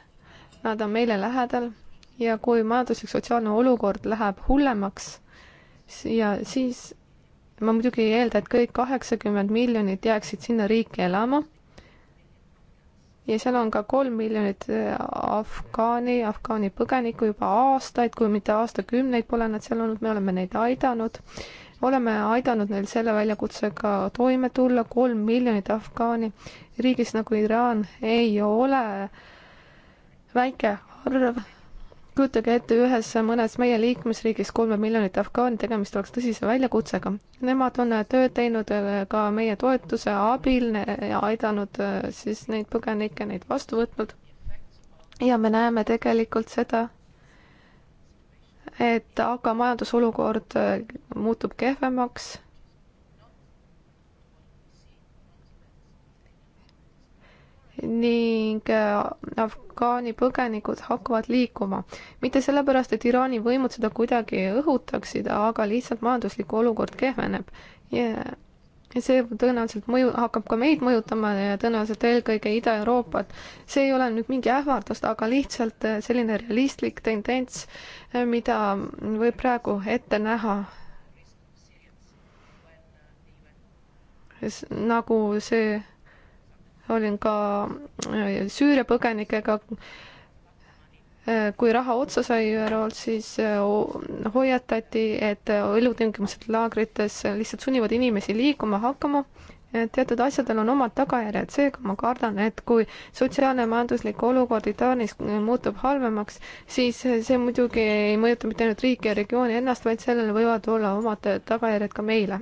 S4: nad on meile lähedal ja kui majanduslik sotsiaalne olukord läheb hullemaks ja siis ma muidugi ei eelda, et kõik kaheksakümmend miljonit jääksid sinna riiki elama. ja seal on ka kolm miljonit äh, afgaani, afgaani põgenikku juba aastaid, kui mitte aastakümneid pole nad seal olnud, me oleme neid aidanud oleme aidanud neil selle väljakutsega toime tulla, kolm miljonit afgaani riigis nagu Iraan ei ole väike arv. kujutage ette, ühes mõnes meie liikmesriigis kolme miljonit afgaani, tegemist oleks tõsise väljakutsega. Nemad on tööd teinud äh, ka meie toetuse abil ja aidanud äh, siis neid põgenikke, neid vastu võtnud. ja me näeme tegelikult seda, et aga majandusolukord äh, muutub kehvemaks. ning äh, Afgaani põgenikud hakkavad liikuma. mitte sellepärast, et Iraani võimud seda kuidagi õhutaksid, aga lihtsalt majanduslik olukord kehveneb yeah ja see tõenäoliselt mõju, hakkab ka meid mõjutama ja tõenäoliselt eelkõige Ida-Euroopat. see ei ole nüüd mingi ähvardus, aga lihtsalt äh, selline realistlik tendents, mida võib praegu ette näha nagu see olin ka äh, Süüria põgenikega, äh, kui raha otsa sai ÜRO-lt, siis äh, hoiatati, et elutingimused laagrites lihtsalt sunnivad inimesi liikuma hakkama teatud asjadel on omad tagajärjed, seega ma kardan, et kui sotsiaalne ja majanduslik olukord Itaalias muutub halvemaks, siis see muidugi ei mõjuta mitte ainult riiki ja regiooni ennast, vaid sellel võivad olla omad tagajärjed ka meile.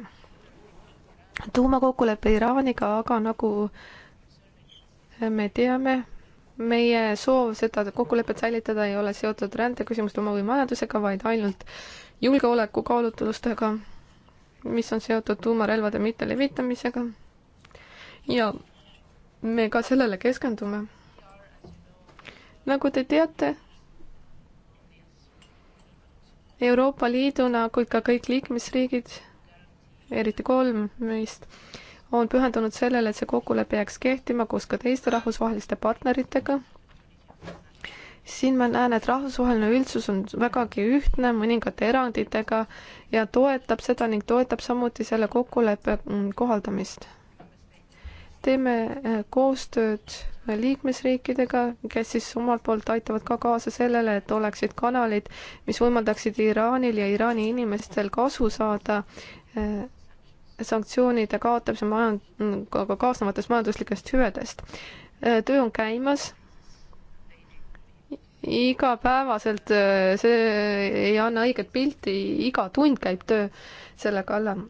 S4: tuumakokkulepe Iraaniga, aga nagu me teame, meie soov seda kokkulepet säilitada ei ole seotud rändeküsimustega või majandusega, vaid ainult julgeoleku kaalutlustega mis on seotud tuumarelvade mittelevitamisega. ja me ka sellele keskendume. nagu te teate, Euroopa Liiduna nagu kui ka kõik liikmesriigid, eriti kolm meist, on pühendunud sellele, et see kokkulepe jääks kehtima koos ka teiste rahvusvaheliste partneritega siin ma näen, et rahvusvaheline üldsus on vägagi ühtne mõningate eranditega ja toetab seda ning toetab samuti selle kokkuleppe mm, kohaldamist. teeme äh, koostööd äh, liikmesriikidega, kes siis omalt poolt aitavad ka kaasa sellele, et oleksid kanalid, mis võimaldaksid Iraanil ja Iraani inimestel kasu saada äh, sanktsioonide kaotamise majand-, mm, kaasnevatest majanduslikest hüvedest. töö on käimas igapäevaselt, äh, see ei anna õiget pilti, iga tund käib töö selle kallal.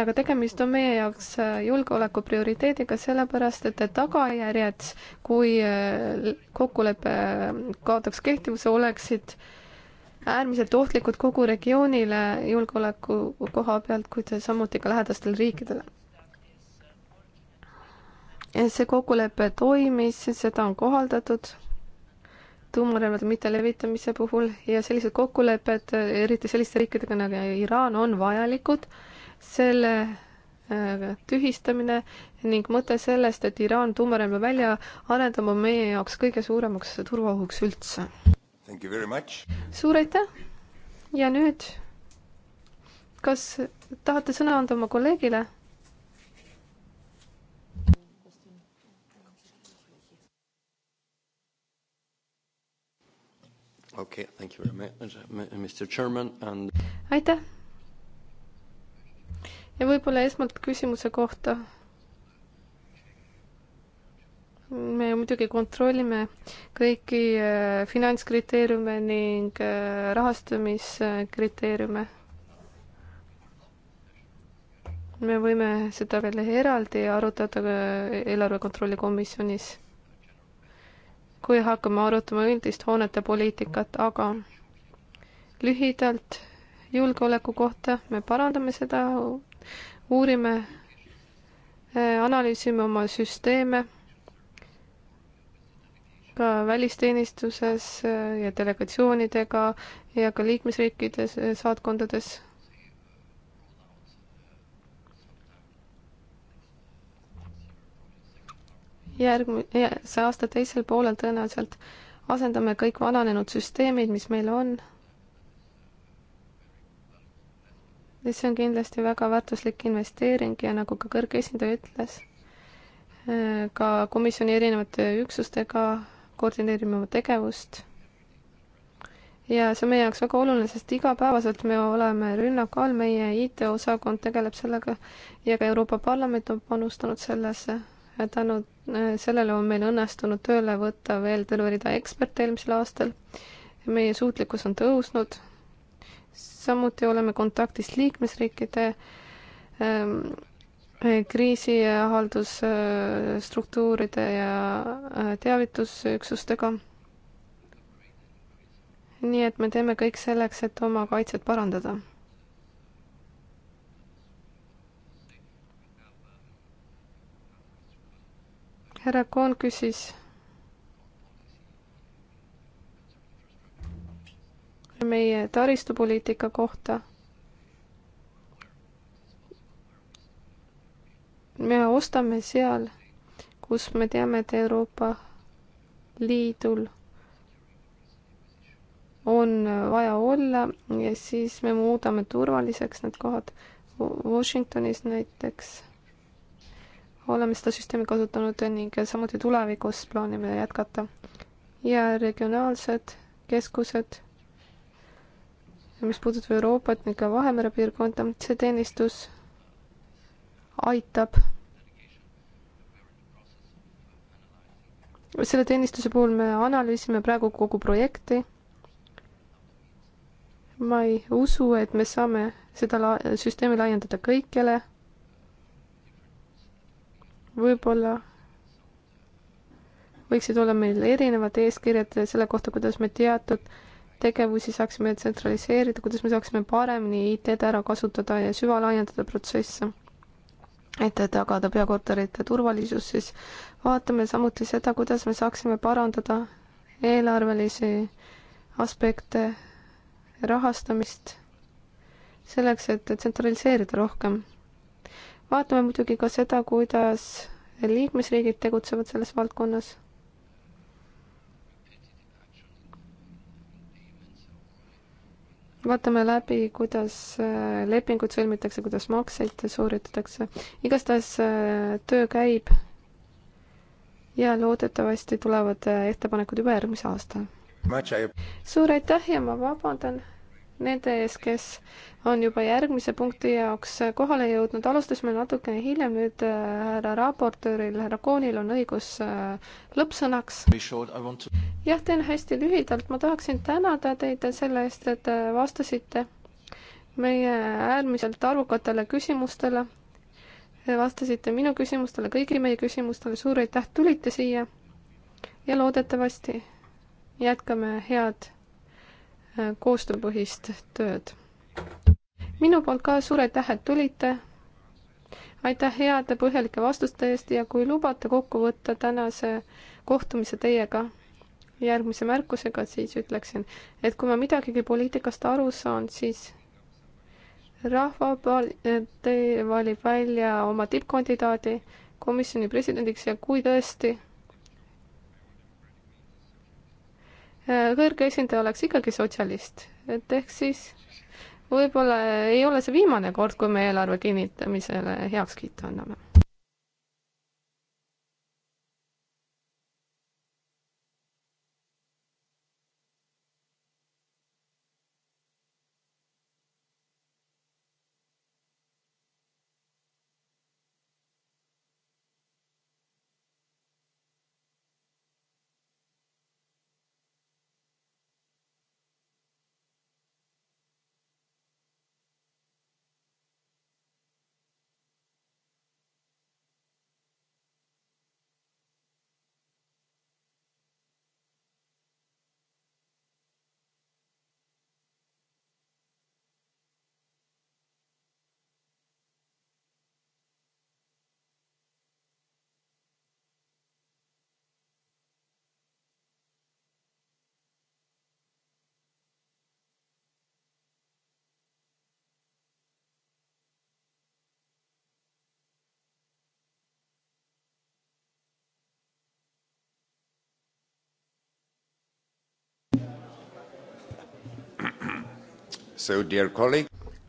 S4: aga tegemist on meie jaoks äh, julgeoleku prioriteediga, sellepärast et tagajärjed, kui äh, kokkulepe kaotaks kehtivuse, oleksid äärmiselt ohtlikud kogu regioonile julgeoleku koha pealt, kuid samuti ka lähedastele riikidele. see kokkulepe toimis, seda on kohaldatud tuumarelvade mittelevitamise puhul ja sellised kokkulepped, eriti selliste riikidega nagu Iraan, on vajalikud. selle äh, tühistamine ning mõte sellest, et Iraan tuumarelva välja arendab, on meie jaoks kõige suuremaks turvaohuks üldse. suur aitäh! ja nüüd, kas tahate sõna anda oma kolleegile?
S2: okay,. Uh,
S4: aitäh. ja võib-olla esmalt küsimuse kohta. me ju muidugi kontrollime kõiki äh, finantskriteeriume ning äh, rahastamiskriteeriume. me võime seda veel eraldi arutada äh, eelarve kontrolli komisjonis kui hakkame arutama üldist hoonete poliitikat, aga lühidalt julgeoleku kohta me parandame seda, uurime, äh, analüüsime oma süsteeme ka välisteenistuses äh, ja delegatsioonidega ja ka liikmesriikides, äh, saatkondades järgmise aasta teisel poolel tõenäoliselt asendame kõik vananenud süsteemid, mis meil on. ja see on kindlasti väga väärtuslik investeering ja nagu ka kõrge esindaja ütles, äh, ka komisjoni erinevate üksustega koordineerime oma tegevust. ja see on meie jaoks väga oluline, sest igapäevaselt me oleme rünnaku all, meie IT-osakond tegeleb sellega ja ka Euroopa Parlament on panustanud sellesse tänu äh, sellele on meil õnnestunud tööle võtta veel terve rida eksperte eelmisel aastal. meie suutlikkus on tõusnud. samuti oleme kontaktis liikmesriikide ähm, kriisihaldusstruktuuride ja äh, teavitusüksustega. nii et me teeme kõik selleks, et oma kaitset parandada härra Koon küsis meie taristupoliitika kohta. me ostame seal, kus me teame, et Euroopa Liidul on vaja olla ja siis me muudame turvaliseks need kohad. Washingtonis näiteks oleme seda süsteemi kasutanud ning samuti tulevikus plaanime jätkata. ja regionaalsed keskused, mis puudutab Euroopat ning ka Vahemere piirkonda, see teenistus aitab. selle teenistuse puhul me analüüsime praegu kogu projekti. ma ei usu, et me saame seda la-, süsteemi laiendada kõikjale võib-olla võiksid olla meil erinevad eeskirjad selle kohta, kuidas me teatud tegevusi saaksime tsentraliseerida, kuidas me saaksime paremini IT-d ära kasutada ja süvalaiendada protsesse, et tagada peakorterite turvalisus, siis vaatame samuti seda, kuidas me saaksime parandada eelarvelisi aspekte, rahastamist, selleks, et tsentraliseerida rohkem vaatame muidugi ka seda, kuidas liikmesriigid tegutsevad selles valdkonnas. vaatame läbi, kuidas äh, lepingud sõlmitakse, kuidas makseid sooritatakse. igastahes äh, töö käib ja loodetavasti tulevad äh, ettepanekud juba järgmise aasta. suur aitäh ja ma vabandan nende ees, kes on juba järgmise punkti jaoks kohale jõudnud. alustasime natukene hiljem, nüüd äh, härra raportööril, härra Koonil on õigus äh, lõppsõnaks. jah, teen hästi lühidalt, ma tahaksin tänada teid selle eest, et äh, vastasite meie äärmiselt arvukatele küsimustele. vastasite minu küsimustele, kõigi meie küsimustele, suur aitäh, tulite siia ja loodetavasti jätkame head koostööpõhist tööd. minu poolt ka suur aitäh, et tulite. aitäh heade põhjalike vastuste eest ja kui lubate kokku võtta tänase kohtumise teiega järgmise märkusega, siis ütleksin, et kui ma midagigi poliitikast aru saan, siis rahvapartei valib välja oma tippkandidaadi komisjoni presidendiks ja kui tõesti Äh, kõrge esindaja oleks ikkagi sotsialist, et ehk siis võib-olla ei ole see viimane kord, kui me eelarve kinnitamisele heakskiitu anname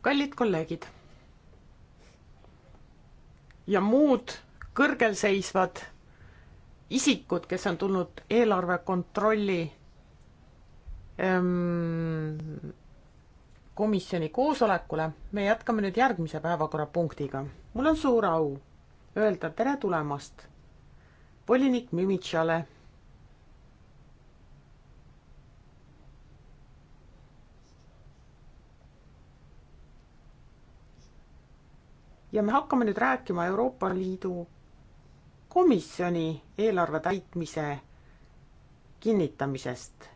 S1: kallid kolleegid ja muud kõrgel seisvad isikud, kes on tulnud eelarve kontrolli ähm, komisjoni koosolekule, me jätkame nüüd järgmise päevakorrapunktiga. mul on suur au öelda tere tulemast volinik Mimitšale ja me hakkame nüüd rääkima Euroopa Liidu komisjoni eelarve täitmise kinnitamisest.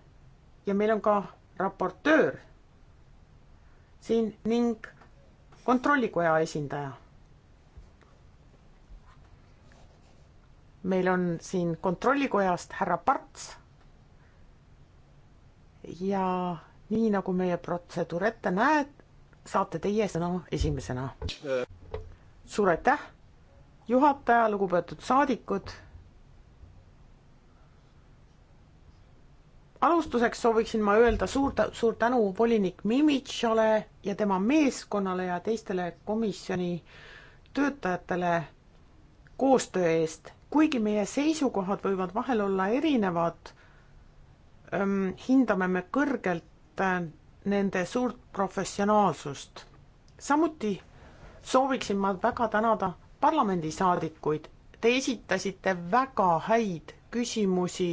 S1: ja meil on ka raportöör siin ning kontrollikoja esindaja. meil on siin kontrollikojast härra Parts. ja nii nagu meie protseduur ette näeb, saate teie sõna esimesena suur aitäh, juhataja, lugupeetud saadikud. alustuseks sooviksin ma öelda suur, suur tänu volinik Mimitšale ja tema meeskonnale ja teistele komisjoni töötajatele koostöö eest. kuigi meie seisukohad võivad vahel olla erinevad, hindame me kõrgelt äh, nende suurt professionaalsust. samuti sooviksin ma väga tänada parlamendisaadikuid. Te esitasite väga häid küsimusi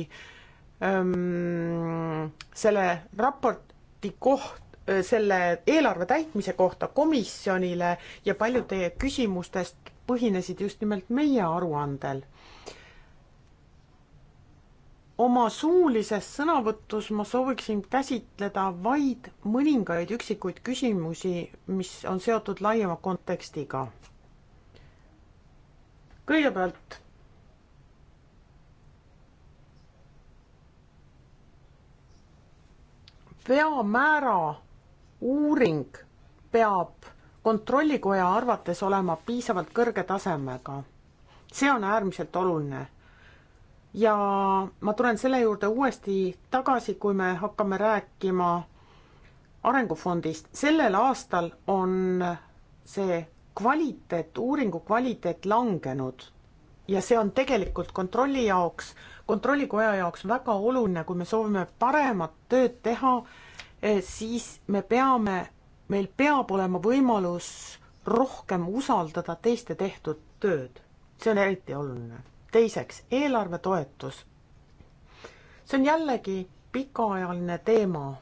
S1: öm, ähm, selle raporti kohta, äh, selle eelarve täitmise kohta komisjonile ja paljud teie küsimustest põhinesid just nimelt meie aruandel oma suulises sõnavõtus ma sooviksin käsitleda vaid mõningaid üksikuid küsimusi, mis on seotud laiema kontekstiga. kõigepealt veamäära uuring peab kontrollikoja arvates olema piisavalt kõrge tasemega. see on äärmiselt oluline ja ma tulen selle juurde uuesti tagasi, kui me hakkame rääkima arengufondist. sellel aastal on see kvaliteet, uuringu kvaliteet langenud ja see on tegelikult kontrolli jaoks, kontrollikoja jaoks väga oluline, kui me soovime paremat tööd teha, eh, siis me peame, meil peab olema võimalus rohkem usaldada teiste tehtud tööd. see on eriti oluline teiseks, eelarvetoetus. see on jällegi pikaajaline teema.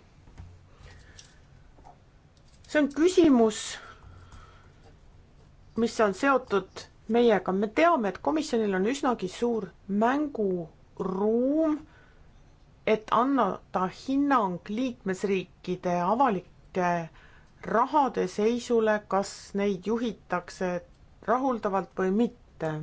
S1: see on küsimus, mis on seotud meiega, me teame, et komisjonil on üsnagi suur mänguruum, et annada hinnang liikmesriikide avalike rahade seisule, kas neid juhitakse rahuldavalt või mitte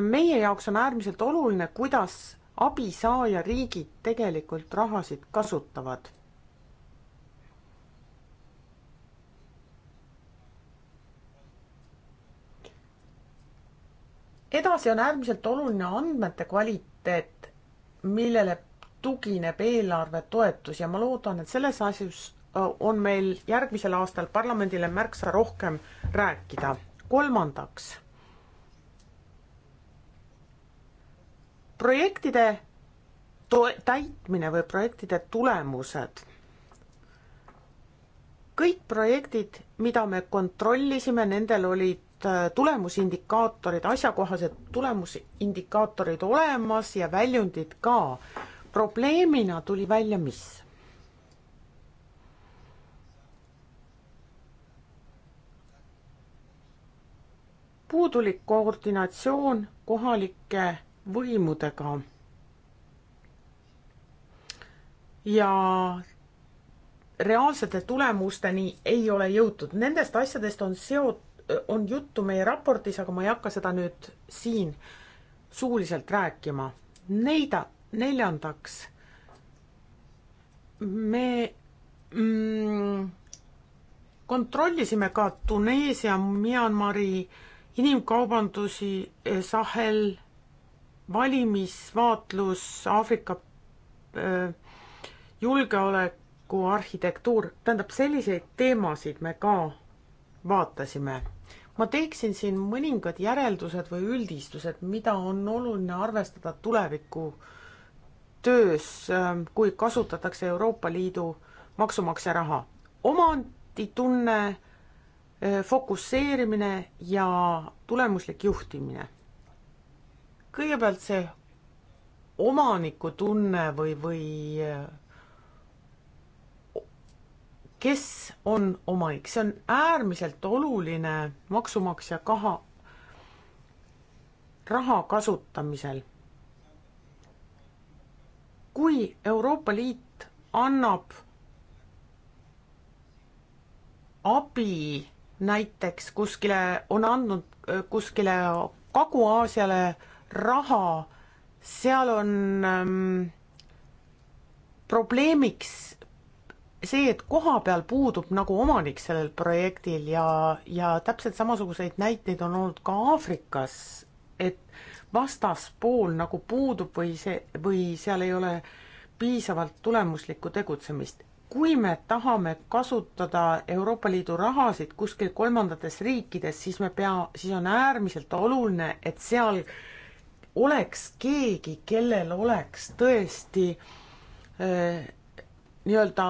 S1: meie jaoks on äärmiselt oluline, kuidas abisaaja riigid tegelikult rahasid kasutavad. edasi on äärmiselt oluline andmete kvaliteet, millele tugineb eelarvetoetus ja ma loodan, et selles asjus on meil järgmisel aastal parlamendile märksa rohkem rääkida. kolmandaks projektide to-, täitmine või projektide tulemused. kõik projektid, mida me kontrollisime, nendel olid äh, tulemusindikaatorid, asjakohased tulemusindikaatorid olemas ja väljundid ka. probleemina tuli välja, mis? puudulik koordinatsioon kohalike võimudega. ja reaalsete tulemusteni ei ole jõutud, nendest asjadest on seot-, on juttu meie raportis, aga ma ei hakka seda nüüd siin suuliselt rääkima. Neida, neljandaks, me mm, kontrollisime ka Tuneesia, Myanmari inimkaubandusi, eh, Sahel valimisvaatlus, Aafrika julgeoleku arhitektuur, tähendab, selliseid teemasid me ka vaatasime. ma teeksin siin mõningad järeldused või üldistused, mida on oluline arvestada tuleviku töös, kui kasutatakse Euroopa Liidu maksumaksja raha. omanditunne, fokusseerimine ja tulemuslik juhtimine kõigepealt see omanikutunne või, või kes on omanik, see on äärmiselt oluline maksumaksja kaha, raha kasutamisel. kui Euroopa Liit annab abi näiteks kuskile, on andnud kuskile Kagu-Aasiale raha, seal on ähm, probleemiks see, et koha peal puudub nagu omanik sellel projektil ja, ja täpselt samasuguseid näiteid on olnud ka Aafrikas, et vastaspool nagu puudub või see, või seal ei ole piisavalt tulemuslikku tegutsemist. kui me tahame kasutada Euroopa Liidu rahasid kuskil kolmandates riikides, siis me pea, siis on äärmiselt oluline, et seal äh, oleks keegi, kellel oleks tõesti äh, nii-öelda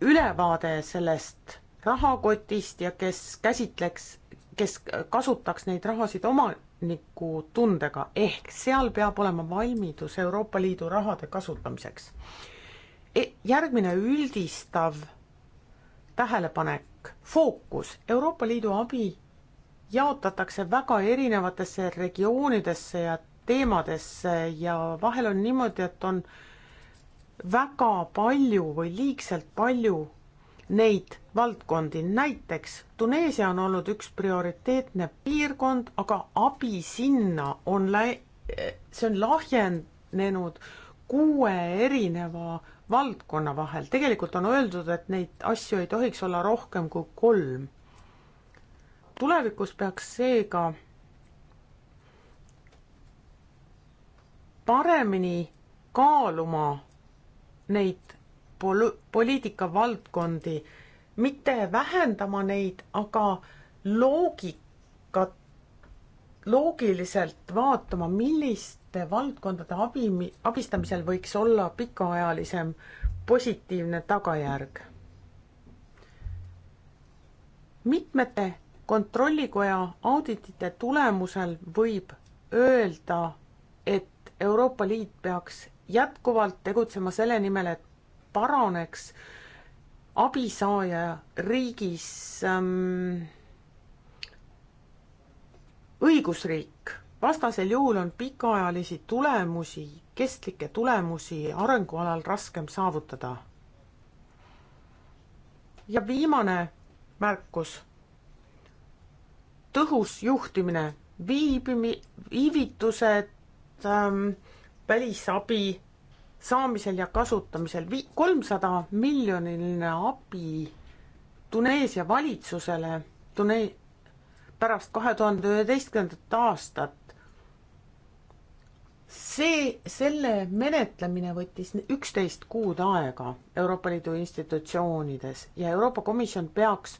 S1: ülevaade sellest rahakotist ja kes käsitleks, kes kasutaks neid rahasid omaniku tundega, ehk seal peab olema valmidus Euroopa Liidu rahade kasutamiseks e. järgmine üldistav tähelepanek, fookus, Euroopa Liidu abi jaotatakse väga erinevatesse regioonidesse ja teemadesse ja vahel on niimoodi, et on väga palju või liigselt palju neid valdkondi, näiteks Tuneesia on olnud üks prioriteetne piirkond, aga abi sinna on lä-, see on lahjenenud kuue erineva valdkonna vahel, tegelikult on öeldud, et neid asju ei tohiks olla rohkem kui kolm. tulevikus peaks seega paremini kaaluma neid pol-, poliitikavaldkondi, mitte vähendama neid, aga loogikat, loogiliselt vaatama, milliste valdkondade abi, abistamisel võiks olla pikaajalisem positiivne tagajärg. mitmete kontrollikoja auditite tulemusel võib öelda et Euroopa Liit peaks jätkuvalt tegutsema selle nimel, et paraneks abisaaja riigis ähm, õigusriik. vastasel juhul on pikaajalisi tulemusi, kestlikke tulemusi arengualal raskem saavutada. ja viimane märkus. tõhus juhtimine, viibimi-, viivitused, ähm, välisabi saamisel ja kasutamisel. Vi-, kolmsada miljoniline abi Tuneesia valitsusele Tune-, pärast kahe tuhande üheteistkümnendat aastat. see, selle menetlemine võttis üksteist kuud aega Euroopa Liidu institutsioonides ja Euroopa Komisjon peaks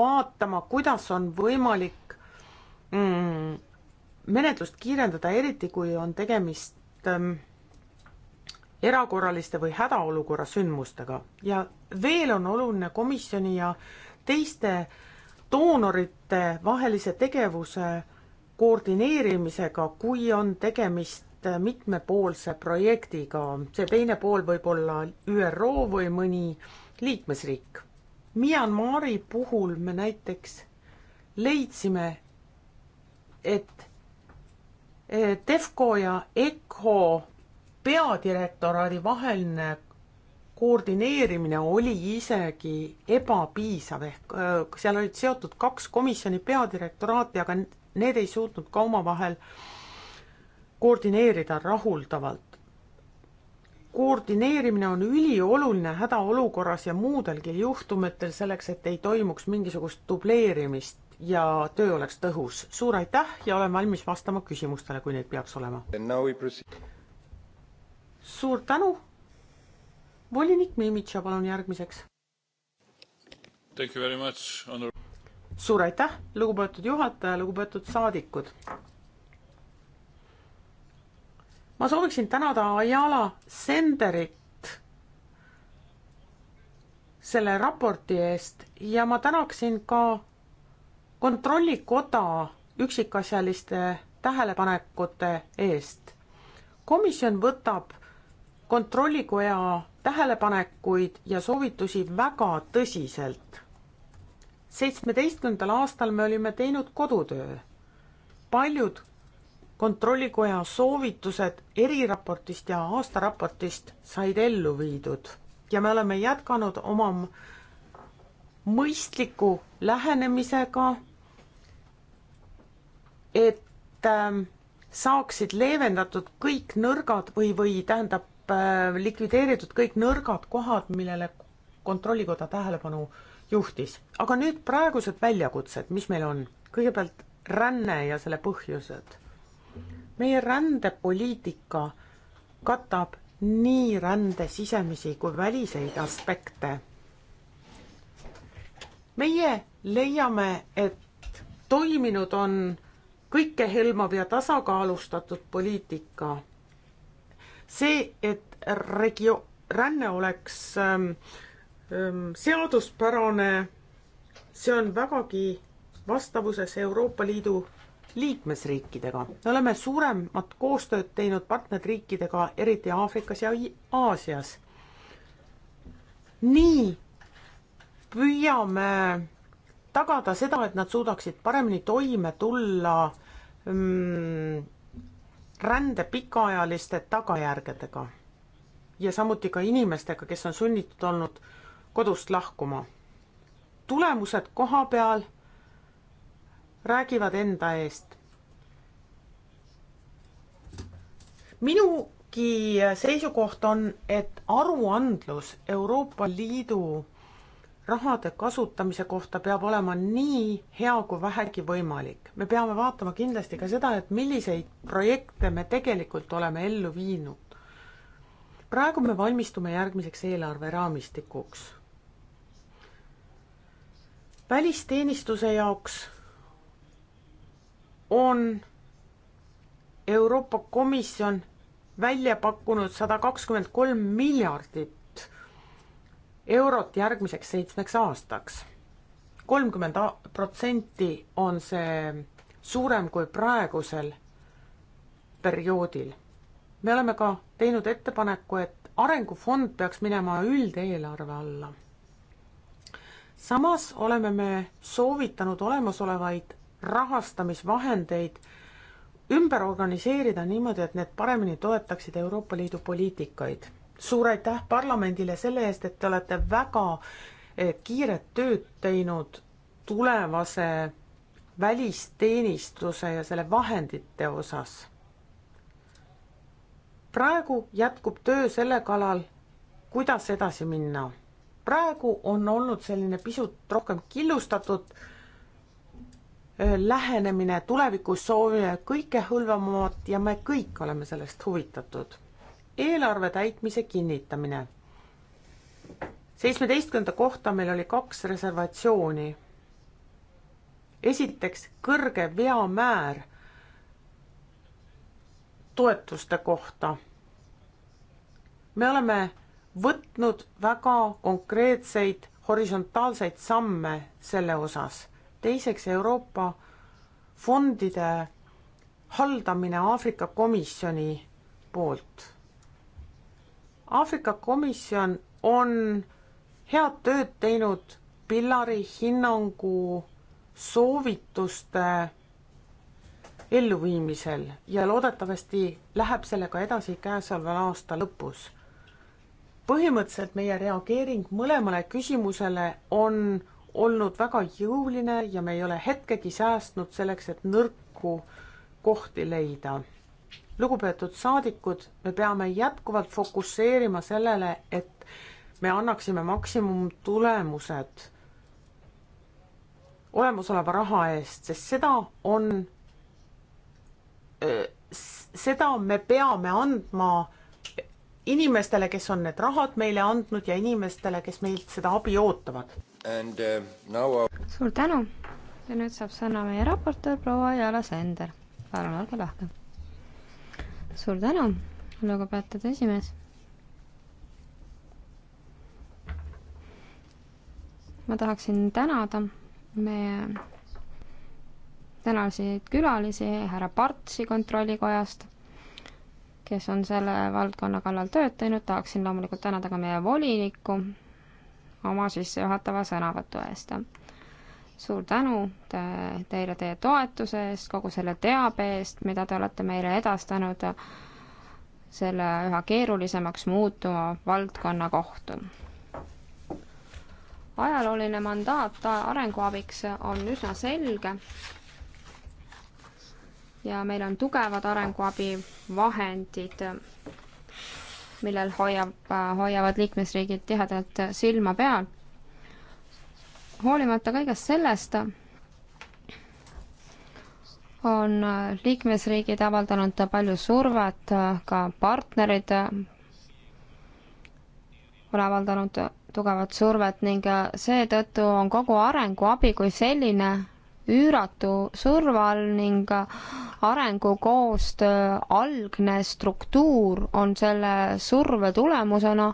S1: vaatama, kuidas on võimalik mm, menetlust kiirendada, eriti kui on tegemist ähm, erakorraliste või hädaolukorra sündmustega ja veel on oluline komisjoni ja teiste doonorite vahelise tegevuse koordineerimisega, kui on tegemist äh, mitmepoolse projektiga, see teine pool võib olla ÜRO või mõni liikmesriik. Myanmari puhul me näiteks leidsime, et Defco ja ECHO peadirektoraadi vaheline koordineerimine oli isegi ebapiisav, ehk äh, seal olid seotud kaks komisjoni peadirektoraati, aga need ei suutnud ka omavahel koordineerida rahuldavalt. koordineerimine on ülioluline hädaolukorras ja muudelgi juhtumitel selleks, et ei toimuks mingisugust dubleerimist ja töö oleks tõhus. suur aitäh ja olen valmis vastama küsimustele, kui neid peaks olema. suur tänu. volinik Mimitša, palun järgmiseks. suur aitäh, lugupeetud juhataja, lugupeetud saadikud. ma sooviksin tänada Ayala Senderit selle raporti eest ja ma tänaksin ka kontrollikoda üksikasjaliste tähelepanekute eest. komisjon võtab kontrollikoja tähelepanekuid ja soovitusi väga tõsiselt. seitsmeteistkümnendal aastal me olime teinud kodutöö. paljud kontrollikoja soovitused eriraportist ja aastaraportist said ellu viidud ja me oleme jätkanud oma mõistliku lähenemisega et ähm, saaksid leevendatud kõik nõrgad või, või tähendab, äh, likvideeritud kõik nõrgad kohad, millele Kontrollikoda tähelepanu juhtis. aga nüüd praegused väljakutsed, mis meil on? kõigepealt ränne ja selle põhjused. meie rändepoliitika katab nii rände sisemisi kui väliseid aspekte. meie leiame, et toiminud on kõike hõlmav ja tasakaalustatud poliitika. see, et regio-, ränne oleks ähm, ähm, seaduspärane, see on vägagi vastavuses Euroopa Liidu liikmesriikidega. me oleme suuremat koostööd teinud partnerriikidega, eriti Aafrikas ja Aasias. nii püüame tagada seda, et nad suudaksid paremini toime tulla Mm, rände pikaajaliste tagajärgedega ja samuti ka inimestega, kes on sunnitud olnud kodust lahkuma. tulemused koha peal räägivad enda eest. minugi seisukoht on, et aruandlus Euroopa Liidu rahade kasutamise kohta peab olema nii hea kui vähegi võimalik. me peame vaatama kindlasti ka seda, et milliseid projekte me tegelikult oleme ellu viinud. praegu me valmistume järgmiseks eelarveraamistikuks. välisteenistuse jaoks on Euroopa Komisjon välja pakkunud sada kakskümmend kolm miljardit eurot järgmiseks seitsmeks aastaks. kolmkümmend protsenti on see suurem kui praegusel perioodil. me oleme ka teinud ettepaneku, et arengufond peaks minema üldeelarve alla. samas oleme me soovitanud olemasolevaid rahastamisvahendeid ümber organiseerida niimoodi, et need paremini toetaksid Euroopa Liidu poliitikaid suur aitäh parlamendile selle eest, et te olete väga eh, kiiret tööd teinud tulevase välisteenistuse ja selle vahendite osas. praegu jätkub töö selle kallal, kuidas edasi minna. praegu on olnud selline pisut rohkem killustatud eh, lähenemine tulevikus soovime kõikehõlvamamat ja me kõik oleme sellest huvitatud eelarve täitmise kinnitamine. seitsmeteistkümnenda kohta meil oli kaks reservatsiooni. esiteks kõrge veamäär toetuste kohta. me oleme võtnud väga konkreetseid horisontaalseid samme selle osas. teiseks Euroopa fondide haldamine Aafrika Komisjoni poolt Aafrika komisjon on head tööd teinud Pillari hinnangu soovituste elluviimisel ja loodetavasti läheb sellega edasi käesoleva aasta lõpus. põhimõtteliselt meie reageering mõlemale küsimusele on olnud väga jõuline ja me ei ole hetkegi säästnud selleks, et nõrku kohti leida lugupeetud saadikud, me peame jätkuvalt fokusseerima sellele, et me annaksime maksimumtulemused olemasoleva raha eest, sest seda on, seda me peame andma inimestele, kes on need rahad meile andnud ja inimestele, kes meilt seda abi ootavad. Uh, now...
S3: suur tänu ja nüüd saab sõna meie raportöör proua Jala Sender. palun olge lahke suur tänu, lugupeetud esimees. ma tahaksin tänada meie tänaseid külalisi, härra Partsi Kontrollikojast, kes on selle valdkonna kallal tööd teinud, tahaksin loomulikult tänada ka meie volinikku oma sissejuhatava sõnavõtu eest suur tänu te, teile teie toetuse eest, kogu selle teabe eest, mida te olete meile edastanud selle üha keerulisemaks muutuva valdkonna kohta. ajalooline mandaat arenguabiks on üsna selge ja meil on tugevad arenguabivahendid, millel hoiab, hoiavad liikmesriigid tihedalt silma peal hoolimata kõigest sellest on liikmesriigid avaldanud palju survet, ka partnerid on avaldanud tugevat survet ning seetõttu on kogu arenguabi kui selline üüratu surve all ning arengukoostöö algne struktuur on selle surve tulemusena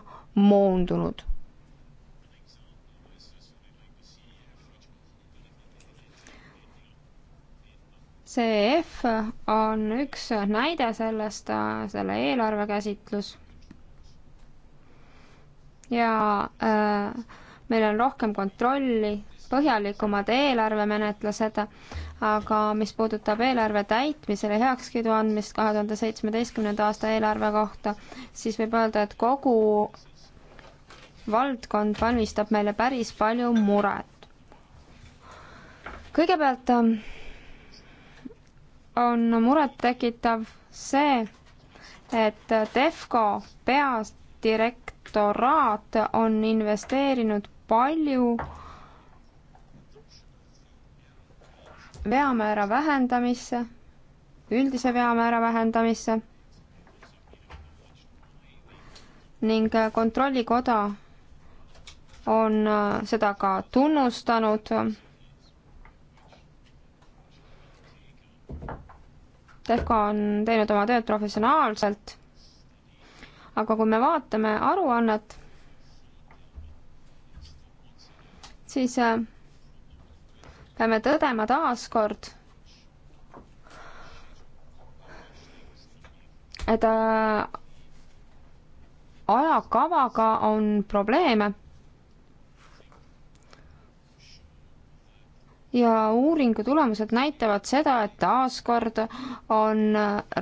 S3: moondunud CEF on üks näide sellest, selle eelarvekäsitlus. ja äh, meil on rohkem kontrolli, põhjalikumad eelarvemenetlused, aga mis puudutab eelarve täitmisele heakskiidu andmist kahe tuhande seitsmeteistkümnenda aasta eelarve kohta, siis võib öelda, et kogu valdkond valmistab meile päris palju muret. kõigepealt ähm, on murettekitav see, et Defco peadirektoraat on investeerinud palju veamäära vähendamisse, üldise veamäära vähendamisse ning Kontrollikoda on seda ka tunnustanud Tehko on teinud oma tööd professionaalselt, aga kui me vaatame aruannet, siis äh, peame tõdema taaskord, et äh, ajakavaga on probleeme ja uuringu tulemused näitavad seda, et taaskord on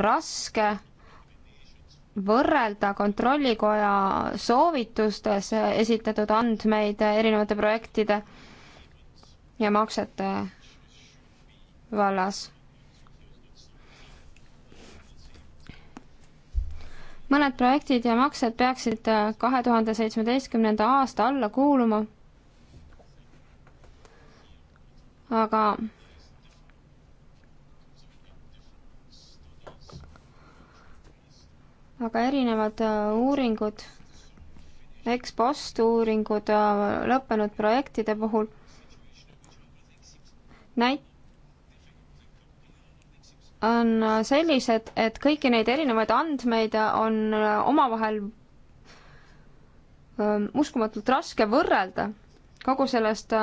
S3: raske võrrelda Kontrollikoja soovitustes esitatud andmeid erinevate projektide ja maksete vallas. mõned projektid ja maksed peaksid kahe tuhande seitsmeteistkümnenda aasta alla kuuluma aga aga erinevad äh, uuringud, ekspost uuringud äh, lõppenud projektide puhul näit-, on äh, sellised, et kõiki neid erinevaid andmeid on omavahel uskumatult raske võrrelda. kogu sellest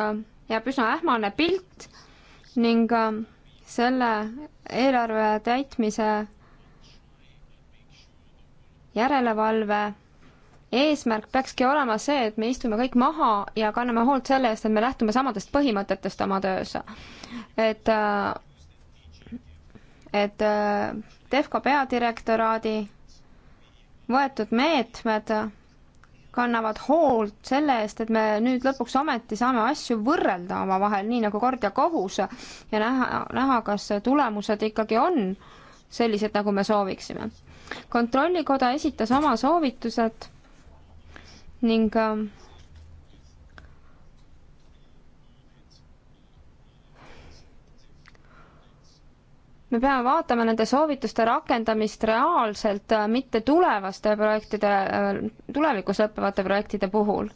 S3: jääb üsna ähmane pilt ning ähm, selle eelarve täitmise järelevalve eesmärk peakski olema see, et me istume kõik maha ja kanname hoolt selle eest, et me lähtume samadest põhimõtetest oma töös. et, äh, et äh, Defco peadirektoraadi võetud meetmed kannavad hoolt selle eest, et me nüüd lõpuks ometi saame asju võrrelda omavahel, nii nagu kord ja kohus, ja näha, näha, kas tulemused ikkagi on sellised, nagu me sooviksime. kontrollikoda esitas oma soovitused ning äh, me peame vaatama nende soovituste rakendamist reaalselt, äh, mitte tulevaste projektide, äh, tulevikus lõppevate projektide puhul.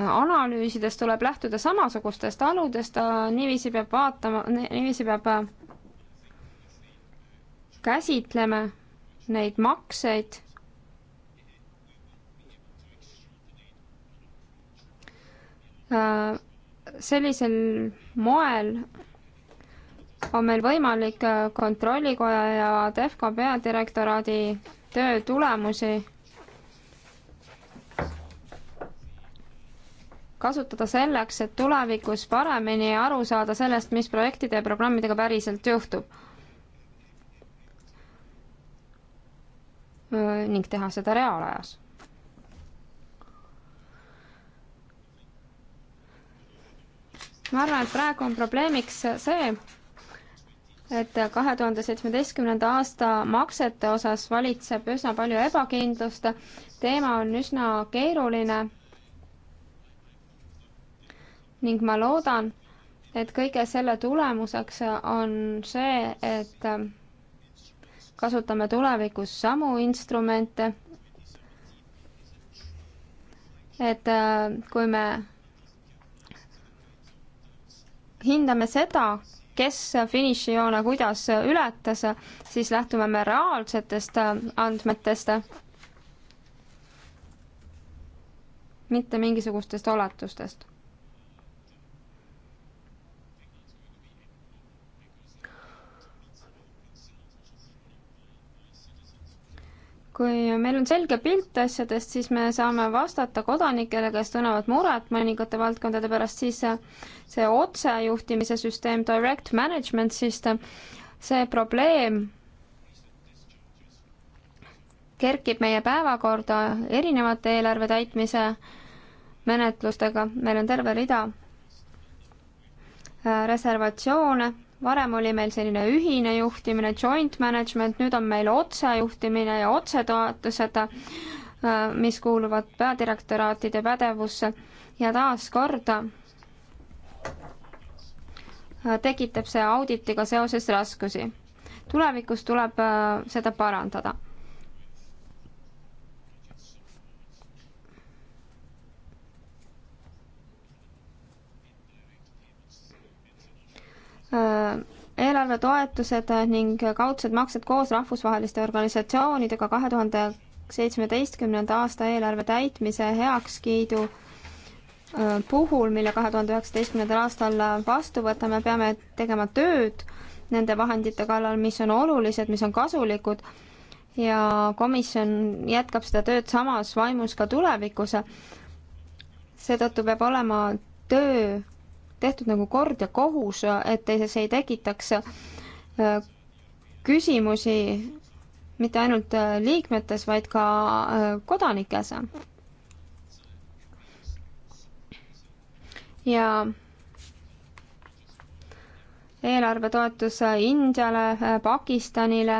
S3: analüüsides tuleb lähtuda samasugustest aludest, äh, niiviisi peab vaatama, niiviisi peab käsitlema neid makseid sellisel moel on meil võimalik äh, Kontrollikoja ja Defco peadirektoraadi töö tulemusi kasutada selleks, et tulevikus paremini aru saada sellest, mis projektide ja programmidega päriselt juhtub. ning teha seda reaalajas. ma arvan, et praegu on probleemiks see, et kahe tuhande seitsmeteistkümnenda aasta maksete osas valitseb üsna palju ebakindlust. teema on üsna keeruline. ning ma loodan, et kõige selle tulemuseks on see, et kasutame tulevikus samu instrumente. et äh, kui me hindame seda, kes finišijoone kuidas ületas, siis lähtume me reaalsetest äh, andmetest, mitte mingisugustest oletustest kui meil on selge pilt asjadest, siis me saame vastata kodanikele, kes tunnevad muret mõningate valdkondade pärast, siis see otsejuhtimise süsteem, direct management system, see probleem kerkib meie päevakorda erinevate eelarve täitmise menetlustega, meil on terve rida äh, reservatsioone varem oli meil selline ühine juhtimine, joint management, nüüd on meil otsejuhtimine ja otsetoetused, äh, mis kuuluvad peadirektoraatide pädevusse ja taaskord äh, tekitab see auditiga seoses raskusi. tulevikus tuleb äh, seda parandada Äh, eelarvetoetused ning kaudsed maksed koos rahvusvaheliste organisatsioonidega kahe tuhande seitsmeteistkümnenda aasta eelarve täitmise heakskiidu äh, puhul, mille kahe tuhande üheksateistkümnendal aastal vastu võtame, peame tegema tööd nende vahendite kallal, mis on olulised, mis on kasulikud ja komisjon jätkab seda tööd samas vaimus ka tulevikus. seetõttu peab olema töö tehtud nagu kord ja kohus, et teises ei tekitaks äh, küsimusi mitte ainult äh, liikmetes, vaid ka äh, kodanikes. ja eelarvetoetus Indiale, Pakistanile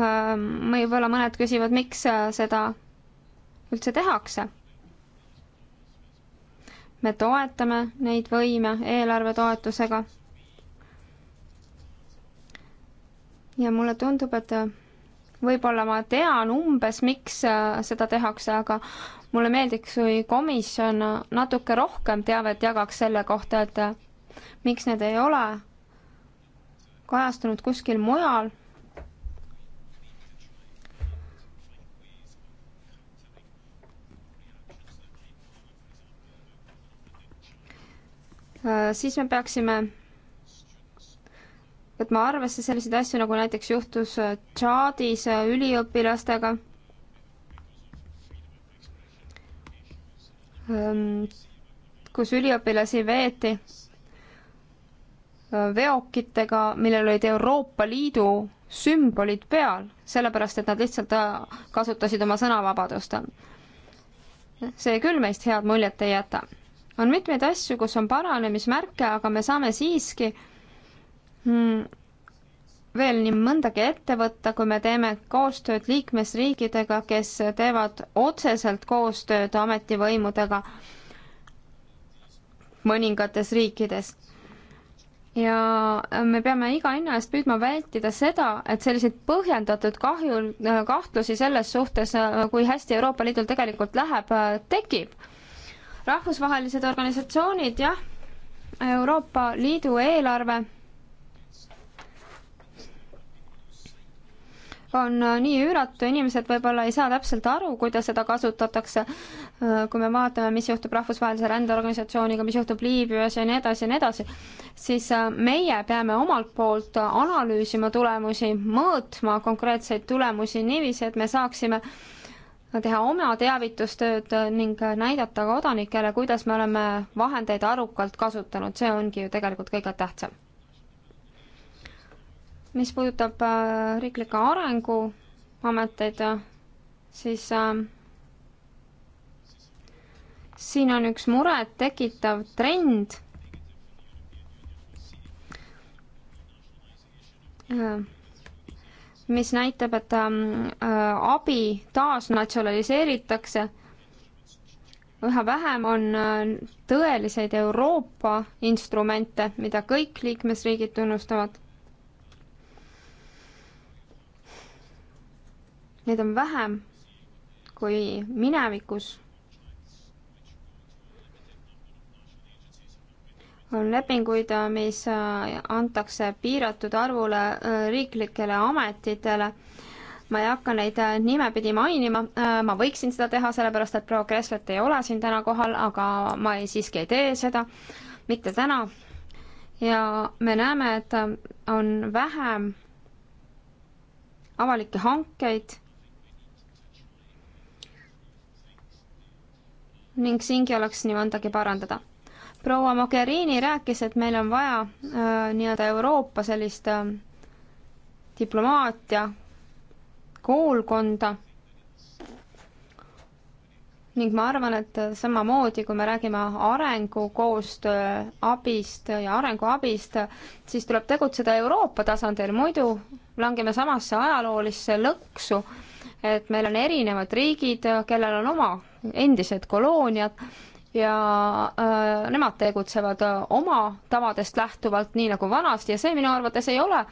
S3: võib-olla mõned küsivad, miks seda üldse tehakse me toetame neid võime eelarve toetusega. ja mulle tundub, et võib-olla ma tean umbes, miks äh, seda tehakse, aga mulle meeldiks, kui komisjon natuke rohkem teavet jagaks selle kohta, et miks need ei ole kajastunud kuskil mujal Äh, siis me peaksime võtma arvesse selliseid asju, nagu näiteks juhtus äh, Tšaadis äh, üliõpilastega. Ähm, kus üliõpilasi veeti veokitega, millel olid Euroopa Liidu sümbolid peal, sellepärast et nad lihtsalt kasutasid oma sõnavabadust. see küll meist head muljet ei jäta on mitmeid asju, kus on paranemismärke, aga me saame siiski hmm, veel nii mõndagi ette võtta, kui me teeme koostööd liikmesriikidega, kes teevad otseselt koostööd ametivõimudega mõningates riikides. ja me peame iga hinna eest püüdma vältida seda, et selliseid põhjendatud kahju, kahtlusi selles suhtes, kui hästi Euroopa Liidul tegelikult läheb, tekib rahvusvahelised organisatsioonid, jah, Euroopa Liidu eelarve on äh, nii üüratu, inimesed võib-olla ei saa täpselt aru, kuidas seda kasutatakse, äh, kui me vaatame, mis juhtub Rahvusvahelise Rändeorganisatsiooniga, mis juhtub Liibüas ja nii edasi ja nii edasi, siis äh, meie peame omalt poolt analüüsima tulemusi, mõõtma konkreetseid tulemusi niiviisi, et me saaksime äh, teha oma teavitustööd ning näidata kodanikele, kuidas me oleme vahendeid arukalt kasutanud, see ongi ju tegelikult kõige tähtsam. mis puudutab äh, riiklikke arenguameteid, siis äh, siin on üks muret tekitav trend äh, mis näitab, et ähm, äh, abi taasnatsionaliseeritakse. üha vähem on äh, tõeliseid Euroopa instrumente, mida kõik liikmesriigid tunnustavad. Neid on vähem kui minevikus on lepinguid, mis äh, antakse piiratud arvule äh, riiklikele ametitele. ma ei hakka neid äh, nimepidi mainima, ma võiksin seda teha, sellepärast et proua Kreslet ei ole siin täna kohal, aga ma ei, siiski ei tee seda, mitte täna. ja me näeme, et on vähem avalikke hankeid ning siingi oleks nii mõndagi parandada proua Mogherini rääkis, et meil on vaja äh, nii-öelda Euroopa sellist äh, diplomaatia koolkonda ning ma arvan, et samamoodi, kui me räägime arengukoostöö abist ja arenguabist, siis tuleb tegutseda Euroopa tasandil, muidu langeme samasse ajaloolisse lõksu, et meil on erinevad riigid, kellel on oma endised kolooniad ja äh, nemad tegutsevad äh, oma tavadest lähtuvalt, nii nagu vanasti ja see minu arvates ei ole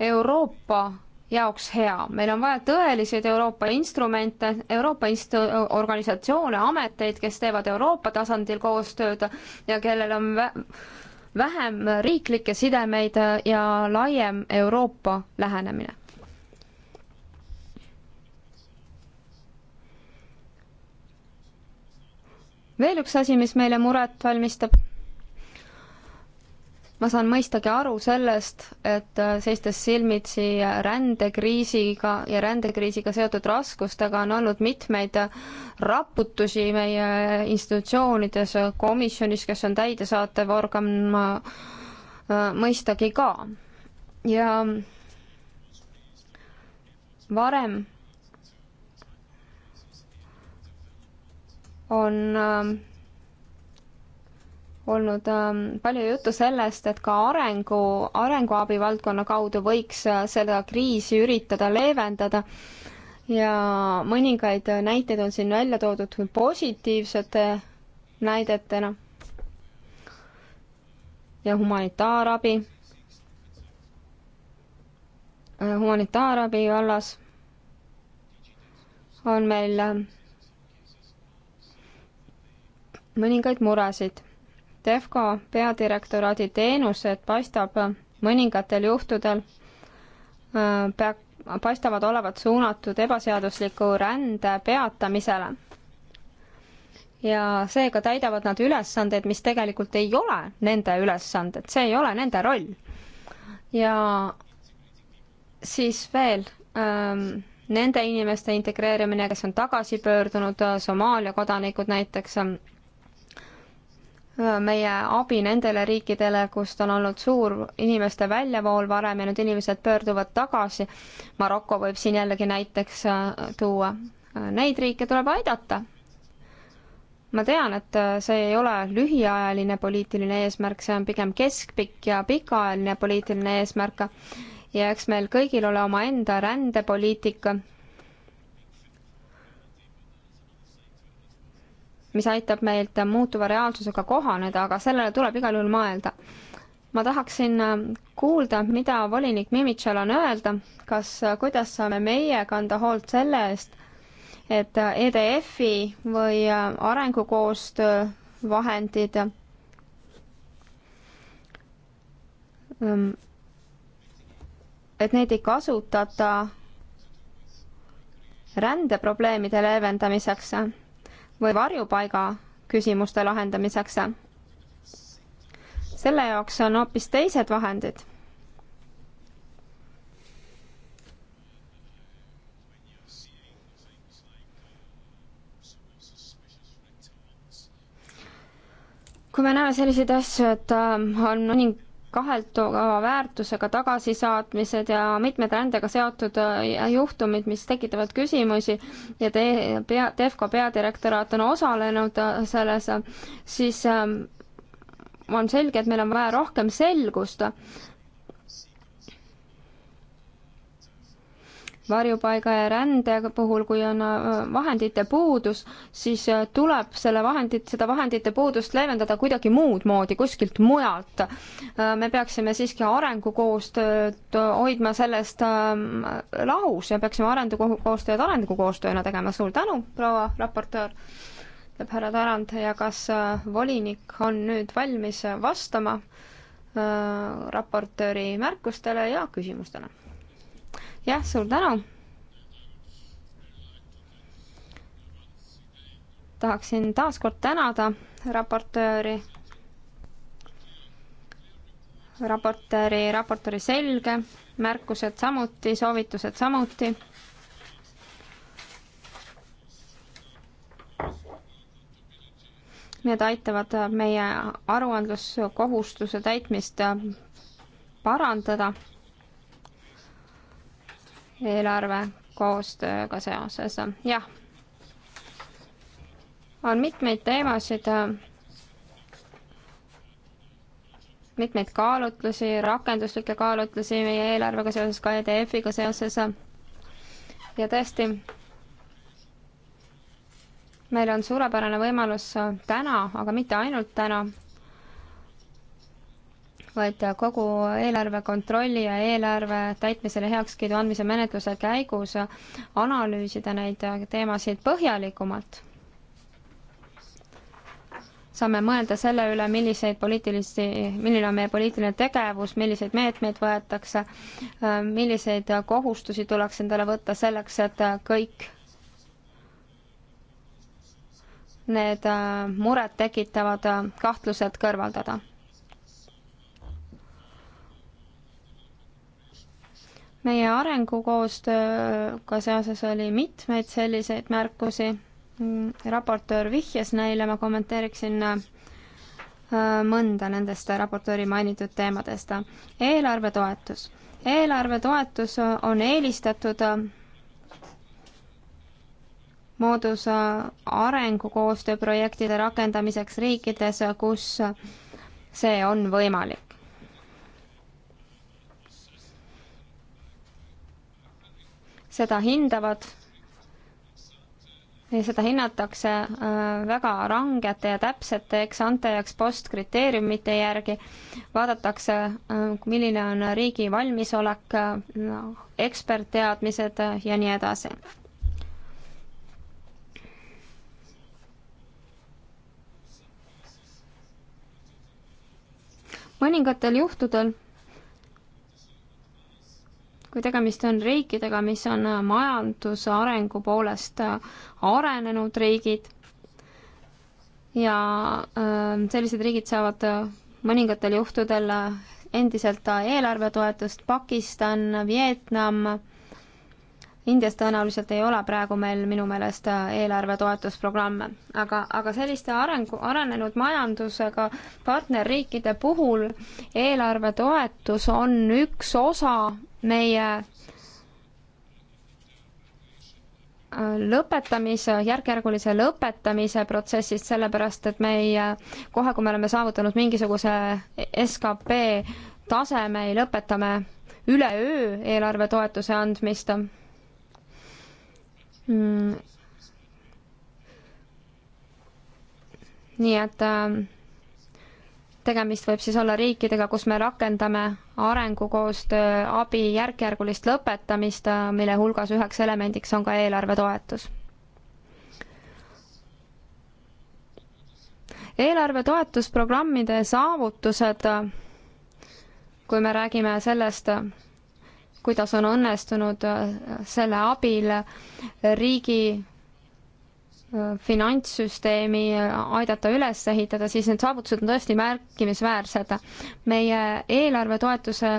S3: Euroopa jaoks hea. meil on vaja tõeliseid Euroopa instrumente, Euroopa inst-, organisatsioone, ameteid, kes teevad Euroopa tasandil koostööd ja kellel on vä vähem riiklikke sidemeid ja laiem Euroopa lähenemine. veel üks asi, mis meile muret valmistab. ma saan mõistagi aru sellest, et äh, seistes silmitsi rändekriisiga ja rändekriisiga seotud raskustega on olnud mitmeid äh, raputusi meie institutsioonides, äh, komisjonis, kes on täidesaatev organ, ma mõistagi ka. ja mm, varem on ähm, olnud ähm, palju juttu sellest, et ka arengu, arenguabi valdkonna kaudu võiks äh, seda kriisi üritada leevendada ja mõningaid näiteid on siin välja toodud positiivsete näidetena ja humanitaarabi äh, humanitaarabi vallas on meil äh, mõningaid muresid. Defco peadirektoraadi teenused paistab mõningatel juhtudel äh, pea, paistavad olevat suunatud ebaseadusliku rände peatamisele. ja seega täidavad nad ülesandeid, mis tegelikult ei ole nende ülesanded, see ei ole nende roll. ja siis veel ähm, nende inimeste integreerimine, kes on tagasi pöördunud, äh, Somaalia kodanikud näiteks ähm, meie abi nendele riikidele, kust on olnud suur inimeste väljavool varem ja nüüd inimesed pöörduvad tagasi. Maroko võib siin jällegi näiteks äh, tuua. Äh, neid riike tuleb aidata. ma tean, et äh, see ei ole lühiajaline poliitiline eesmärk, see on pigem keskpikk ja pikaajaline poliitiline eesmärk ja eks meil kõigil ole omaenda rändepoliitika mis aitab meilt muutuva reaalsusega kohaneda, aga sellele tuleb igal juhul mõelda. ma tahaksin äh, kuulda, mida volinik Mimitšal on öelda, kas, äh, kuidas saame meie kanda hoolt selle eest, et äh, EDF-i või arengukoostöö vahendid ähm, et neid ei kasutata rändeprobleemide leevendamiseks või varjupaiga küsimuste lahendamiseks. selle jaoks on hoopis teised vahendid. kui me näeme selliseid asju, et ähm, on mõning kahelduva väärtusega tagasisaatmised ja mitmed rändega seotud äh, juhtumid, mis tekitavad küsimusi ja te, pea, Defco peadirektoraat on osalenud äh, selles, äh, siis ähm, on selge, et meil on vaja rohkem selgust varjupaiga ja rände puhul, kui on äh, vahendite puudus, siis äh, tuleb selle vahendit, seda vahendite puudust leevendada kuidagi muud moodi, kuskilt mujalt. Äh, me peaksime siiski arengukoostööd hoidma sellest ähm, lahus ja peaksime arengukoostööd arengukoostööna tegema. suur tänu, proua raportöör, ütleb härra Tarand ja kas volinik on nüüd valmis vastama raportööri märkustele ja küsimustele? jah, suur tänu. tahaksin taaskord tänada raportööri, raportööri, raportööri selge, märkused samuti, soovitused samuti. Need aitavad meie aruandluskohustuse täitmist parandada eelarve koostööga seoses. jah, on mitmeid teemasid, mitmeid kaalutlusi, rakenduslikke kaalutlusi meie eelarvega seoses, ka EDF-iga seoses. ja tõesti, meil on suurepärane võimalus täna, aga mitte ainult täna, vaid kogu eelarve kontrolli ja eelarve täitmisele heakskiidu andmise menetluse käigus analüüsida neid teemasid põhjalikumalt. saame mõelda selle üle, milliseid poliitilisi, milline on meie poliitiline tegevus, milliseid meetmeid võetakse, milliseid kohustusi tuleks endale võtta selleks, et kõik need muret tekitavad kahtlused kõrvaldada meie arengukoostööga seoses oli mitmeid selliseid märkusi, raportöör vihjas neile, ma kommenteeriksin äh, mõnda nendest raportööri mainitud teemadest. eelarvetoetus. eelarvetoetus on eelistatud äh, moodus äh, arengukoostööprojektide rakendamiseks riikides, kus see on võimalik. seda hindavad ja seda hinnatakse äh, väga rangete ja täpsete ex-ante ja ex-post kriteeriumite järgi, vaadatakse, äh, milline on riigi valmisolek, äh, ekspertteadmised ja nii edasi. mõningatel juhtudel kui tegemist on riikidega, mis on äh, majandusarengu poolest äh, arenenud riigid ja äh, sellised riigid saavad mõningatel juhtudel endiselt eelarvetoetust, Pakistan, Vietnam, Indias tõenäoliselt ei ole praegu meil minu meelest eelarvetoetusprogramme, aga, aga selliste arengu, arenenud majandusega partnerriikide puhul eelarvetoetus on üks osa meie äh, lõpetamise, järk-järgulise lõpetamise protsessist, sellepärast et me ei, äh, kohe, kui me oleme saavutanud mingisuguse skp taseme, ei lõpetame üleöö eelarvetoetuse andmist mm.. nii et äh, tegemist võib siis olla riikidega, kus me rakendame arengukoostöö abi järkjärgulist lõpetamist, mille hulgas üheks elemendiks on ka eelarvetoetus. eelarvetoetusprogrammide saavutused, kui me räägime sellest, kuidas on õnnestunud selle abil riigi finantssüsteemi aidata üles ehitada, siis need saavutused on tõesti märkimisväärsed. meie eelarvetoetuse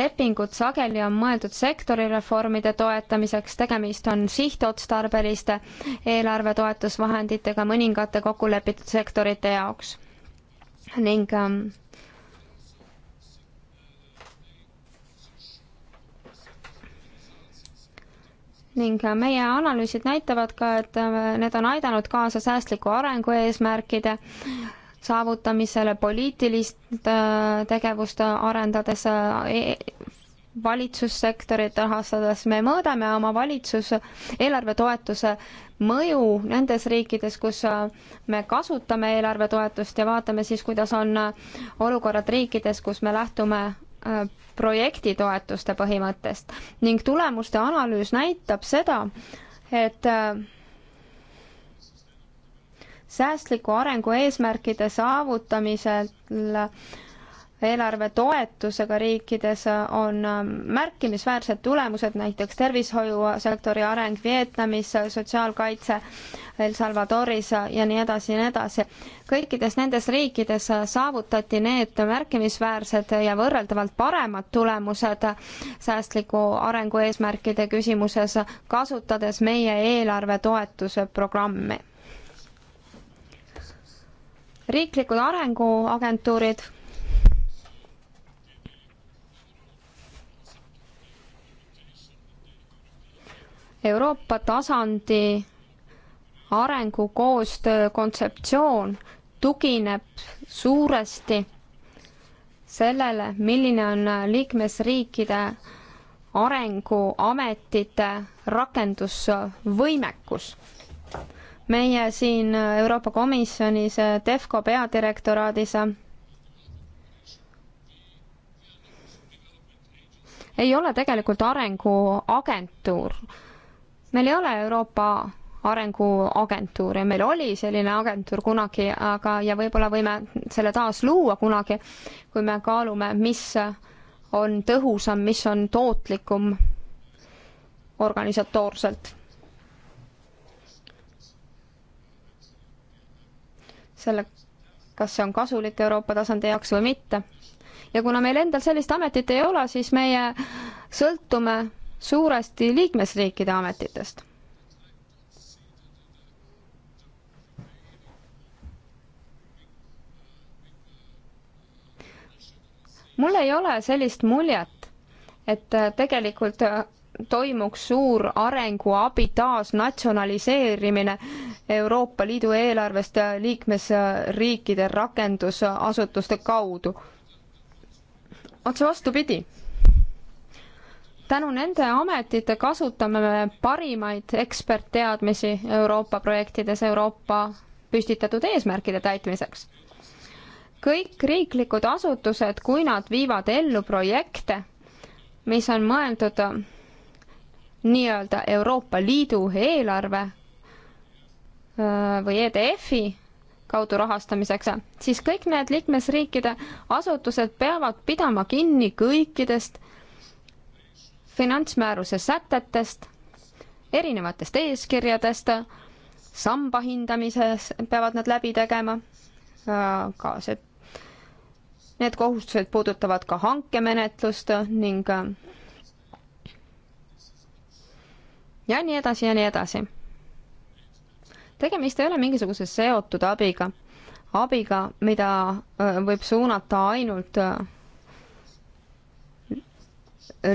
S3: lepingud sageli on mõeldud sektorireformide toetamiseks, tegemist on sihtotstarbeliste eelarvetoetusvahenditega mõningate kokkulepitud sektorite jaoks. ning ähm, ning meie analüüsid näitavad ka, et äh, need on aidanud kaasa säästliku arengu eesmärkide saavutamisele, poliitilist äh, tegevust arendades äh, e, valitsussektorit rahastades, me mõõdame oma valitsuse eelarvetoetuse mõju nendes riikides, kus me kasutame eelarvetoetust ja vaatame siis, kuidas on olukorrad riikides, kus me lähtume Äh, projektitoetuste põhimõttest ning tulemuste analüüs näitab seda, et äh, säästliku arengu eesmärkide saavutamisel eelarvetoetusega riikides on ähm, märkimisväärsed tulemused, näiteks tervishoiusektori areng Vietnamis, sotsiaalkaitse El Salvadoris ja nii edasi ja nii edasi. kõikides nendes riikides saavutati need märkimisväärsed ja võrreldavalt paremad tulemused säästliku arengu eesmärkide küsimuses, kasutades meie eelarvetoetuse programmi riiklikud arenguagentuurid Euroopa tasandi arengukoostöö kontseptsioon tugineb suuresti sellele, milline on liikmesriikide arenguametite rakendusvõimekus. meie siin Euroopa Komisjonis DEFCO peadirektoraadis ei ole tegelikult arenguagentuur meil ei ole Euroopa arenguagentuur ja meil oli selline agentuur kunagi, aga, ja võib-olla võime selle taas luua kunagi, kui me kaalume, mis on tõhusam, mis on tootlikum organisatoorselt. selle, kas see on kasulik Euroopa tasandi jaoks või mitte. ja kuna meil endal sellist ametit ei ole, siis meie sõltume suuresti liikmesriikide ametitest. mul ei ole sellist muljet, et tegelikult toimuks suur arenguabi taasnatsionaliseerimine Euroopa Liidu eelarvest liikmesriikide rakendusasutuste kaudu. otse vastupidi tänu nende ametite kasutame me parimaid ekspertteadmisi Euroopa projektides Euroopa püstitatud eesmärkide täitmiseks. kõik riiklikud asutused, kui nad viivad ellu projekte, mis on mõeldud nii-öelda Euroopa Liidu eelarve või EDF-i kaudu rahastamiseks, siis kõik need liikmesriikide asutused peavad pidama kinni kõikidest finantsmääruse sätetest, erinevatest eeskirjadest, samba hindamises peavad nad läbi tegema, ka see, need kohustused puudutavad ka hankemenetlust ning ja nii edasi ja nii edasi. tegemist ei ole mingisuguse seotud abiga, abiga, mida võib suunata ainult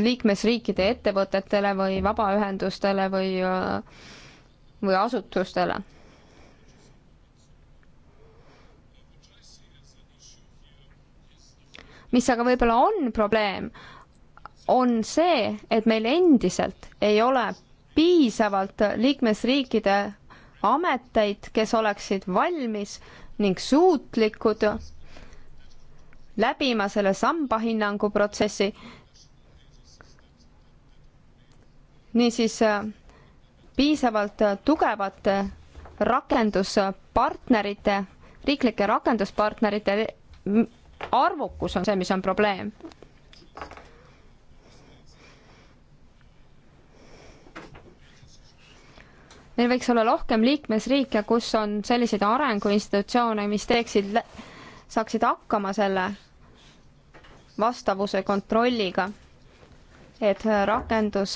S3: liikmesriikide ettevõtetele või vabaühendustele või, äh, või asutustele. mis aga võib-olla on probleem, on see, et meil endiselt ei ole piisavalt liikmesriikide ameteid, kes oleksid valmis ning suutlikud läbima selle sambahinnangu protsessi niisiis äh, piisavalt äh, tugevate äh, rakenduspartnerite, riiklike rakenduspartnerite arvukus on see, mis on probleem. meil võiks olla rohkem liikmesriike, kus on selliseid arenguinstitutsioone, mis teeksid, saaksid hakkama selle vastavuse kontrolliga, et rakendus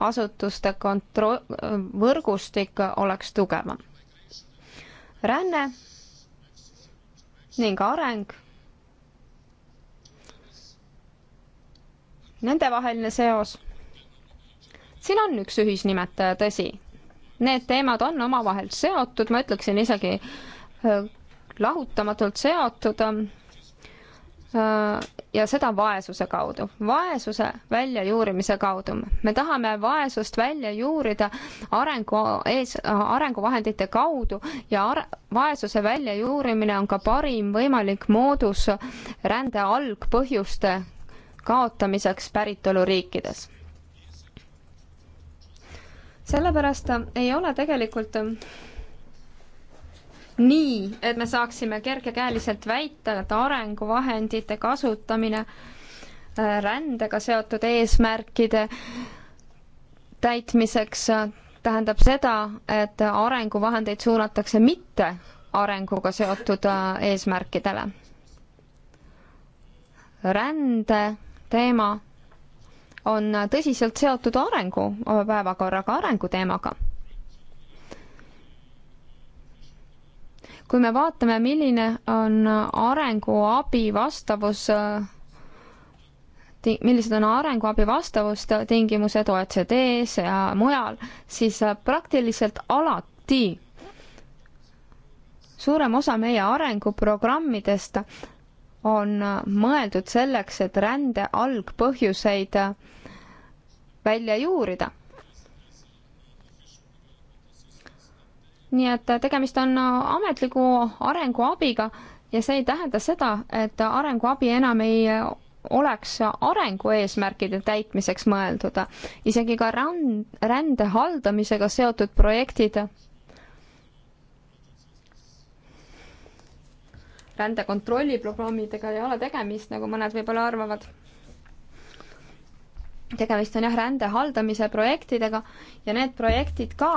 S3: asutuste kontro-, võrgustik oleks tugevam. ränne ning areng, nendevaheline seos, siin on üks ühisnimetaja, tõsi. Need teemad on omavahel seotud, ma ütleksin isegi äh, lahutamatult seotud ähm, Äh, ja seda vaesuse kaudu, vaesuse väljajuurimise kaudu. me tahame vaesust välja juurida arengu ees, äh, arenguvahendite kaudu ja ar-, vaesuse väljajuurimine on ka parim võimalik moodus rände algpõhjuste kaotamiseks päritoluriikides. sellepärast ei ole tegelikult nii, et me saaksime kergekäeliselt väita, et arenguvahendite kasutamine äh, rändega seotud eesmärkide täitmiseks äh, tähendab seda, et arenguvahendeid suunatakse mitte arenguga seotud äh, eesmärkidele. rände teema on tõsiselt seotud arengu päevakorraga, arenguteemaga kui me vaatame, milline on arenguabi vastavus millised on arenguabi vastavustingimused OECD-s ja mujal, siis praktiliselt alati suurem osa meie arenguprogrammidest on mõeldud selleks, et rände algpõhjuseid välja juurida nii et äh, tegemist on äh, ametliku arenguabiga ja see ei tähenda seda, et arenguabi enam ei äh, oleks arengueesmärkide täitmiseks mõeldud. isegi ka ränd, rände haldamisega seotud projektid, rändekontrolli programmidega ei ole tegemist, nagu mõned võib-olla arvavad. tegemist on jah, rände haldamise projektidega ja need projektid ka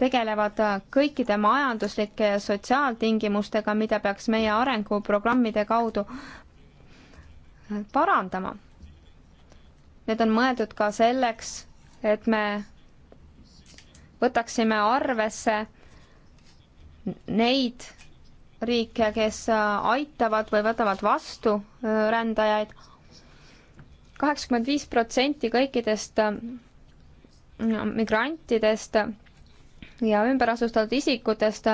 S3: tegelevad kõikide majanduslike ja sotsiaaltingimustega, mida peaks meie arenguprogrammide kaudu parandama. Need on mõeldud ka selleks, et me võtaksime arvesse neid riike, kes aitavad või võtavad vastu äh, rändajaid. kaheksakümmend viis protsenti kõikidest äh, migrantidest ja ümberasustatud isikutest,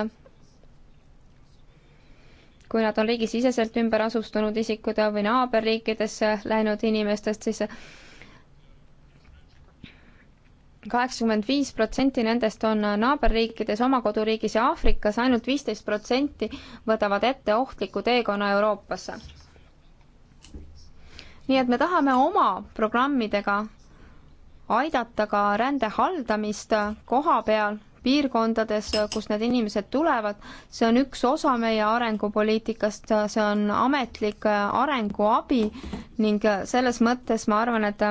S3: kui nad on riigisiseselt ümber asustunud isikud või naaberriikidesse läinud inimestest siis, siis kaheksakümmend viis protsenti nendest on naaberriikides, oma koduriigis ja Aafrikas, ainult viisteist protsenti võtavad ette ohtliku teekonna Euroopasse. nii et me tahame oma programmidega aidata ka rände haldamist koha peal piirkondades, kust need inimesed tulevad. see on üks osa meie arengupoliitikast, see on ametlik arenguabi ning selles mõttes ma arvan, et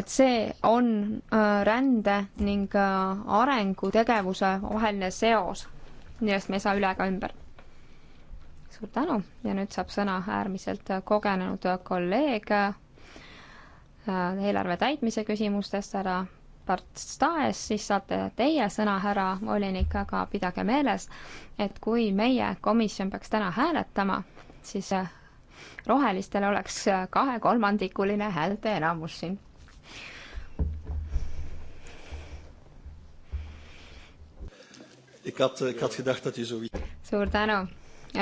S3: et see on äh, rände ning äh, arengutegevuse vaheline seos, millest me ei saa üle ega ümber. suur tänu ja nüüd saab sõna äärmiselt kogenenud kolleeg äh, eelarve täitmise küsimustest, härra Bart Staes, siis saate teie sõna, härra volinik, aga pidage meeles, et kui meie komisjon peaks täna hääletama, siis äh, rohelistel oleks äh, kahekolmandikuline häälte enamus siin. suur tänu,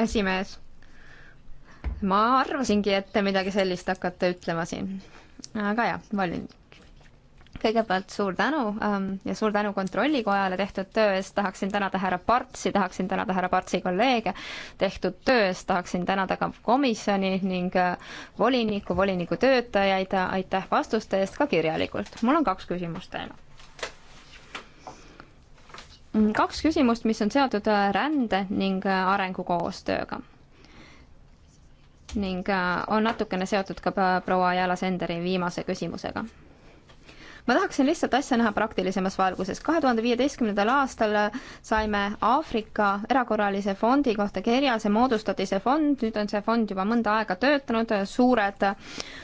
S3: esimees. ma arvasingi, et te midagi sellist hakkate ütlema siin. aga jah, volinik kõigepealt suur tänu ähm, ja suur tänu Kontrollikojale tehtud töö eest, tahaksin tänada härra Partsi, tahaksin tänada härra Partsi kolleege tehtud töö eest, tahaksin tänada ka komisjoni ning äh, voliniku, voliniku töötajaid, aitäh vastuste eest ka kirjalikult. mul on kaks küsimust teile. Mm, kaks küsimust, mis on seotud äh, rände ning äh, arengukoostööga ning on natukene seotud ka proua Jala Senderi viimase küsimusega ma tahaksin lihtsalt asja näha praktilisemas valguses. kahe tuhande viieteistkümnendal aastal saime Aafrika erakorralise fondi kohta kirja, see moodustati, see fond, nüüd on see fond juba mõnda aega töötanud, suured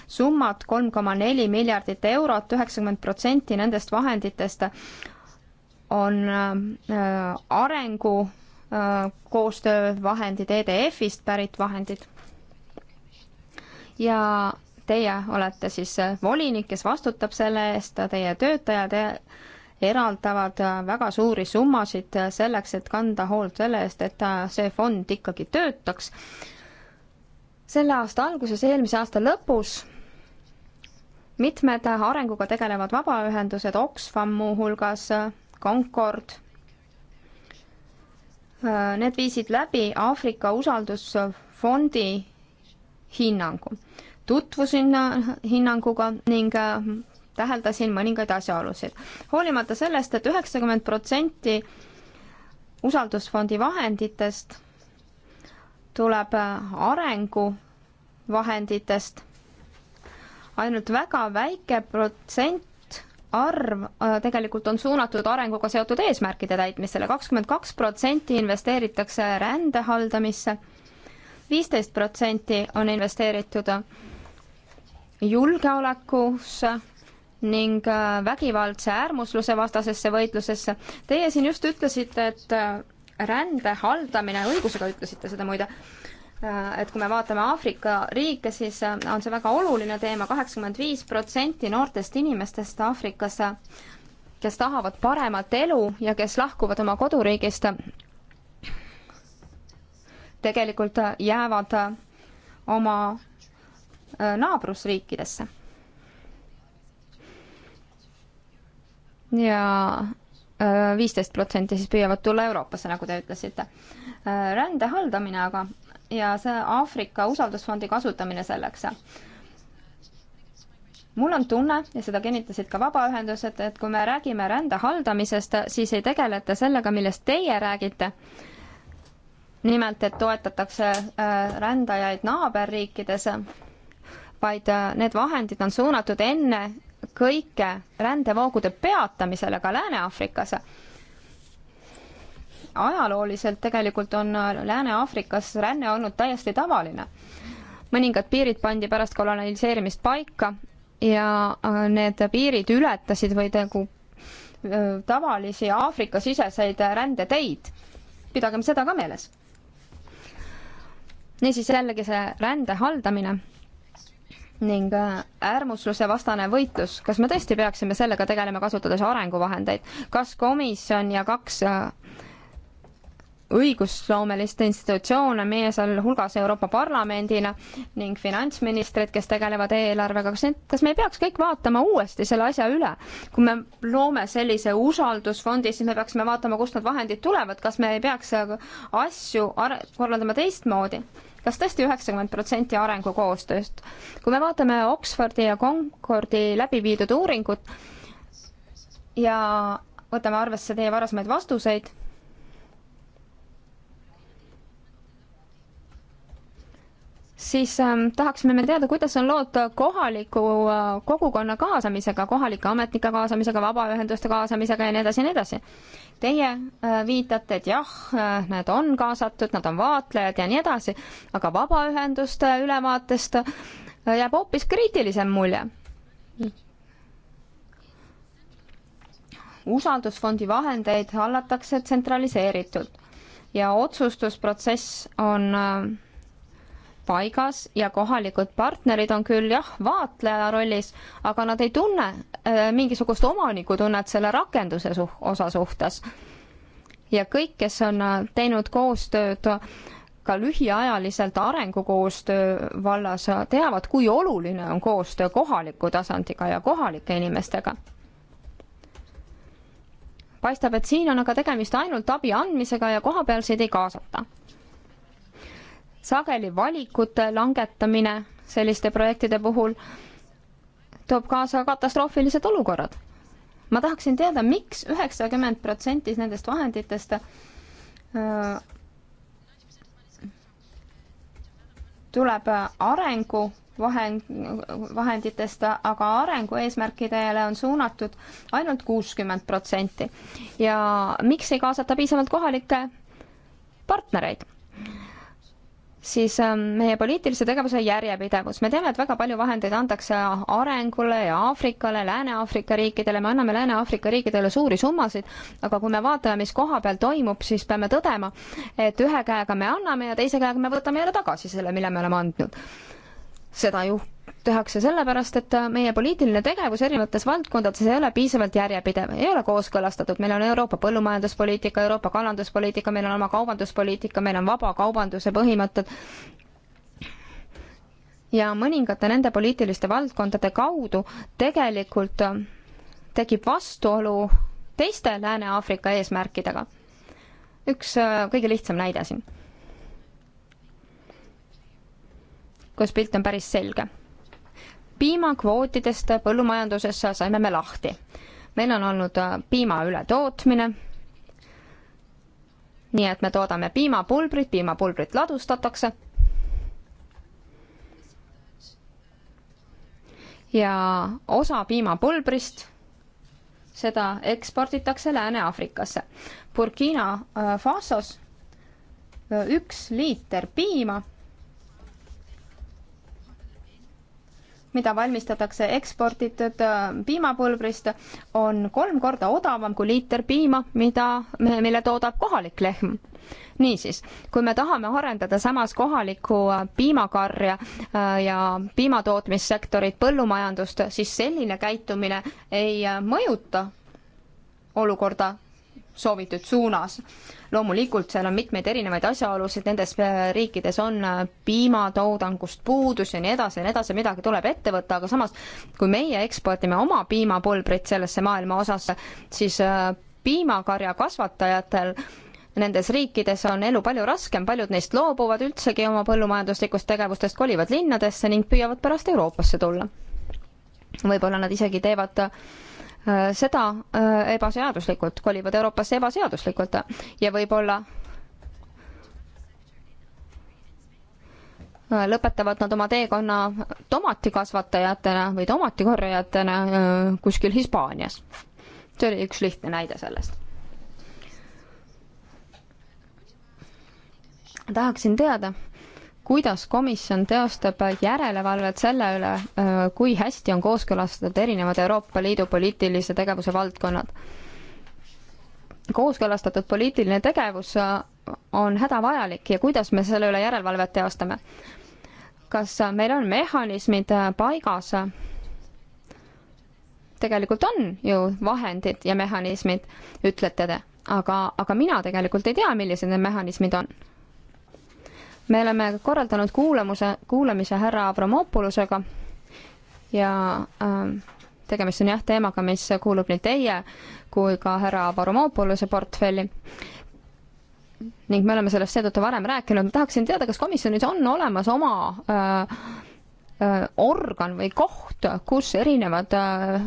S3: summad, kolm koma neli miljardit eurot, üheksakümmend protsenti nendest vahenditest on äh, arengu äh, koostöövahendid, EDF-ist pärit vahendid ja teie olete siis äh, volinik, kes vastutab selle eest, teie töötajad äh, eraldavad äh, väga suuri summasid selleks, et kanda hoolt selle eest, et see fond ikkagi töötaks. selle aasta alguses, eelmise aasta lõpus mitmed arenguga tegelevad vabaühendused, Oxfam muuhulgas, Concord, need viisid läbi Aafrika usaldusfondi hinnangu tutvusin hinnanguga ning äh, täheldasin mõningaid asjaolusid. hoolimata sellest et, et üheksakümmend protsenti usaldusfondi vahenditest tuleb äh, arenguvahenditest, ainult väga väike protsent arv äh, tegelikult on suunatud arenguga seotud eesmärkide täitmisele, kakskümmend kaks protsenti investeeritakse rände haldamisse, viisteist protsenti on investeeritud julgeolekusse ning äh, vägivaldse äärmusluse vastasesse võitlusesse. Teie siin just ütlesite, et äh, rände haldamine, õigusega ütlesite seda muide, äh, et kui me vaatame Aafrika riike, siis on see väga oluline teema, kaheksakümmend viis protsenti noortest inimestest Aafrikas, kes tahavad paremat elu ja kes lahkuvad oma koduriigist, tegelikult jäävad oma Äh, naabrusriikidesse. ja äh, viisteist protsenti siis püüavad tulla Euroopasse, nagu te ütlesite. Äh, rände haldamine aga ja see Aafrika usaldusfondi kasutamine selleks mul on tunne ja seda kinnitasid ka vabaühendused, et kui me räägime rände haldamisest, siis ei tegeleta sellega, millest teie räägite. nimelt, et toetatakse rändajaid naaberriikides vaid äh, need vahendid on suunatud enne kõike rändevoogude peatamisele ka Lääne-Aafrikas. ajalooliselt tegelikult on äh, Lääne-Aafrikas ränne olnud täiesti tavaline. mõningad piirid pandi pärast koloniseerimist paika ja äh, need piirid ületasid või nagu tavalisi Aafrika-siseseid rändeteid. pidagem seda ka meeles. niisiis jällegi see rände haldamine ning äh, äärmusluse vastane võitlus, kas me tõesti peaksime sellega tegelema, kasutades arenguvahendeid? kas komisjon ja kaks äh, õigusloomelist institutsioone, meie sealhulgas Euroopa Parlamendina ning finantsministrid, kes tegelevad eelarvega, kas need, kas me ei peaks kõik vaatama uuesti selle asja üle? kui me loome sellise usaldusfondi, siis me peaksime vaatama, kust need vahendid tulevad, kas me ei peaks äh, asju korraldama teistmoodi? kas tõesti üheksakümmend protsenti arengukoostööst? kui me vaatame Oxfordi ja Concordi läbi viidud uuringut ja võtame arvesse teie varasemaid vastuseid, siis äh, tahaksime me teada, kuidas on lood kohaliku äh, kogukonna kaasamisega, kohalike ametnike kaasamisega, vabaühenduste kaasamisega ja nii edasi ja nii edasi. Teie äh, viitate, et jah äh,, nad on kaasatud, nad on vaatlejad ja nii edasi, aga vabaühenduste ülevaatest äh, jääb hoopis kriitilisem mulje. usaldusfondi vahendeid hallatakse tsentraliseeritult ja otsustusprotsess on äh, paigas ja kohalikud partnerid on küll jah, vaatleja rollis, aga nad ei tunne äh, mingisugust omanikutunnet selle rakenduse suh-, osa suhtes. ja kõik, kes on äh, teinud koostööd ka lühiajaliselt arengukoostöö vallas, äh, teavad, kui oluline on koostöö kohaliku tasandiga ja kohalike inimestega paistab, et siin on aga tegemist ainult abi andmisega ja kohapealseid ei kaasata sageli valikute langetamine selliste projektide puhul toob kaasa katastroofilised olukorrad. ma tahaksin teada miks, miks üheksakümmend protsenti nendest vahenditest äh, tuleb arengu vahend, vahenditest, aga arengu eesmärkidele on suunatud ainult kuuskümmend protsenti. ja miks ei kaasata piisavalt kohalikke partnereid? siis ähm, meie poliitilise tegevuse järjepidevus. me teame, et väga palju vahendeid antakse arengule ja Aafrikale, Lääne-Aafrika riikidele, me anname Lääne-Aafrika riikidele suuri summasid, aga kui me vaatame, mis koha peal toimub, siis peame tõdema, et ühe käega me anname ja teise käega me võtame jälle tagasi selle, mille me oleme andnud. seda ju tehakse sellepärast, et meie poliitiline tegevus erinevates valdkondades ei ole piisavalt järjepidev, ei ole kooskõlastatud, meil on Euroopa põllumajanduspoliitika, Euroopa kalanduspoliitika, meil on oma kaubanduspoliitika, meil on vabakaubanduse põhimõtted, ja mõningate nende poliitiliste valdkondade kaudu tegelikult tekib vastuolu teiste Lääne-Aafrika eesmärkidega. üks äh, kõige lihtsam näide siin, kus pilt on päris selge piimakvootidest põllumajanduses saime me lahti. meil on olnud äh, piima ületootmine, nii et me toodame piimapulbrit, piimapulbrit ladustatakse ja osa piimapulbrist seda eksporditakse Lääne-Aafrikasse. Burkina äh, Fasos äh, üks liiter piima mida valmistatakse eksporditud äh, piimapulbrist, on kolm korda odavam kui liiter piima, mida, mille toodab kohalik lehm. niisiis, kui me tahame arendada samas kohalikku äh, piimakarja äh, ja piimatootmissektorit, põllumajandust, siis selline käitumine ei mõjuta olukorda soovitud suunas. loomulikult seal on mitmeid erinevaid asjaolusid, nendes riikides on piimatoodangust puudus ja nii edasi ja nii edasi, midagi tuleb ette võtta, aga samas kui meie eksportime oma piimapulbrit sellesse maailma osasse, siis äh, piimakarja kasvatajatel nendes riikides on elu palju raskem, paljud neist loobuvad üldsegi oma põllumajanduslikust tegevustest, kolivad linnadesse ning püüavad pärast Euroopasse tulla. võib-olla nad isegi teevad Äh, seda äh, ebaseaduslikult, kolivad Euroopasse ebaseaduslikult ja võib-olla äh, lõpetavad nad oma teekonna tomatikasvatajatena või tomatikorjajatena kuskil Hispaanias. see oli üks lihtne näide sellest. tahaksin teada kuidas komisjon teostab järelevalvet selle üle, äh, kui hästi on kooskõlastatud erinevad Euroopa Liidu poliitilise tegevuse valdkonnad. kooskõlastatud poliitiline tegevus äh, on hädavajalik ja kuidas me selle üle järelevalvet teostame? kas äh, meil on mehhanismid paigas? tegelikult on ju vahendid ja mehhanismid, ütlete te, aga, aga mina tegelikult ei tea, millised need mehhanismid on me oleme korraldanud kuulamuse, kuulamise härra Avramopolusega ja äh, tegemist on jah teemaga, mis kuulub nii teie kui ka härra Avramopoluse portfelli. ning me oleme sellest seetõttu varem rääkinud, ma tahaksin teada, kas komisjonis on olemas oma äh, äh, organ või koht, kus erinevad äh,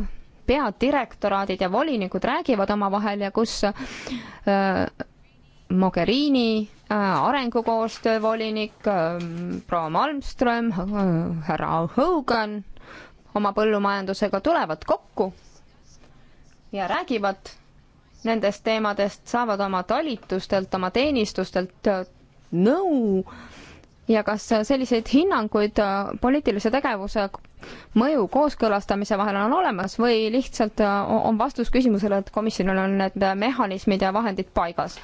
S3: peadirektoraadid ja volinikud räägivad omavahel ja kus äh, Mogherini Äh, arengukoostöö volinik ähm, proua Malmström, äh, härra Hogan oma põllumajandusega tulevad kokku ja räägivad nendest teemadest, saavad oma talitustelt, oma teenistustelt äh, nõu ja kas selliseid hinnanguid poliitilise tegevuse mõju kooskõlastamise vahel on olemas või lihtsalt on vastus küsimusele, et komisjonil on need mehhanismid ja vahendid paigas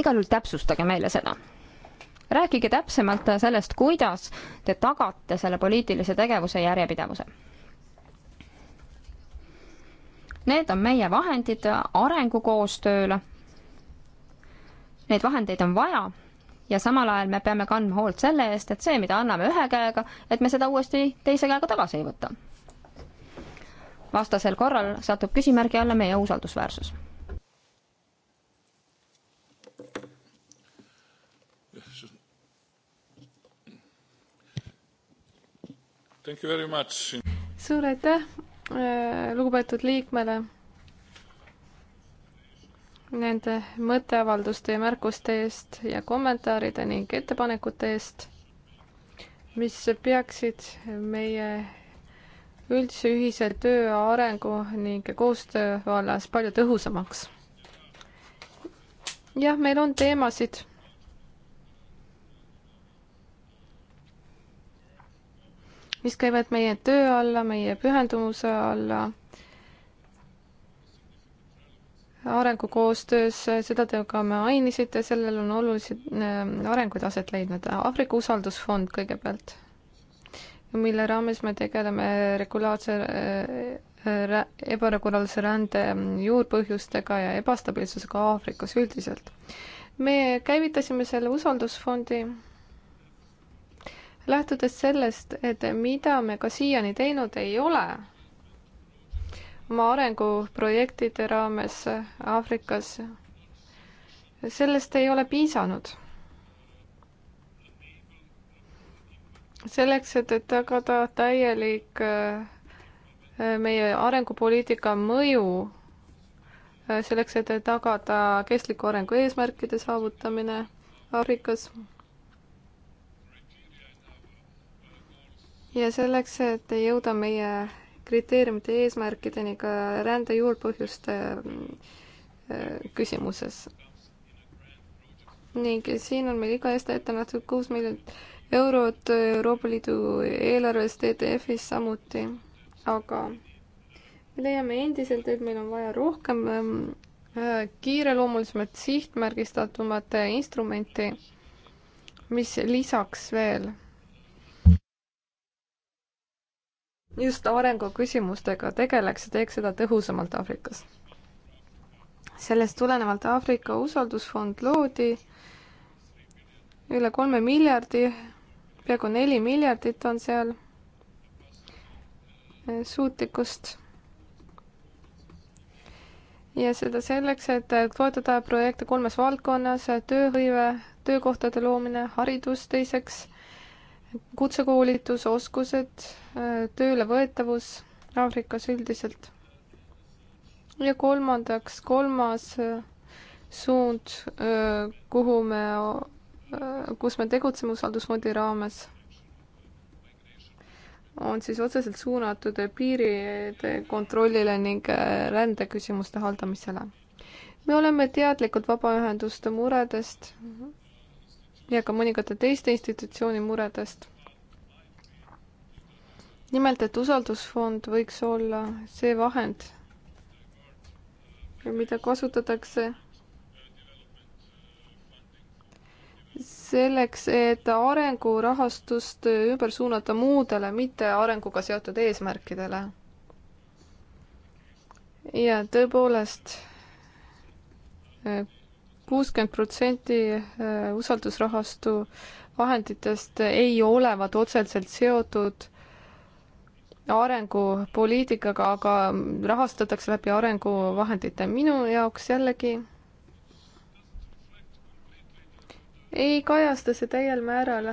S3: igal juhul täpsustage meile seda. rääkige täpsemalt sellest, kuidas te tagate selle poliitilise tegevuse järjepidevuse. Need on meie vahendid arengukoostööle. Neid vahendeid on vaja ja samal ajal me peame kandma hoolt selle eest, et see, mida anname ühe käega, et me seda uuesti teise käega tagasi ei võta. vastasel korral satub küsimärgi alla meie usaldusväärsus
S4: suur aitäh äh, lugupeetud liikmele nende mõtteavalduste ja märkuste eest ja kommentaaride ning ettepanekute eest, mis peaksid meie üldse ühise töö arengu ning koostöö vallas palju tõhusamaks. jah, meil on teemasid mis käivad meie töö alla, meie pühendumuse alla arengukoostöös, seda te ka mainisite, sellel on olulised äh, arenguid aset leidnud. Aafrika usaldusfond kõigepealt, mille raames me tegeleme regulaarse äh, äh ebaregulaarse rände mm, juurpõhjustega ja ebastabiilsusega Aafrikas üldiselt. me käivitasime selle usaldusfondi lähtudes sellest, et mida me ka siiani teinud ei ole oma arenguprojektide raames Aafrikas, sellest ei ole piisanud. selleks, et tagada täielik äh, meie arengupoliitika mõju, äh, selleks, et tagada kestliku arengu eesmärkide saavutamine Aafrikas ja selleks, et jõuda meie kriteeriumite eesmärkideni ka rände juurpõhjuste äh, küsimuses. ning siin on meil iga aasta ette nähtud kuus miljonit eurot Euroopa Liidu eelarvest, EDF-ist samuti, aga me leiame endiselt, et meil on vaja rohkem ähm, äh, kiireloomulisemat sihtmärgistatumat äh, instrumenti, mis lisaks veel just arenguküsimustega tegeleks ja teeks seda tõhusamalt Aafrikas. sellest tulenevalt Aafrika usaldusfond loodi üle kolme miljardi, peaaegu neli miljardit on seal suutlikkust. ja seda selleks, et toetada projekte kolmes valdkonnas, tööhõive, töökohtade loomine, haridus teiseks kutsekoolitus, oskused, töölevõetavus Aafrikas üldiselt. ja kolmandaks, kolmas äh, suund, äh, kuhu me, äh, kus me tegutseme usaldusfondi raames, on siis otseselt suunatud piiride kontrollile ning rändeküsimuste haldamisele. me oleme teadlikud vabaühenduste muredest ja ka mõningate teiste institutsiooni muredest. nimelt, et usaldusfond võiks olla see vahend, mida kasutatakse selleks, et arengurahastust ümber suunata muudele, mitte arenguga seotud eesmärkidele. ja tõepoolest kuuskümmend protsenti äh, usaldusrahastu vahenditest ei olevat otseselt seotud arengupoliitikaga, aga rahastatakse läbi arenguvahendite. minu jaoks jällegi ei kajasta see täiel määral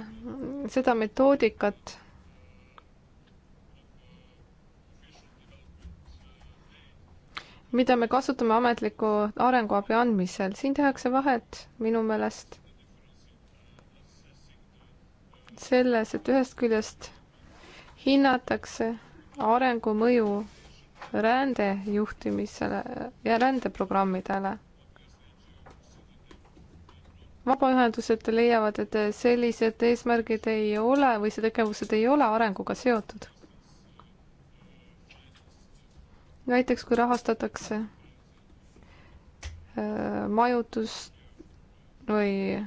S4: seda metoodikat mida me kasutame ametliku arenguabi andmisel. siin tehakse vahet minu meelest selles, et ühest küljest hinnatakse arengu mõju rände juhtimisele ja rändeprogrammidele. vabaühendused leiavad, et sellised eesmärgid ei ole või see tegevused ei ole arenguga seotud näiteks kui rahastatakse äh, majutust või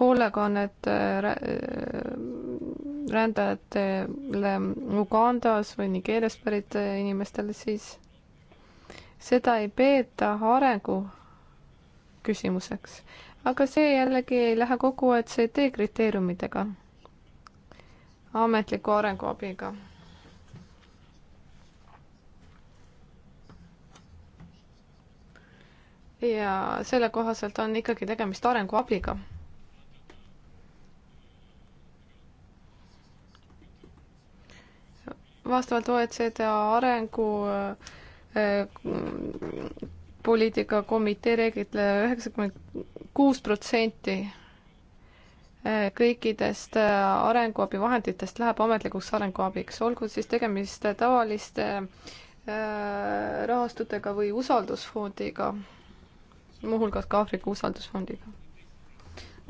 S4: hoolekannet äh, äh, rändajatele Ugandas või Nigeeriast pärit inimestele, siis seda ei peeta arengu küsimuseks. aga see jällegi ei lähe kokku OECD kriteeriumidega, ametliku arenguabiga ja selle kohaselt on ikkagi tegemist arenguabiga. vastavalt OECD arengu äh, poliitika komitee reeglitele äh, üheksakümmend kuus protsenti äh, kõikidest arenguabivahenditest läheb ametlikuks arenguabiks, olgu siis tegemist tavaliste rahastutega või usaldusfondiga muuhulgas ka Aafrika usaldusfondiga.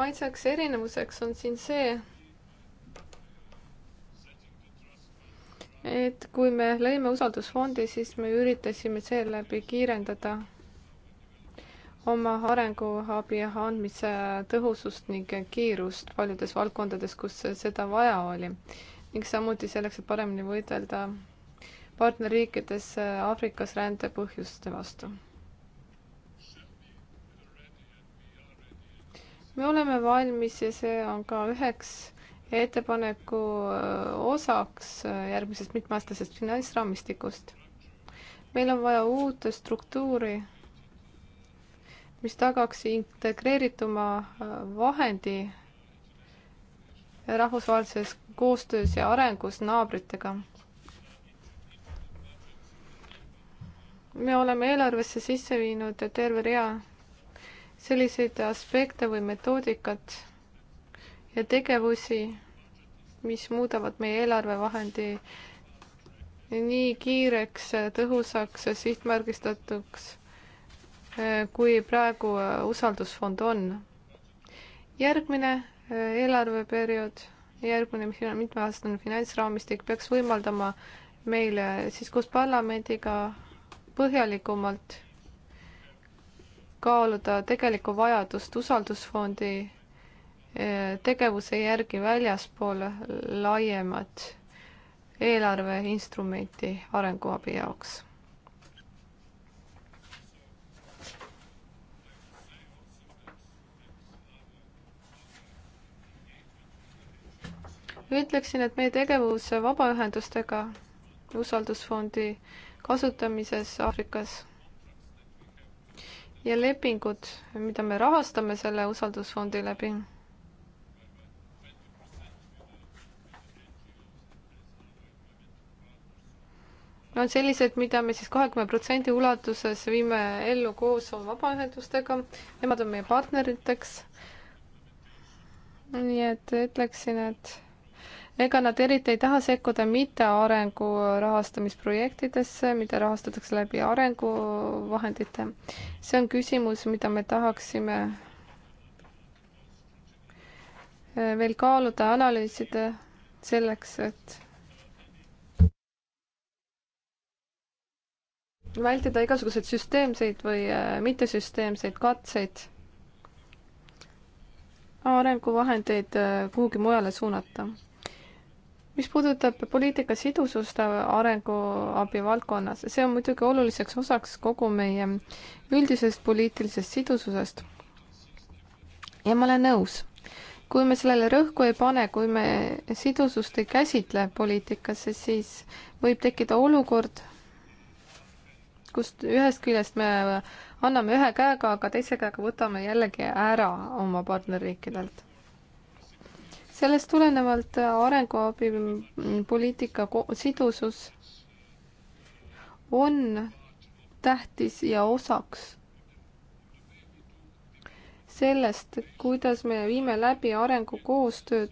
S4: ainsaks erinevuseks on siin see, et kui me lõime usaldusfondi, siis me üritasime seeläbi kiirendada oma arenguabi andmise tõhusust ning kiirust paljudes valdkondades, kus seda vaja oli. ning samuti selleks, et paremini võidelda partnerriikides Aafrikas rände põhjuste vastu me oleme valmis ja see on ka üheks ettepaneku äh, osaks äh, järgmisest mitmeaastasest finantsraamistikust. meil on vaja uut struktuuri, mis tagaks integreerituma äh, vahendi rahvusvahelises koostöös ja arengus naabritega. me oleme eelarvesse sisse viinud terve rea selliseid aspekte või metoodikat ja tegevusi, mis muudavad meie eelarvevahendi nii kiireks, tõhusaks, sihtmärgistatuks, eh, kui praegu eh, usaldusfond on. järgmine eh, eelarveperiood, järgmine mitmeaastane finantsraamistik peaks võimaldama meile siis koos parlamendiga põhjalikumalt kaaluda tegelikku vajadust usaldusfondi eh, tegevuse järgi väljaspool laiemat eelarveinstrumenti arenguabi jaoks ütleksin, et meie tegevus vabaühendustega usaldusfondi kasutamises Aafrikas ja lepingud, mida me rahastame selle usaldusfondi läbi. on sellised, mida me siis kahekümne protsendi ulatuses viime ellu koos vabaühendustega, nemad on meie partneriteks. nii et ütleksin, et ega nad eriti ei taha sekkuda mitte arengu rahastamisprojektidesse, mida rahastatakse läbi arenguvahendite. see on küsimus, mida me tahaksime äh, veel kaaluda, analüüsida selleks, et vältida igasuguseid süsteemseid või äh, mittesüsteemseid katseid arenguvahendeid äh, kuhugi mujale suunata mis puudutab poliitika sidusust arenguabi valdkonnas, see on muidugi oluliseks osaks kogu meie üldisest poliitilisest sidususest. ja ma olen nõus, kui me sellele rõhku ei pane, kui me sidusust ei käsitle poliitikasse, siis võib tekkida olukord, kus ühest küljest me anname ühe käega, aga teise käega võtame jällegi ära oma partnerriikidelt sellest tulenevalt äh, arenguabipoliitika sidusus on tähtis ja osaks sellest, kuidas me viime läbi arengukoostööd.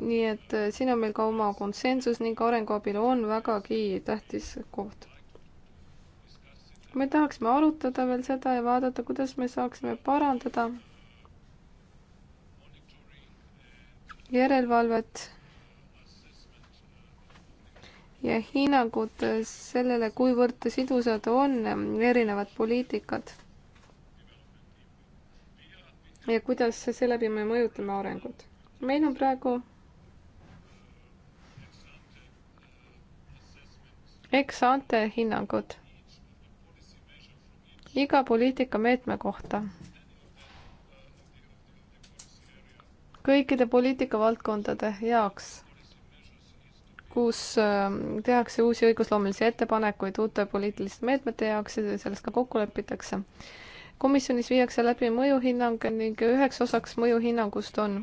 S4: nii et äh, siin on meil ka oma konsensus ning arenguabil on vägagi tähtis koht. me tahaksime arutada veel seda ja vaadata, kuidas me saaksime parandada järelevalvet ja hinnangud sellele, kuivõrd sidusad on erinevad poliitikad. ja kuidas seeläbi me mõjutame arengut. meil on praegu ex-ante hinnangud iga poliitikameetme kohta kõikide poliitikavaldkondade jaoks, kus ähm, tehakse uusi õigusloomulisi ettepanekuid uute poliitiliste meetmete jaoks ja selles ka kokku lepitakse. komisjonis viiakse läbi mõjuhinnang ning üheks osaks mõjuhinnangust on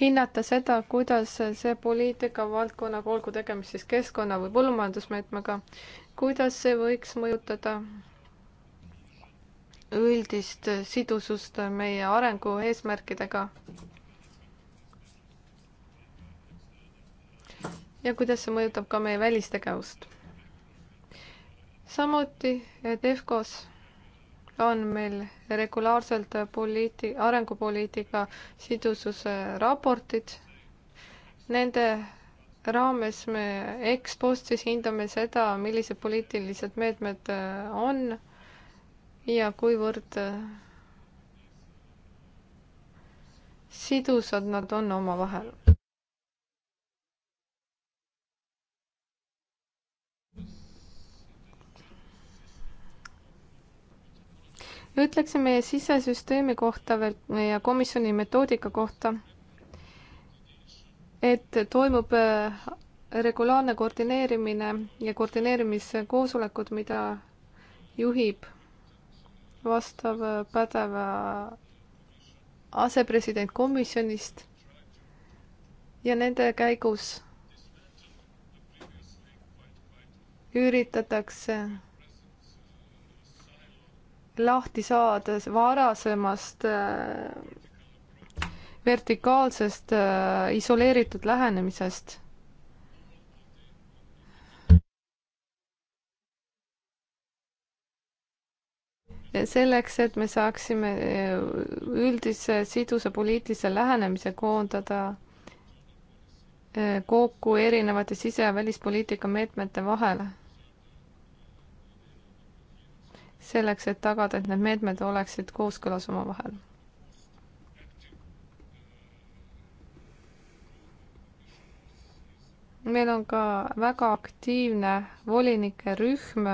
S4: hinnata seda, kuidas see poliitikavaldkonnaga, olgu tegemist siis keskkonna või põllumajandusmeetmega, kuidas see võiks mõjutada üldist sidusust meie arengu eesmärkidega. ja kuidas see mõjutab ka meie välistegevust. samuti TEFCO-s on meil regulaarselt poliiti-, arengupoliitika sidususe raportid. Nende raames me ekspostis hindame seda, millised poliitilised meetmed on ja kuivõrd äh, sidusad nad on omavahel. ütleksin meie sisesüsteemi kohta veel ja komisjoni metoodika kohta, et toimub äh, regulaarne koordineerimine ja koordineerimiskoosolekud, mida juhib vastav äh, pädev äh, asepresident komisjonist ja nende käigus üritatakse lahti saada varasemast äh, vertikaalsest isoleeritud lähenemisest selleks, et me saaksime eh, üldise sidusa poliitilise lähenemise koondada eh, kokku erinevate sise- ja välispoliitika meetmete vahele. selleks, et tagada, et need meetmed oleksid kooskõlas omavahel. meil on ka väga aktiivne volinike rühm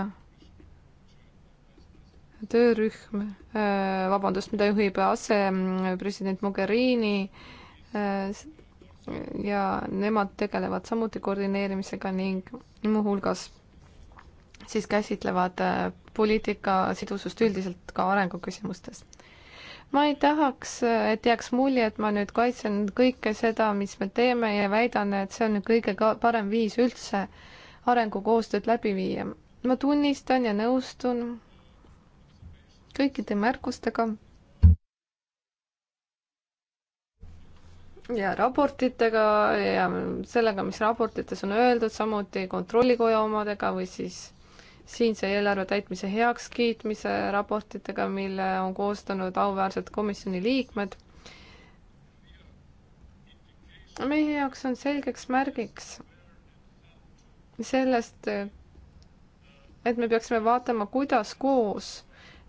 S4: töörühm, äh, vabandust, mida juhib asepresident Mogherini äh, ja nemad tegelevad samuti koordineerimisega ning muuhulgas siis käsitlevad äh, poliitika sidusust üldiselt ka arenguküsimustes. ma ei tahaks, et jääks mulje, et ma nüüd kaitsen kõike seda, mis me teeme ja väidan, et see on kõige ka parem viis üldse arengukoostööd läbi viia. ma tunnistan ja nõustun kõikide märkustega ja raportitega ja sellega, mis raportites on öeldud, samuti kontrollikoja omadega või siis siinse eelarve täitmise heakskiitmise raportitega, mille on koostanud auväärsed komisjoni liikmed. meie jaoks on selgeks märgiks sellest, et me peaksime vaatama, kuidas koos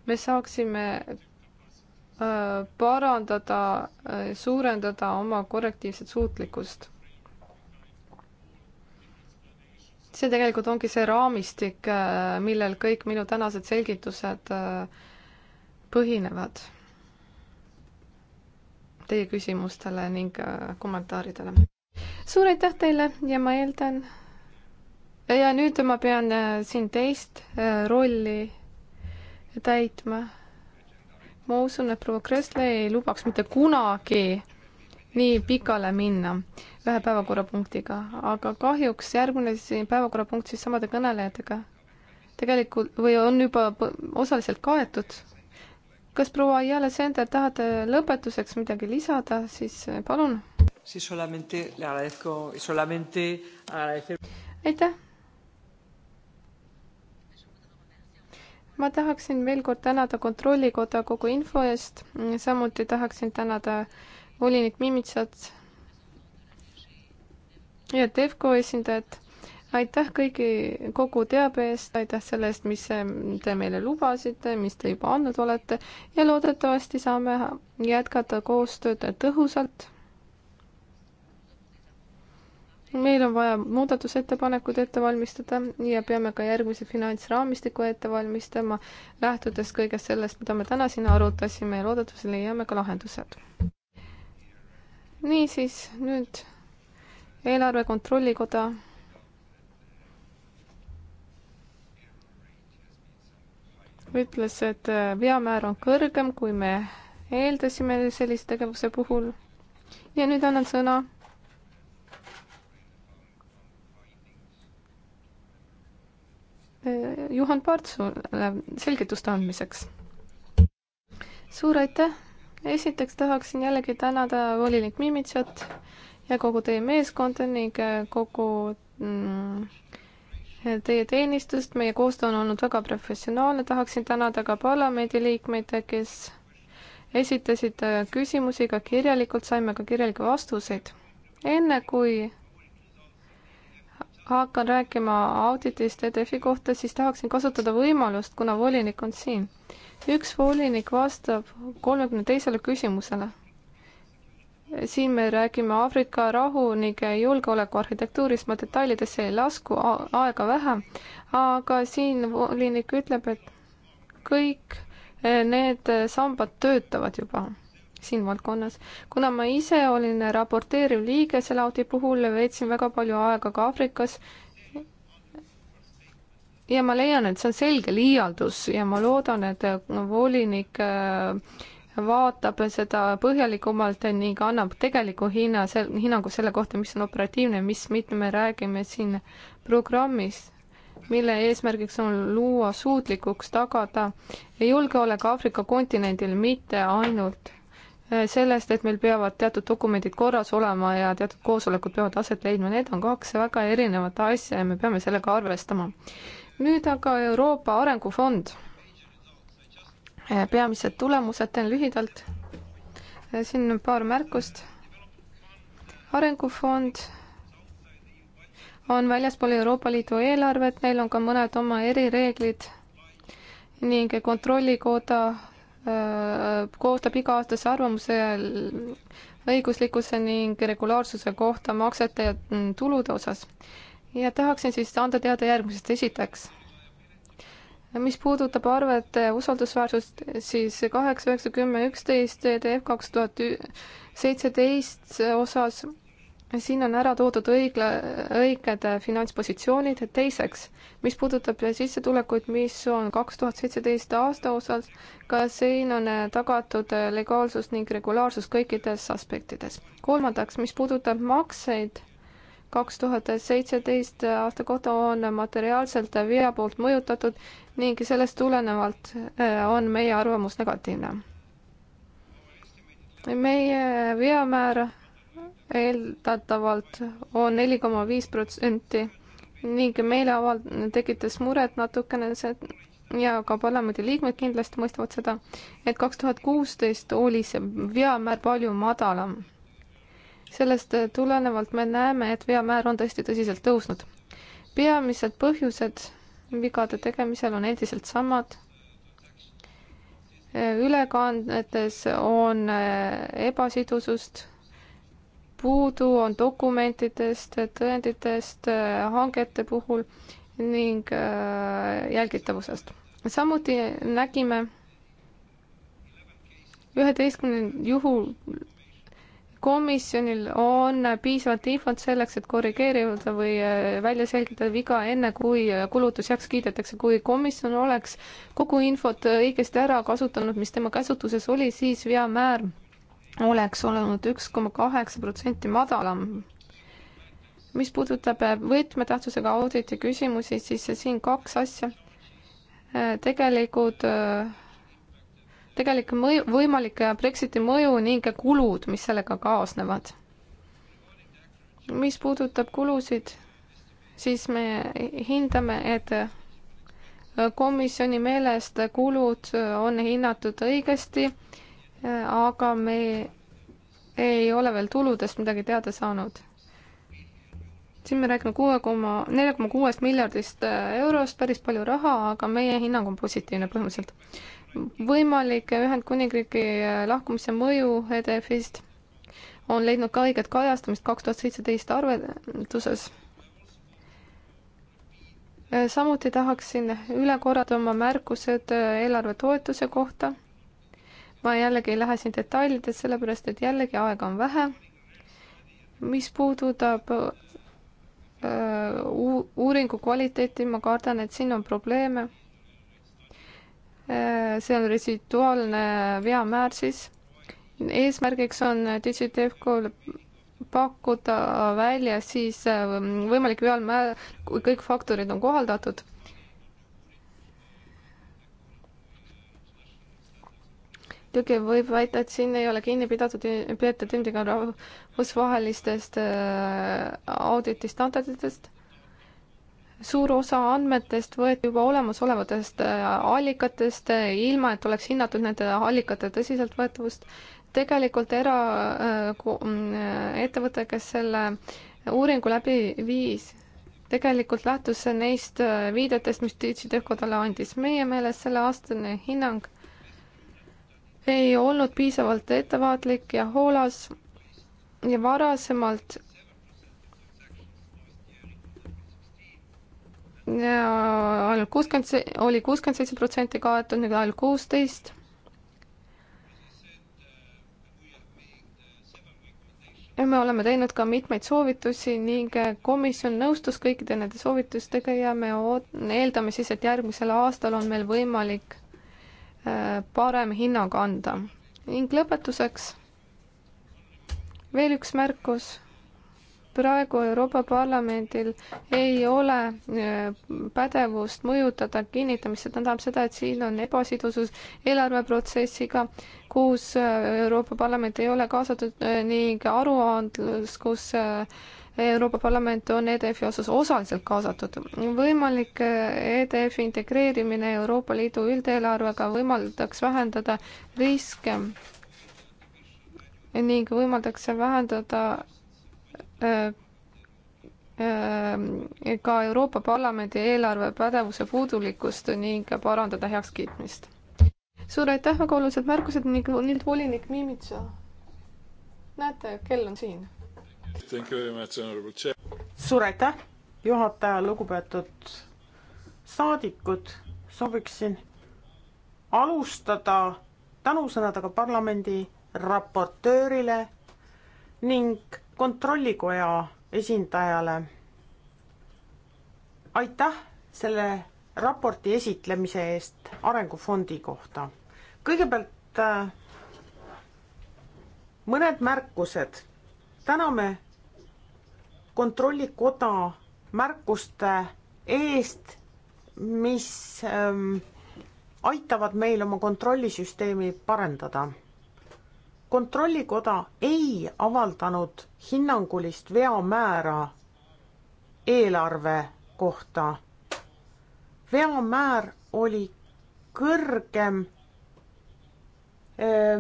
S4: me saaksime äh, parandada, äh, suurendada oma korrektiivset suutlikkust. see tegelikult ongi see raamistik, äh, millel kõik minu tänased selgitused põhinevad teie küsimustele ning kommentaaridele. suur aitäh teile ja ma eeldan. ja nüüd ma pean siin teist rolli täitma. ma usun, et proua Kressle ei lubaks mitte kunagi nii pikale minna ühe päevakorrapunktiga, aga kahjuks järgmine siin päevakorrapunkt siis samade kõnelejatega tegelikult või on juba osaliselt kaetud. kas proua Ayala Sender tahate lõpetuseks midagi lisada, siis palun. aitäh ma tahaksin veel kord tänada Kontrollikoda kogu info eest, samuti tahaksin tänada volinik Mimitsat ja Devco esindajat. aitäh kõigi, kogu teabe eest, aitäh selle eest, mis te meile lubasite, mis te juba andnud olete ja loodetavasti saame jätkata koostööd tõhusalt meil on vaja muudatusettepanekud ette valmistada ja peame ka järgmise finantsraamistiku ette valmistama, lähtudes kõigest sellest, mida me täna siin arutasime ja loodetavasti leiame ka lahendused. niisiis, nüüd eelarve kontrollikoda. ütles, et äh, veamäär on kõrgem, kui me eeldasime sellise tegevuse puhul. ja nüüd annan sõna Juhan Partsule selgituste andmiseks. suur aitäh! esiteks tahaksin jällegi tänada volinik Mimitsat ja kogu teie meeskonda ning äh, kogu mm, teie teenistust, meie koostöö on olnud väga professionaalne, tahaksin tänada ka parlamendiliikmeid, kes esitasid äh, küsimusi ka kirjalikult, saime ka kirjalikke vastuseid. enne kui hakkan rääkima auditist EDF-i kohta, siis tahaksin kasutada võimalust, kuna volinik on siin. üks volinik vastab kolmekümne teisele küsimusele. siin me räägime Aafrika rahu ning julgeoleku arhitektuurist, ma detailidesse ei lasku, aega vähe, aga siin volinik ütleb, et kõik eh, need sambad töötavad juba siin valdkonnas. kuna ma ise olin raporteeriv liige selle auditi puhul, veetsin väga palju aega ka Aafrikas. ja ma leian, et see on selge liialdus ja ma loodan, et volinik äh, vaatab seda põhjalikumalt ning annab tegeliku hinna, hinnangu selle kohta, mis on operatiivne, mis mitte, me räägime siin programmist mille eesmärgiks on luua suutlikuks tagada julgeolek Aafrika kontinendil mitte ainult Äh, sellest, et meil peavad teatud dokumendid korras olema ja teatud koosolekud peavad aset leidma, need on kaks väga erinevat asja ja me peame sellega arvestama. nüüd aga Euroopa Arengufond. Äh, peamised tulemused teen lühidalt. Äh, siin on paar märkust. arengufond on väljaspool Euroopa Liidu eelarvet, neil on ka mõned oma erireeglid ning kontrollikoda koostab iga-aastase arvamuse õiguslikkuse ning regulaarsuse kohta maksete ja mm, tulude osas. ja tahaksin siis anda teada järgmisest, esiteks. mis puudutab arvete usaldusväärsust, siis kaheksa, üheksa, kümme, üksteist, EDF kaks tuhat seitseteist osas siin on ära toodud õigla, õiged äh, finantspositsioonid, teiseks, mis puudutab äh, sissetulekuid, mis on kaks tuhat seitseteist aasta osas, ka siin on äh, tagatud legaalsus ning regulaarsus kõikides aspektides. kolmandaks, mis puudutab makseid, kaks tuhat seitseteist aasta kohta on materiaalselt vea poolt mõjutatud ning sellest tulenevalt on meie arvamus negatiivne. meie veamäär eeldatavalt on neli koma viis protsenti ning meeleavald tekitas muret natukene see ja ka parlamendiliikmed kindlasti mõistavad seda, et kaks tuhat kuusteist oli see veamäär palju madalam. sellest tulenevalt me näeme, et veamäär on tõesti tõsiselt tõusnud. peamised põhjused vigade tegemisel on endiselt samad. ülekannetes on ebasidusust puudu on dokumentidest, tõenditest hangete puhul ning äh, jälgitavusest. samuti nägime üheteistkümnel juhul komisjonil on piisavalt infot selleks, et korrigeerida või äh, välja selgitada viga, enne kui kulutus heaks kiidetakse. kui komisjon oleks kogu infot õigesti ära kasutanud, mis tema käsutuses oli, siis veamäär oleks olnud üks koma kaheksa protsenti madalam. mis puudutab äh, võtmetähtsusega auditi küsimusi, siis siin kaks asja. Äh, tegelikud, äh, tegelik mõju, võimalik Brexiti mõju ning kulud, mis sellega kaasnevad. mis puudutab kulusid, siis me hindame, et komisjoni meelest kulud on hinnatud õigesti aga me ei ole veel tuludest midagi teada saanud. siin me räägime kuue koma, nelja koma kuuest miljardist äh, eurost, päris palju raha, aga meie hinnang on positiivne põhimõtteliselt. võimalik Ühendkuningriigi äh, lahkumise mõju EDF-ist on leidnud ka õiget kajastamist kaks tuhat seitseteist arvetuses. Äh, samuti tahaksin üle korrata oma märkused eelarve toetuse kohta ma jällegi ei lähe siin detailides, sellepärast et jällegi aega on vähe. mis puudutab äh, uuringu kvaliteeti, ma kardan, et siin on probleeme. Äh, see on residuaalne veamäär siis. eesmärgiks on DigiDevCol pakkuda välja siis äh, võimalik veamäär, kui kõik faktorid on kohaldatud pigem võib väita, et siin ei ole kinni pidatud, peetud ümbriga rahvusvahelistest äh, auditi standarditest. suur osa andmetest võeti juba olemasolevatest äh, allikatest, äh, ilma et oleks hinnatud nende allikate tõsiseltvõetavust. tegelikult eraettevõte, mm, kes selle uuringu läbi viis, tegelikult lähtus neist viidetest, mis Digideco talle andis. meie meelest selle aastane hinnang ei olnud piisavalt ettevaatlik ja hoolas ja varasemalt ja ainult kuuskümmend, oli kuuskümmend seitse protsenti kaetud, nüüd ainult kuusteist. ja me oleme teinud ka mitmeid soovitusi ning komisjon nõustus kõikide nende soovitustega ja me oot-, eeldame siis, et järgmisel aastal on meil võimalik parem hinnang anda. ning lõpetuseks veel üks märkus. praegu Euroopa Parlamendil ei ole äh, pädevust mõjutada kinnitamist, see tähendab seda, et siin on ebasidusus eelarveprotsessiga, kus äh, Euroopa Parlament ei ole kaasatud äh, ning aruandlus, kus Euroopa Parlament on EDF-i osas osaliselt kaasatud. võimalik EDF-i eh, e integreerimine Euroopa Liidu üldeelarvega võimaldaks vähendada riske ning võimaldaks vähendada eh, eh, ka Euroopa Parlamendi eelarve pädevuse puudulikkust ning parandada heakskiitmist. suur aitäh, väga olulised märkused ning nüüd volinik Mimitsa. näete, kell on siin
S1: suur aitäh, juhataja, lugupeetud saadikud, sooviksin alustada tänusõnadega parlamendi raportöörile ning kontrollikoja esindajale. aitäh selle raporti esitlemise eest Arengufondi kohta. kõigepealt äh, mõned märkused. täna me kontrollikoda märkuste eest, mis ähm, aitavad meil oma kontrollisüsteemi parendada. kontrollikoda ei avaldanud hinnangulist veamäära eelarve kohta. veamäär oli kõrgem äh,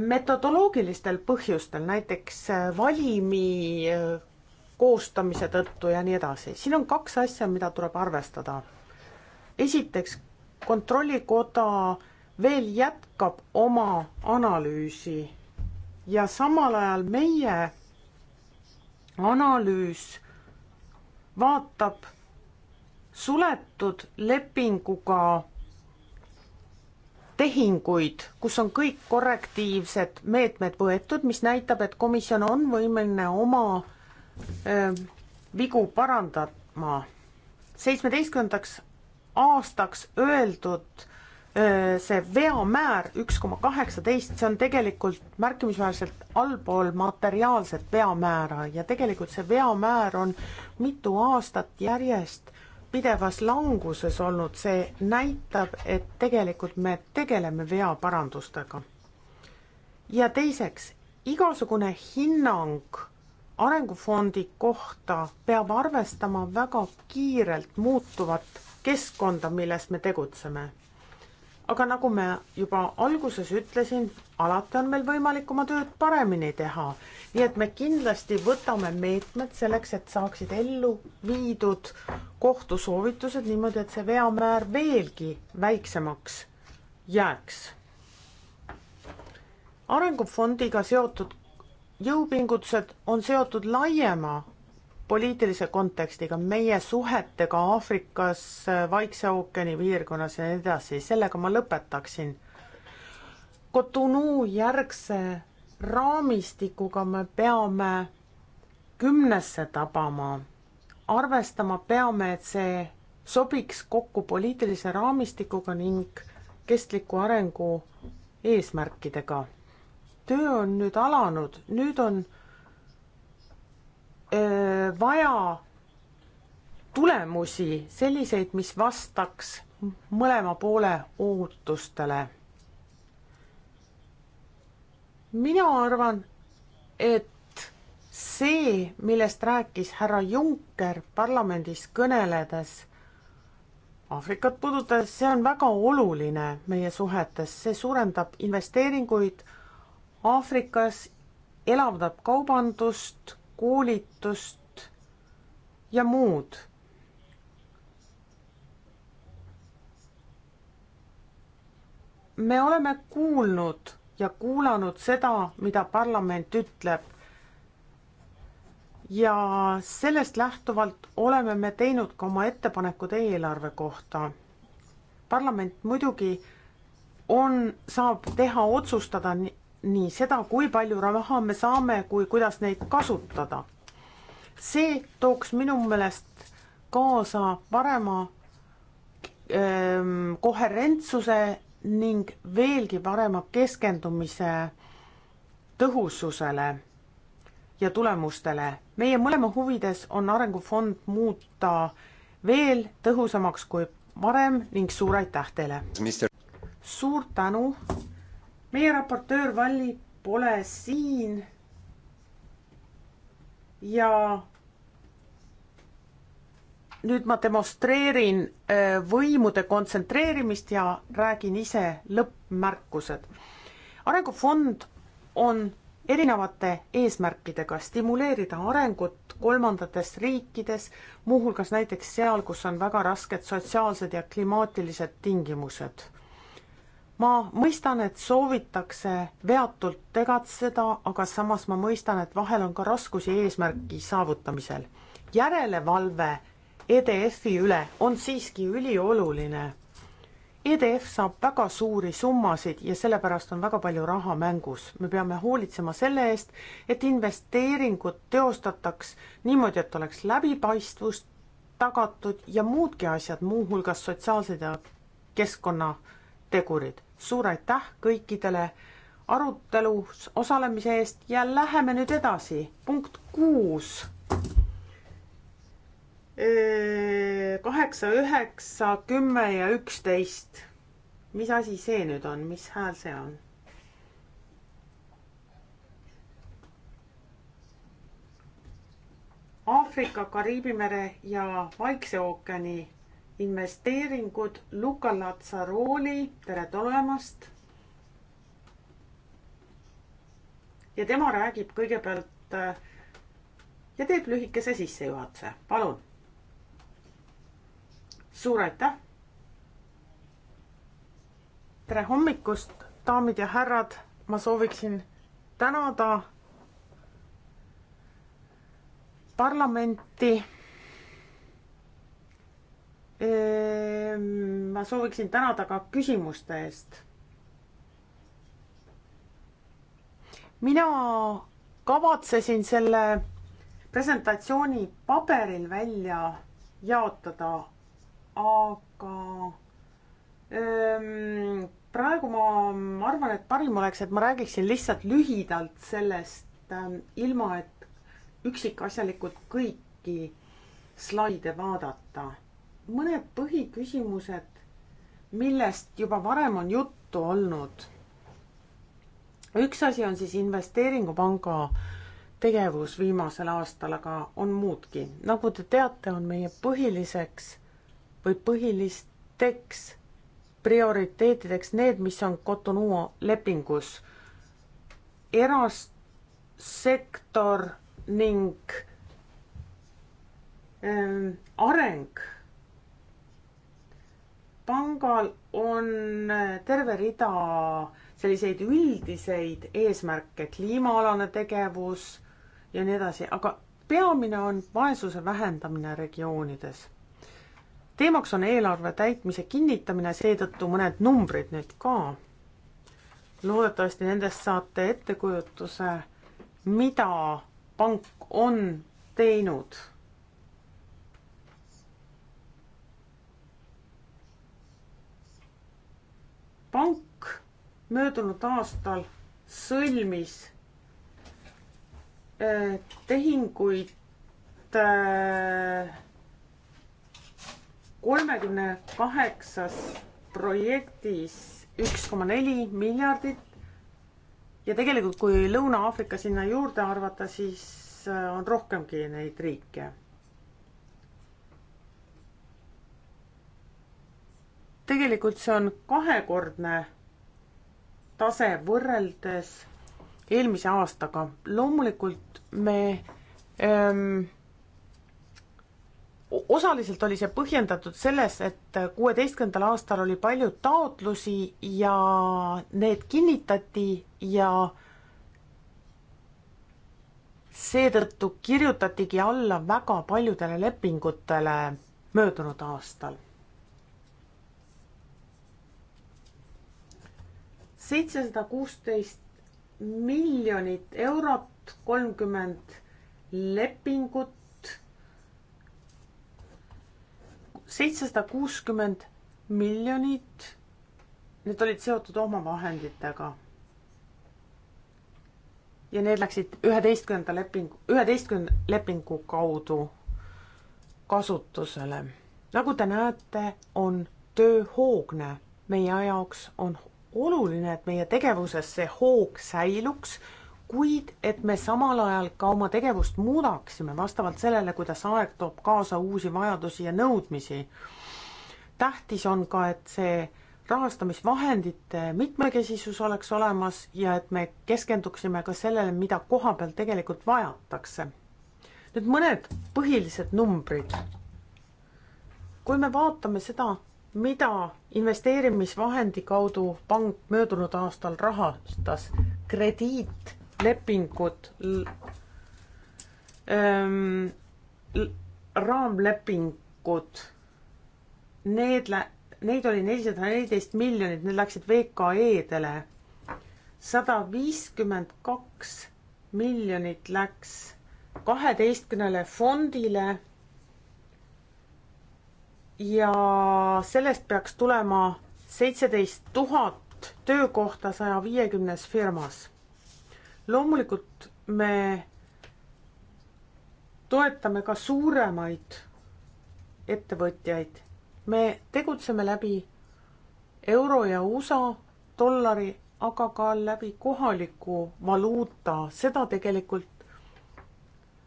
S1: metodoloogilistel põhjustel, näiteks äh, valimi äh, koostamise tõttu ja nii edasi. siin on kaks asja, mida tuleb arvestada. esiteks, kontrollikoda veel jätkab oma analüüsi ja samal ajal meie analüüs vaatab suletud lepinguga tehinguid, kus on kõik korrektiivsed meetmed võetud, mis näitab, et komisjon on võimeline oma vigu parandama. seitsmeteistkümnendaks aastaks öeldud see veamäär üks koma kaheksateist, see on tegelikult märkimisväärselt allpool materiaalset veamäära ja tegelikult see veamäär on mitu aastat järjest pidevas languses olnud, see näitab, et tegelikult me tegeleme veaparandustega. ja teiseks, igasugune hinnang arengufondi kohta peab arvestama väga kiirelt muutuvat keskkonda, milles me tegutseme. aga nagu me juba alguses ütlesin, alati on meil võimalik oma tööd paremini teha. nii et me kindlasti võtame meetmed selleks, et saaksid ellu viidud kohtu soovitused niimoodi, et see veamäär veelgi väiksemaks jääks. arengufondiga seotud jõupingutused on seotud laiema poliitilise kontekstiga, meie suhetega Aafrikas, Vaikse ookeani piirkonnas ja nii edasi, sellega ma lõpetaksin. Cotonou järgse raamistikuga me peame kümnesse tabama, arvestama peame, et see sobiks kokku poliitilise raamistikuga ning kestliku arengu eesmärkidega töö on nüüd alanud, nüüd on öö, äh, vaja tulemusi, selliseid, mis vastaks mõlema poole ootustele. mina arvan, et see, millest rääkis härra Juncker parlamendis kõneledes Aafrikat puudutades, see on väga oluline meie suhetes, see suurendab investeeringuid Aafrikas elavdab kaubandust, koolitust ja muud. me oleme kuulnud ja kuulanud seda, mida parlament ütleb. ja sellest lähtuvalt oleme me teinud ka oma ettepanekud eelarve kohta. parlament muidugi on, saab teha, otsustada nii seda, kui palju raha me saame, kui kuidas neid kasutada. see tooks minu meelest kaasa parema öö, ehm, koherentsuse ning veelgi parema keskendumise tõhususele ja tulemustele. meie mõlema huvides on Arengufond muuta veel tõhusamaks kui varem ning suur aitäh teile! suur tänu! meie raportöör Valli pole siin ja nüüd ma demonstreerin äh, võimude kontsentreerimist ja räägin ise lõppmärkused. arengufond on erinevate eesmärkidega stimuleerida arengut kolmandates riikides, muuhulgas näiteks seal, kus on väga rasked sotsiaalsed ja klimaatilised tingimused ma mõistan, et soovitakse veatult tegutseda, aga samas ma mõistan, et vahel on ka raskusi eesmärgi saavutamisel. järelevalve EDF-i üle on siiski ülioluline. EDF saab väga suuri summasid ja sellepärast on väga palju raha mängus. me peame hoolitsema selle eest, et investeeringud teostataks niimoodi, et oleks läbipaistvust tagatud ja muudki asjad, muuhulgas sotsiaalsed ja keskkonnategurid suur aitäh kõikidele arutelus osalemise eest ja läheme nüüd edasi. punkt kuus. kaheksa, üheksa, kümme ja üksteist. mis asi see nüüd on, mis hääl see on? Aafrika, Kariibi mere ja Vaikse ookeani investeeringud Luka Lazzaroli, tere tulemast. ja tema räägib kõigepealt äh, ja teeb lühikese sissejuhatuse, palun. suur aitäh. tere hommikust, daamid ja härrad, ma sooviksin tänada parlamenti Ehm, ma sooviksin tänada ka küsimuste eest. mina kavatsesin selle presentatsiooni paberil välja jaotada, aga öö, ehm, praegu ma arvan, et parim oleks, et ma räägiksin lihtsalt lühidalt sellest äh,, ilma et üksikasjalikult kõiki slaide vaadata mõned põhiküsimused, millest juba varem on juttu olnud. üks asi on siis investeeringupanga tegevus viimasel aastal, aga on muudki. nagu te teate, on meie põhiliseks või põhilisteks prioriteetideks need, mis on Cotonou lepingus. erasektor ning ähm, areng pangal on terve rida selliseid üldiseid eesmärke, kliimaalane tegevus ja nii edasi, aga peamine on vaesuse vähendamine regioonides. teemaks on eelarve täitmise kinnitamine, seetõttu mõned numbrid nüüd ka. loodetavasti nendest saate ettekujutuse, mida pank on teinud pank möödunud aastal sõlmis äh, tehinguid äh, kolmekümne kaheksas projektis üks koma neli miljardit. ja tegelikult, kui Lõuna-Aafrika sinna juurde arvata, siis äh, on rohkemgi neid riike tegelikult see on kahekordne tase võrreldes eelmise aastaga. loomulikult me öö, ähm, osaliselt oli see põhjendatud selles, et kuueteistkümnendal aastal oli palju taotlusi ja need kinnitati ja seetõttu kirjutatigi alla väga paljudele lepingutele möödunud aastal. seitsesada kuusteist miljonit eurot, kolmkümmend lepingut, seitsesada kuuskümmend miljonit, need olid seotud omavahenditega. ja need läksid üheteistkümnenda lepingu, üheteistkümne lepingu kaudu kasutusele. nagu te näete, on töö hoogne, meie jaoks on oluline, et meie tegevuses see hoog säiluks, kuid et me samal ajal ka oma tegevust muudaksime vastavalt sellele, kuidas aeg toob kaasa uusi vajadusi ja nõudmisi. tähtis on ka, et see rahastamisvahendite mitmekesisus oleks olemas ja et me keskenduksime ka sellele, mida koha peal tegelikult vajatakse. nüüd mõned põhilised numbrid. kui me vaatame seda, mida investeerimisvahendi kaudu pank möödunud aastal rahastas, krediitlepingud, ähm, raamlepingud, need lä-, neid oli nelisada neliteist miljonit, need läksid VKE-dele, sada viiskümmend kaks miljonit läks kaheteistkümnele fondile ja sellest peaks tulema seitseteist tuhat töökohta saja viiekümnes firmas. loomulikult me toetame ka suuremaid ettevõtjaid. me tegutseme läbi euro ja USA dollari, aga ka läbi kohaliku valuuta, seda tegelikult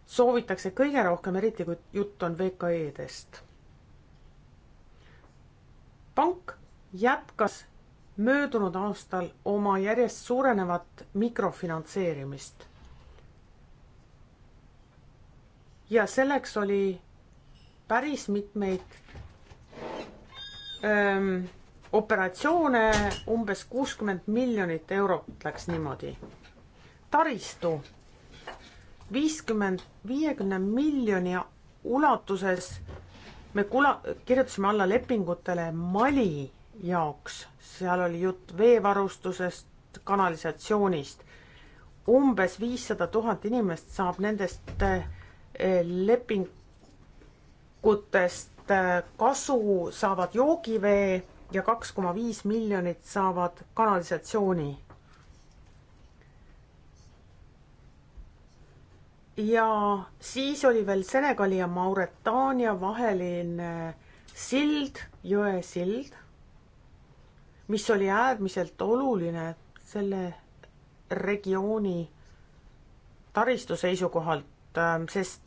S1: soovitakse kõige rohkem, eriti kui jutt on VKE-dest pank jätkas möödunud aastal oma järjest suurenevat mikrofinantseerimist. ja selleks oli päris mitmeid öö, ähm, operatsioone, umbes kuuskümmend miljonit eurot läks niimoodi. taristu viiskümmend, viiekümne miljoni ulatuses me kula-, kirjutasime alla lepingutele Mali jaoks, seal oli jutt veevarustusest, kanalisatsioonist. umbes viissada tuhat inimest saab nendest eh, lepingutest eh, kasu, saavad joogivee ja kaks koma viis miljonit saavad kanalisatsiooni ja siis oli veel Senegali ja Mauretaania vaheline sild, jõesild, mis oli äärmiselt oluline selle regiooni taristu seisukohalt, ähm, sest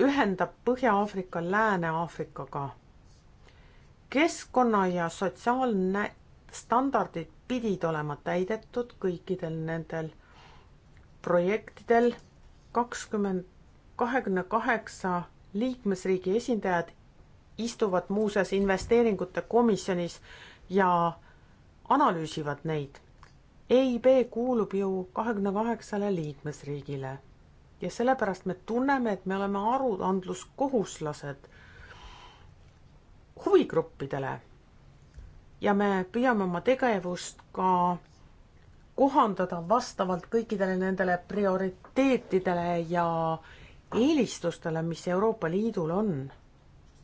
S1: ühendab Põhja-Aafrika Lääne-Aafrikaga. keskkonna ja sotsiaalne standardid pidid olema täidetud kõikidel nendel projektidel kakskümmend, kahekümne kaheksa liikmesriigi esindajad istuvad muuseas investeeringute komisjonis ja analüüsivad neid. EIB kuulub ju kahekümne kaheksale liikmesriigile ja sellepärast me tunneme, et me oleme aruandluskohuslased huvigruppidele ja me püüame oma tegevust ka kohandada vastavalt kõikidele nendele priori-, prioriteetidele ja eelistustele, mis Euroopa Liidul on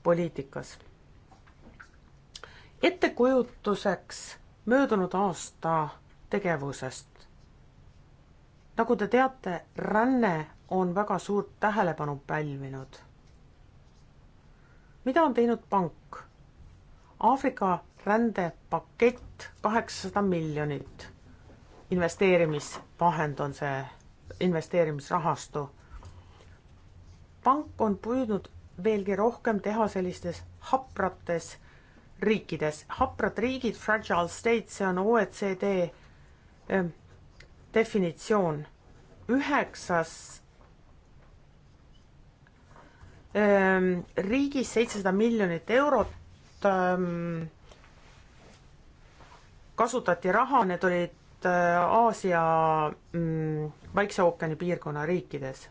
S1: poliitikas. ettekujutuseks möödunud aasta tegevusest. nagu te teate, ränne on väga suurt tähelepanu pälvinud. mida on teinud pank? Aafrika rändepakett kaheksasada miljonit investeerimisvahend on see investeerimisrahastu. pank on püüdnud veelgi rohkem teha sellistes haprates riikides, haprad riigid, fragile state, see on OECD ähm, definitsioon. üheksas ähm, riigis seitsesada miljonit eurot ähm, kasutati raha, need olid Äh, Aasia mm, Vaikse ookeani piirkonna riikides.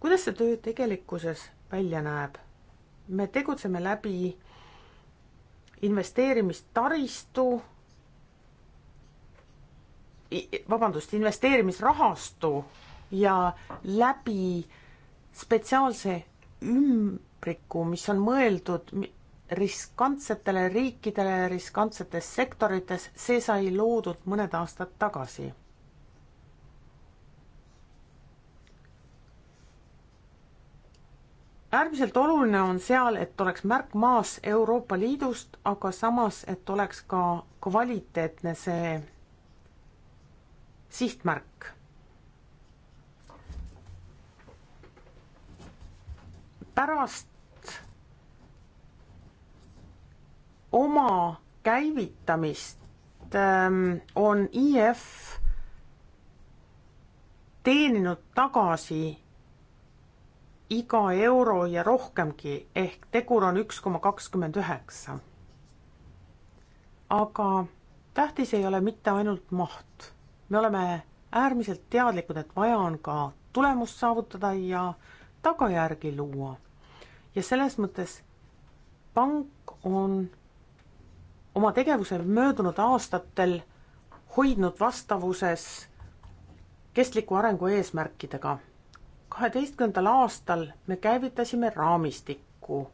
S1: kuidas see töö tegelikkuses välja näeb? me tegutseme läbi investeerimistaristu, vabandust, investeerimisrahastu ja läbi spetsiaalse ümbriku, mis on mõeldud riskantsetele riikidele riskantsetes sektorites, see sai loodud mõned aastad tagasi. äärmiselt oluline on seal, et oleks märk maas Euroopa Liidust, aga samas, et oleks ka kvaliteetne see sihtmärk pärast oma käivitamist ähm, on IF teeninud tagasi iga euro ja rohkemgi ehk tegur on üks koma kakskümmend üheksa. aga tähtis ei ole mitte ainult maht, me oleme äärmiselt teadlikud, et vaja on ka tulemust saavutada ja tagajärgi luua. ja selles mõttes pank on oma tegevuse möödunud aastatel hoidnud vastavuses kestliku arengu eesmärkidega. kaheteistkümnendal aastal me käivitasime raamistikku.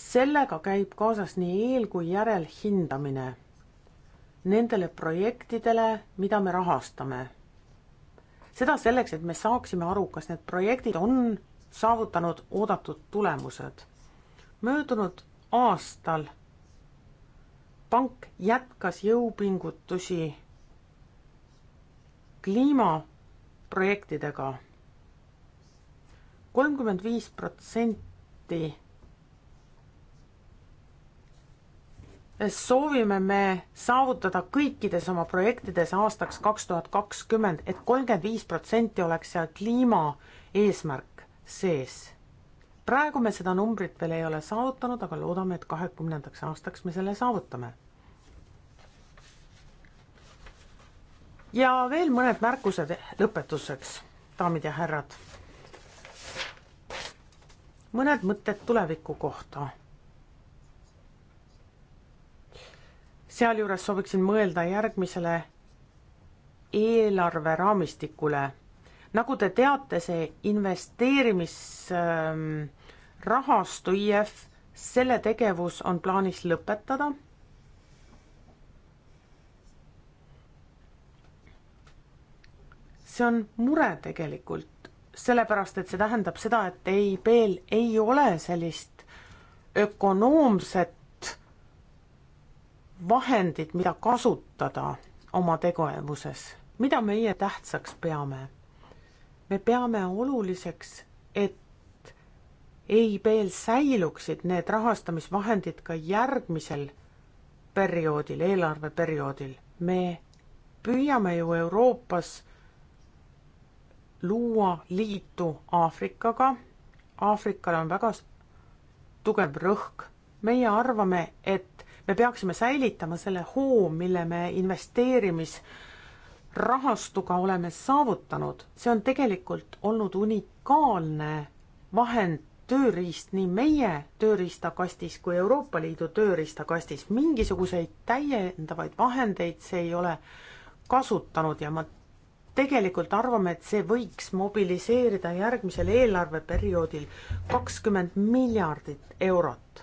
S1: sellega käib kaasas nii eel- kui järelhindamine nendele projektidele, mida me rahastame. seda selleks, et me saaksime aru, kas need projektid on saavutanud oodatud tulemused. möödunud aastal Pank jätkas jõupingutusi kliimaprojektidega. kolmkümmend viis protsenti soovime me saavutada kõikides oma projektides aastaks kaks tuhat kakskümmend, et kolmkümmend viis protsenti oleks seal kliimaeesmärk sees. praegu me seda numbrit veel ei ole saavutanud, aga loodame, et kahekümnendaks aastaks me selle saavutame ja veel mõned märkused lõpetuseks, daamid ja härrad. mõned mõtted tuleviku kohta. sealjuures sooviksin mõelda järgmisele eelarveraamistikule. nagu te teate, see investeerimisrahastu ähm, IF, selle tegevus on plaanis lõpetada see on mure tegelikult, sellepärast et see tähendab seda, et EIB-l ei ole sellist ökonoomset vahendit, mida kasutada oma tegevuses. mida meie tähtsaks peame? me peame oluliseks, et EIB-l säiluksid need rahastamisvahendid ka järgmisel perioodil, eelarveperioodil. me püüame ju Euroopas luua liitu Aafrikaga. Aafrikal on väga tugev rõhk. meie arvame, et me peaksime säilitama selle hoo, mille me investeerimisrahastuga oleme saavutanud. see on tegelikult olnud unikaalne vahend, tööriist nii meie tööriistakastis kui Euroopa Liidu tööriistakastis. mingisuguseid täiendavaid vahendeid see ei ole kasutanud ja ma tegelikult arvame, et see võiks mobiliseerida järgmisel eelarveperioodil kakskümmend miljardit eurot.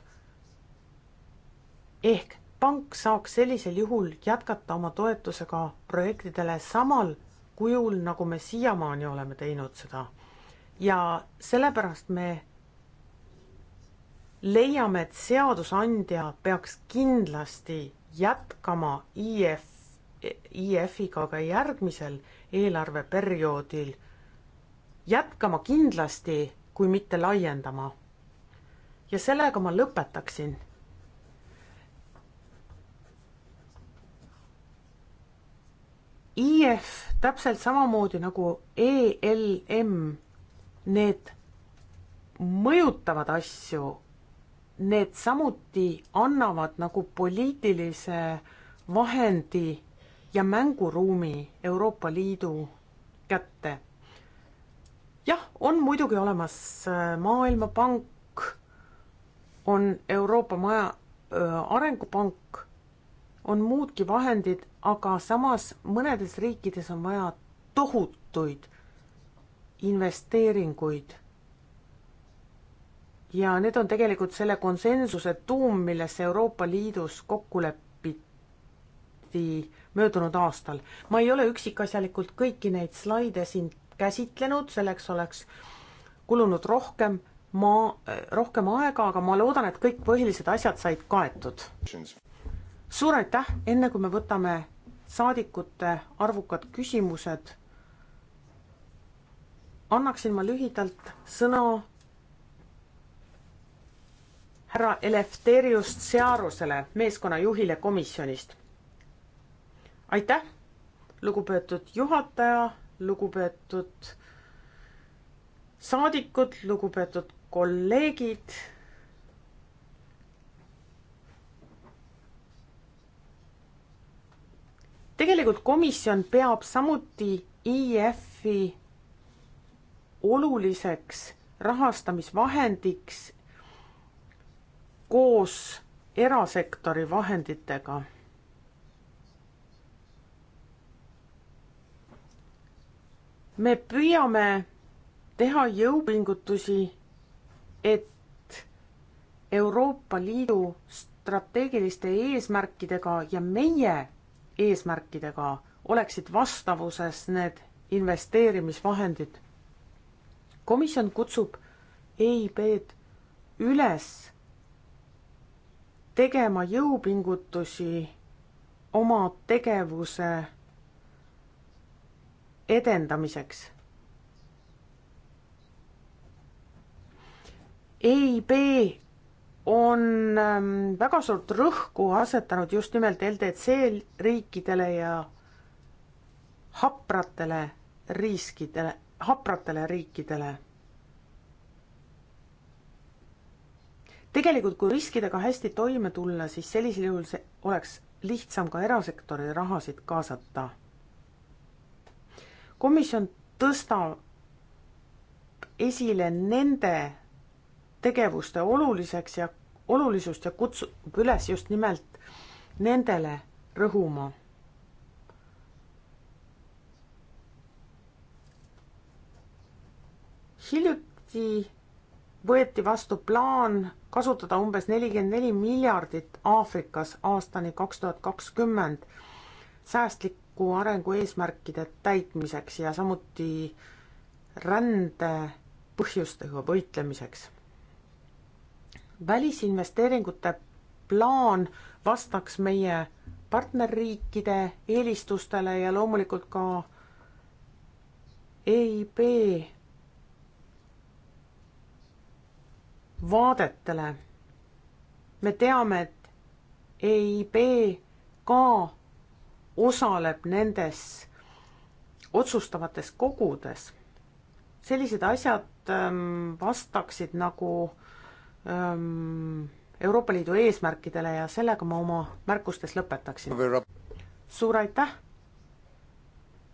S1: ehk pank saaks sellisel juhul jätkata oma toetusega projektidele samal kujul, nagu me siiamaani oleme teinud seda. ja sellepärast me leiame, et seadusandja peaks kindlasti jätkama IF, IF-iga ka järgmisel eelarveperioodil jätkama kindlasti, kui mitte laiendama. ja sellega ma lõpetaksin. IF täpselt samamoodi nagu ELM, need mõjutavad asju, need samuti annavad nagu poliitilise vahendi ja mänguruumi Euroopa Liidu kätte. jah, on muidugi olemas äh, Maailmapank, on Euroopa Maja äh, Arengupank, on muudki vahendid, aga samas mõnedes riikides on vaja tohutuid investeeringuid. ja need on tegelikult selle konsensuse tuum, milles Euroopa Liidus kokku lepiti möödunud aastal. ma ei ole üksikasjalikult kõiki neid slaide siin käsitlenud, selleks oleks kulunud rohkem ma, rohkem aega, aga ma loodan, et kõik põhilised asjad said kaetud. suur aitäh, enne kui me võtame saadikute arvukad küsimused, annaksin ma lühidalt sõna härra Elefterius Searusele, meeskonnajuhile komisjonist aitäh, lugupeetud juhataja, lugupeetud saadikud, lugupeetud kolleegid. tegelikult komisjon peab samuti IF-i oluliseks rahastamisvahendiks koos erasektori vahenditega me püüame teha jõupingutusi, et Euroopa Liidu strateegiliste eesmärkidega ja meie eesmärkidega oleksid vastavuses need investeerimisvahendid. komisjon kutsub EIB-d üles tegema jõupingutusi oma tegevuse edendamiseks. EIB on ähm, väga suurt rõhku asetanud just nimelt LDC riikidele ja hapratele riskidele, hapratele riikidele. tegelikult, kui riskidega hästi toime tulla, siis sellisel juhul see oleks lihtsam ka erasektori rahasid kaasata komisjon tõstab esile nende tegevuste oluliseks ja olulisust ja kutsub üles just nimelt nendele rõhuma. hiljuti võeti vastu plaan kasutada umbes nelikümmend neli miljardit Aafrikas aastani kaks tuhat kakskümmend säästlik, jätku arengu eesmärkide täitmiseks ja samuti rände põhjustega võitlemiseks. välisinvesteeringute plaan vastaks meie partnerriikide eelistustele ja loomulikult ka EIB vaadetele. me teame, et EIB ka osaleb nendes otsustavates kogudes. sellised asjad ähm, vastaksid nagu ähm, Euroopa Liidu eesmärkidele ja sellega ma oma märkustes lõpetaksin. suur aitäh,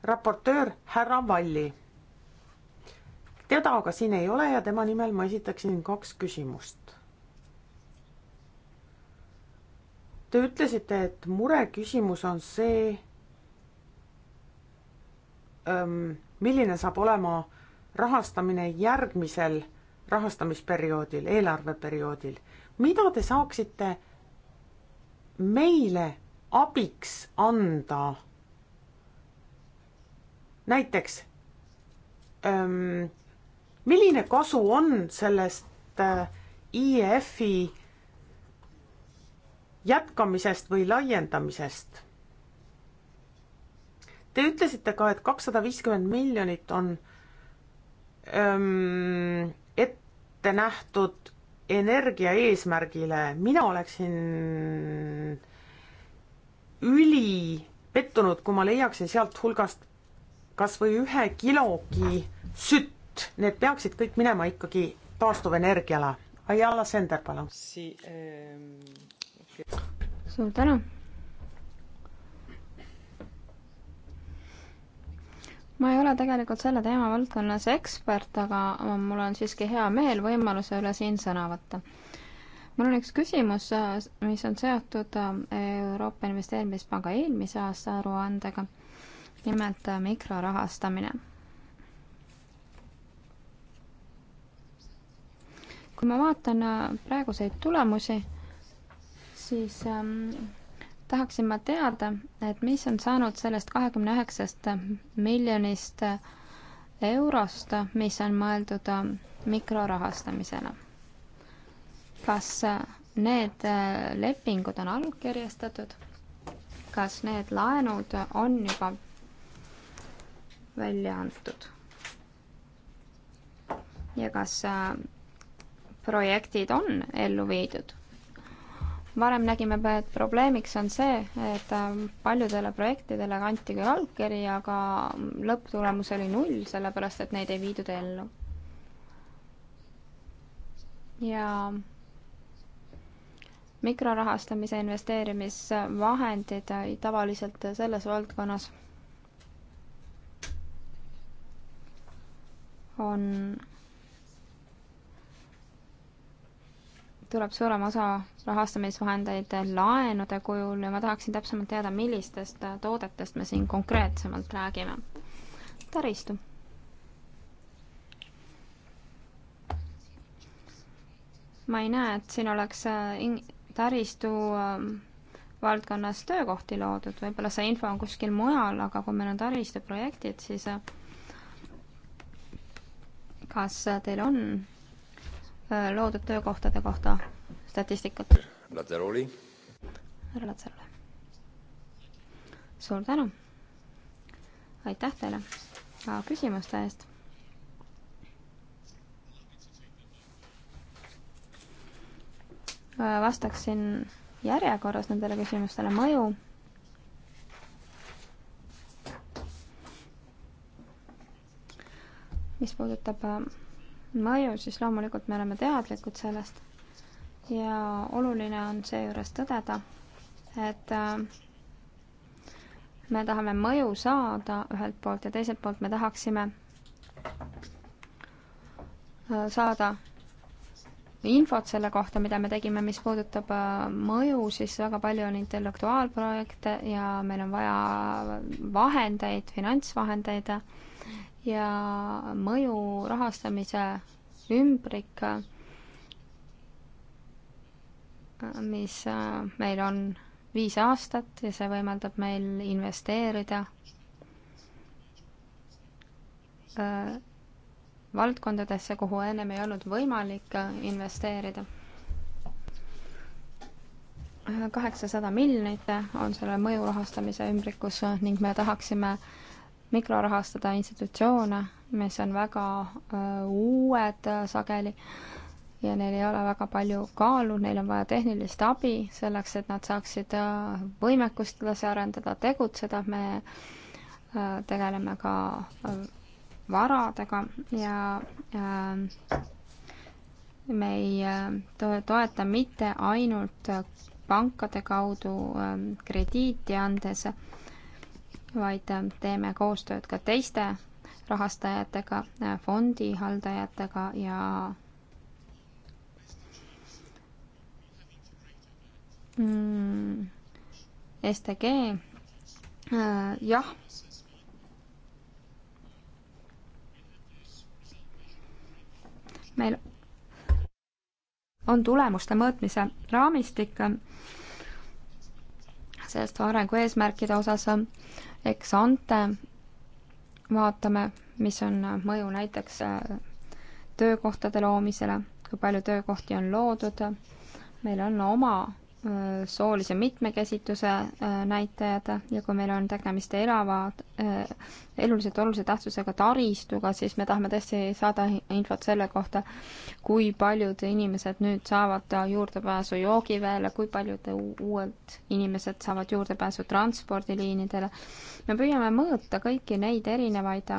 S1: raportöör härra Valli. teda aga siin ei ole ja tema nimel ma esitaksin kaks küsimust Te ütlesite, et mureküsimus on see, ähm, milline saab olema rahastamine järgmisel rahastamisperioodil, eelarveperioodil. mida te saaksite meile abiks anda? näiteks, ähm, milline kasu on sellest äh, IEF-i jätkamisest või laiendamisest. Te ütlesite ka, et kakssada viiskümmend miljonit on öö, ette nähtud energia eesmärgile, mina oleksin ülipettunud, kui ma leiaksin sealt hulgast kas või ühe kilogi sütt, need peaksid kõik minema ikkagi taastuvenergiale. Ayala Sender, palun si,. Ähm
S3: suur tänu. ma ei ole tegelikult selle teemavaldkonnas ekspert, aga mul on siiski hea meel võimaluse üle siin sõna võtta. mul on üks küsimus, mis on seotud Euroopa Investeerimispanga eelmise aasta aruandega, nimelt mikrorahastamine. kui ma vaatan praeguseid tulemusi siis ähm, tahaksin ma teada, et mis on saanud sellest kahekümne üheksast miljonist äh, eurost, mis on mõeldud äh, mikrorahastamisele. kas äh, need lepingud on allkirjastatud? kas need laenud on juba välja antud? ja kas projektid on ellu viidud? varem nägime, et probleemiks on see, et äh, paljudele projektidele anti küll allkiri, aga lõpptulemus oli null, sellepärast et neid ei viidud ellu. ja mikrorahastamise investeerimisvahendid tavaliselt selles valdkonnas on tuleb suurem osa rahastamisvahendeid laenude kujul ja ma tahaksin täpsemalt teada, millistest toodetest me siin konkreetsemalt räägime. taristu ma ei näe, et siin oleks äh, taristu ähm, valdkonnas töökohti loodud, võib-olla see info on kuskil mujal, aga kui meil on taristuprojektid, siis äh, kas teil on Äh, loodud töökohtade kohta statistikat. Lazzaroli. härra Lazzarole. suur tänu. aitäh teile küsimuste eest. Äh, vastaksin järjekorras nendele küsimustele mõju mis puudutab äh, mõju, siis loomulikult me oleme teadlikud sellest ja oluline on seejuures tõdeda, et äh, me tahame mõju saada ühelt poolt ja teiselt poolt me tahaksime äh, saada infot selle kohta, mida me tegime, mis puudutab äh, mõju, siis väga palju on intellektuaalprojekte ja meil on vaja vahendeid, finantsvahendeid ja mõju rahastamise ümbrik, mis äh, meil on viis aastat ja see võimaldab meil investeerida äh, valdkondadesse, kuhu ennem ei olnud võimalik äh, investeerida. kaheksasada miljonit on selle mõju rahastamise ümbrikus ning me tahaksime äh, mikrorahastada institutsioone, mis on väga äh, uued äh, sageli ja neil ei ole väga palju kaalu, neil on vaja tehnilist abi selleks, et nad saaksid äh, võimekust edasi arendada, tegutseda, me tegeleme ka varadega ja me ei toeta mitte ainult pankade kaudu krediiti andes, vaid ähm, teeme koostööd ka teiste rahastajatega, äh, fondihaldajatega ja mm, STG, äh, jah. meil on tulemuste mõõtmise raamistik äh, sellest arengu eesmärkide osas eks ante vaatame, mis on äh, mõju näiteks äh, töökohtade loomisele, kui palju töökohti on loodud. meil on oma Äh, soolise mitmekesituse äh, näitajad ja kui meil on tegemist elava, äh, eluliselt olulise tähtsusega taristuga, siis me tahame tõesti saada infot selle kohta, kui paljud inimesed nüüd saavad juurdepääsu joogiveele, kui paljud uued inimesed saavad juurdepääsu transpordiliinidele. me püüame mõõta kõiki neid erinevaid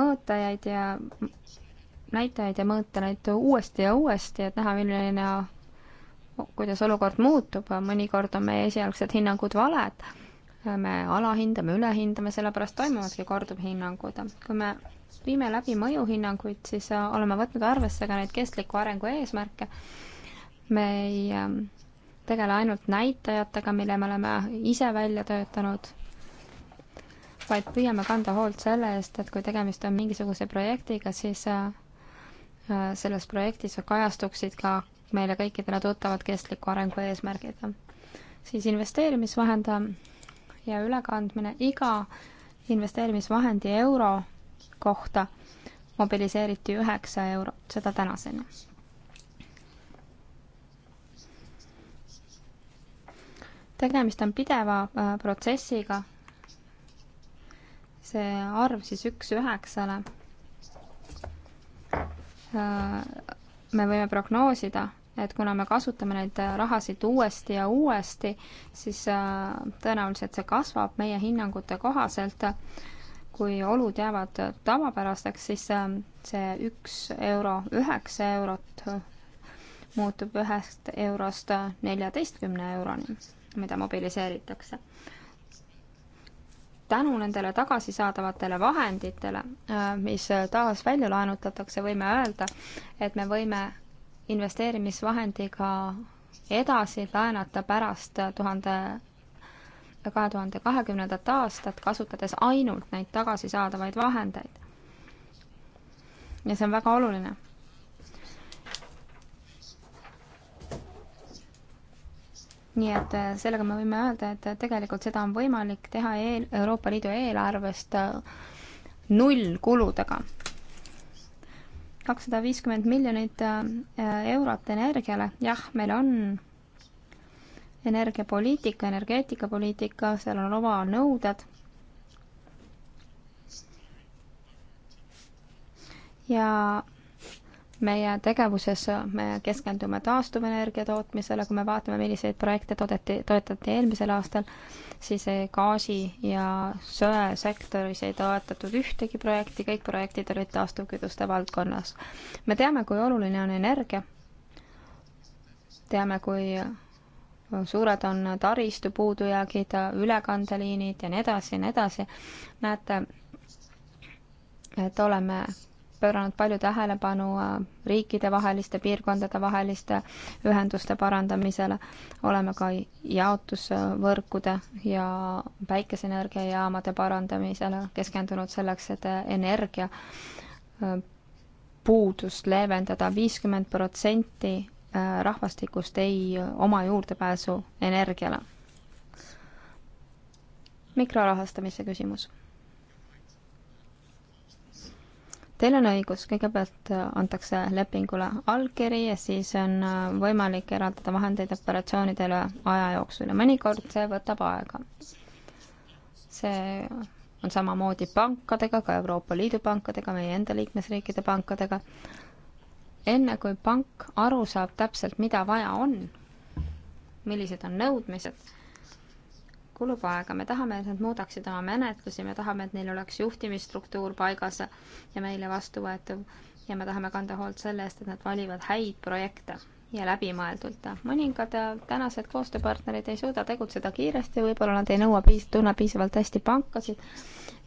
S3: mõõtajaid ja näitajaid ja mõõta neid uuesti ja uuesti, et näha, milline kuidas olukord muutub, mõnikord on meie esialgsed hinnangud valed, me alahindame, ülehindame, sellepärast toimuvadki korduvhinnangud. kui me viime läbi mõjuhinnanguid, siis äh, oleme võtnud arvesse ka neid kestliku arengu eesmärke. me ei ähm, tegele ainult näitajatega, mille me oleme ise välja töötanud, vaid püüame kanda hoolt selle eest, et kui tegemist on mingisuguse projektiga, siis äh, äh, selles projektis kajastuksid ka meile kõikidele tuttavad kestliku arengu eesmärgid. siis investeerimisvahenda ja ülekandmine iga investeerimisvahendi euro kohta mobiliseeriti üheksa eurot, seda tänaseni. tegemist on pideva äh, protsessiga. see arv siis üks üheksale äh, me võime prognoosida, et kuna me kasutame neid äh, rahasid uuesti ja uuesti, siis äh, tõenäoliselt see kasvab meie hinnangute kohaselt. kui olud jäävad äh, tavapärasteks, siis see üks euro üheksa eurot muutub ühest eurost neljateistkümne euroni, mida mobiliseeritakse tänu nendele tagasisaadavatele vahenditele, äh, mis äh, taas välja laenutatakse, võime öelda, et me võime investeerimisvahendiga edasi laenata pärast tuhande, kahe tuhande kahekümnendat aastat, kasutades ainult neid tagasisaadavaid vahendeid. ja see on väga oluline nii et äh, sellega me võime öelda, et äh, tegelikult seda on võimalik teha eel, Euroopa Liidu eelarvest äh, nullkuludega. kakssada viiskümmend miljonit eurot energiale, jah, meil on energiapoliitika, energeetikapoliitika, seal on oma nõuded. ja meie tegevuses me keskendume taastuvenergia tootmisele, kui me vaatame, milliseid projekte toodeti, toetati eelmisel aastal, siis gaasi ja söe sektoris ei toetatud ühtegi projekti, kõik projektid olid taastuvkütuste valdkonnas. me teame, kui oluline on energia, teame, kui suured on taristu puudujäägid, ülekandeliinid ja nii edasi ja nii edasi. näete, et oleme pööranud palju tähelepanu äh, riikidevaheliste, piirkondadevaheliste ühenduste parandamisele. oleme ka jaotusvõrkude ja päikeseenergiajaamade parandamisele keskendunud selleks, et energia äh, puudust leevendada. viiskümmend protsenti äh, rahvastikust ei oma juurdepääsu energiale. mikrorahastamise küsimus Teil on õigus, kõigepealt äh, antakse lepingule allkiri ja siis on äh, võimalik eraldada vahendeid operatsioonidele aja jooksul ja mõnikord see võtab aega. see on samamoodi pankadega, ka Euroopa Liidu pankadega, meie enda liikmesriikide pankadega. enne kui pank aru saab täpselt, mida vaja on, millised on nõudmised kulub aega, me tahame, et nad muudaksid oma menetlusi, me tahame, et neil oleks juhtimisstruktuur paigas ja meile vastuvõetav ja me tahame kanda hoolt selle eest, et nad valivad häid projekte ja läbimõeldult. mõningad äh, tänased koostööpartnerid ei suuda tegutseda kiiresti, võib-olla nad ei nõua piis-, tunne piisavalt hästi pankasid,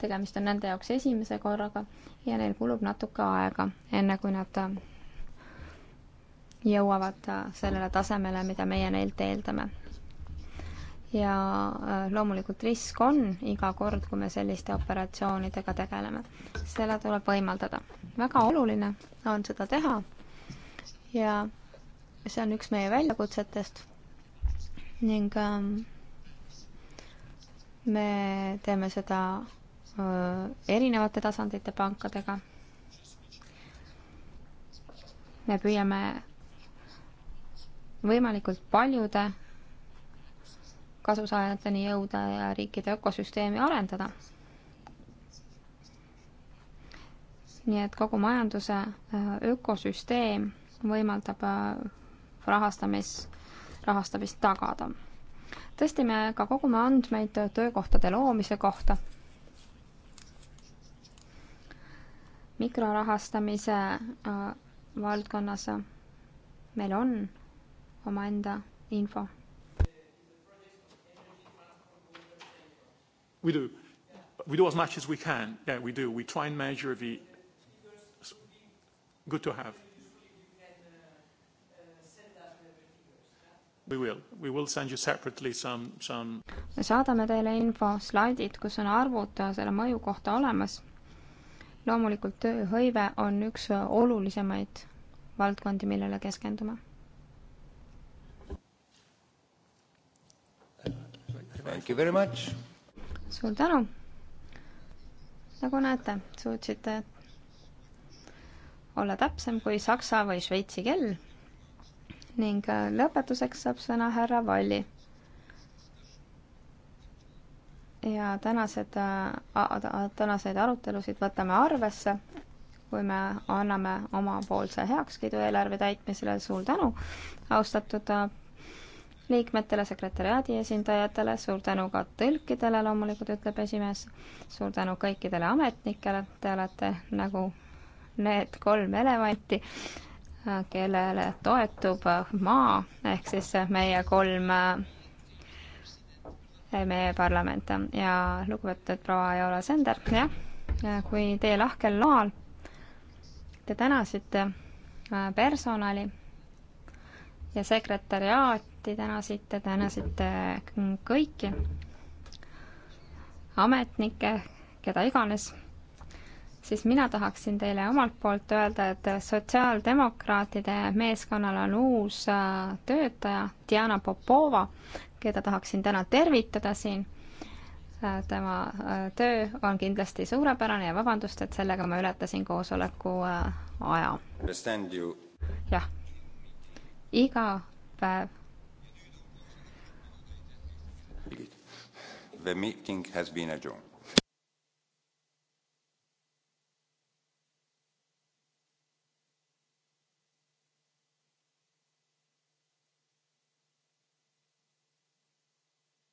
S3: tegemist on nende jaoks esimese korraga ja neil kulub natuke aega, enne kui nad äh, jõuavad äh, sellele tasemele, mida meie neilt eeldame ja äh, loomulikult risk on iga kord, kui me selliste operatsioonidega tegeleme. seda tuleb võimaldada. väga oluline on seda teha ja see on üks meie väljakutsetest ning ähm, me teeme seda äh, erinevate tasandite pankadega. me püüame võimalikult paljude kasusaajateni jõuda ja riikide ökosüsteemi arendada. nii et kogu majanduse äh, ökosüsteem võimaldab äh, rahastamis, rahastamist tagada. tõesti, me ka kogume andmeid töökohtade loomise kohta. mikrorahastamise äh, valdkonnas meil on omaenda info
S2: We do. We do as much as we can. Yeah, we do. We try and measure the... Good to have. We will. We will send you separately some, some...
S3: me saadame teile info, slaidid, kus on arvud selle mõju kohta olemas. loomulikult tööhõive on üks olulisemaid valdkondi, millele keskendume. Thank you very much suur tänu. nagu näete, suutsite olla täpsem kui saksa või šveitsi kell. ning äh, lõpetuseks saab sõna härra Valli. ja tänased, äh, tänaseid arutelusid võtame arvesse, kui me anname omapoolse heakskiidu eelarve täitmisele. suur tänu, austatud äh, liikmetele, sekretäriaadi esindajatele, suur tänu ka tõlkidele loomulikult, ütleb esimees, suur tänu kõikidele ametnikele, te olete nagu need kolm elevanti, kellele toetub maa, ehk siis meie kolm meie parlament ja lugupeetud proua Jaola Sender, jah, kui teie lahkel loal te tänasite äh, personali ja sekretäriaati, Ameti tänasite, tänasite kõiki ametnikke, keda iganes, siis mina tahaksin teile omalt poolt öelda, et sotsiaaldemokraatide meeskonnal on uus äh, töötaja Diana Popova, keda tahaksin täna tervitada siin. Äh, tema äh, töö on kindlasti suurepärane ja vabandust, et sellega ma ületasin koosoleku aja. jah, iga päev
S2: Reading has been adjourned.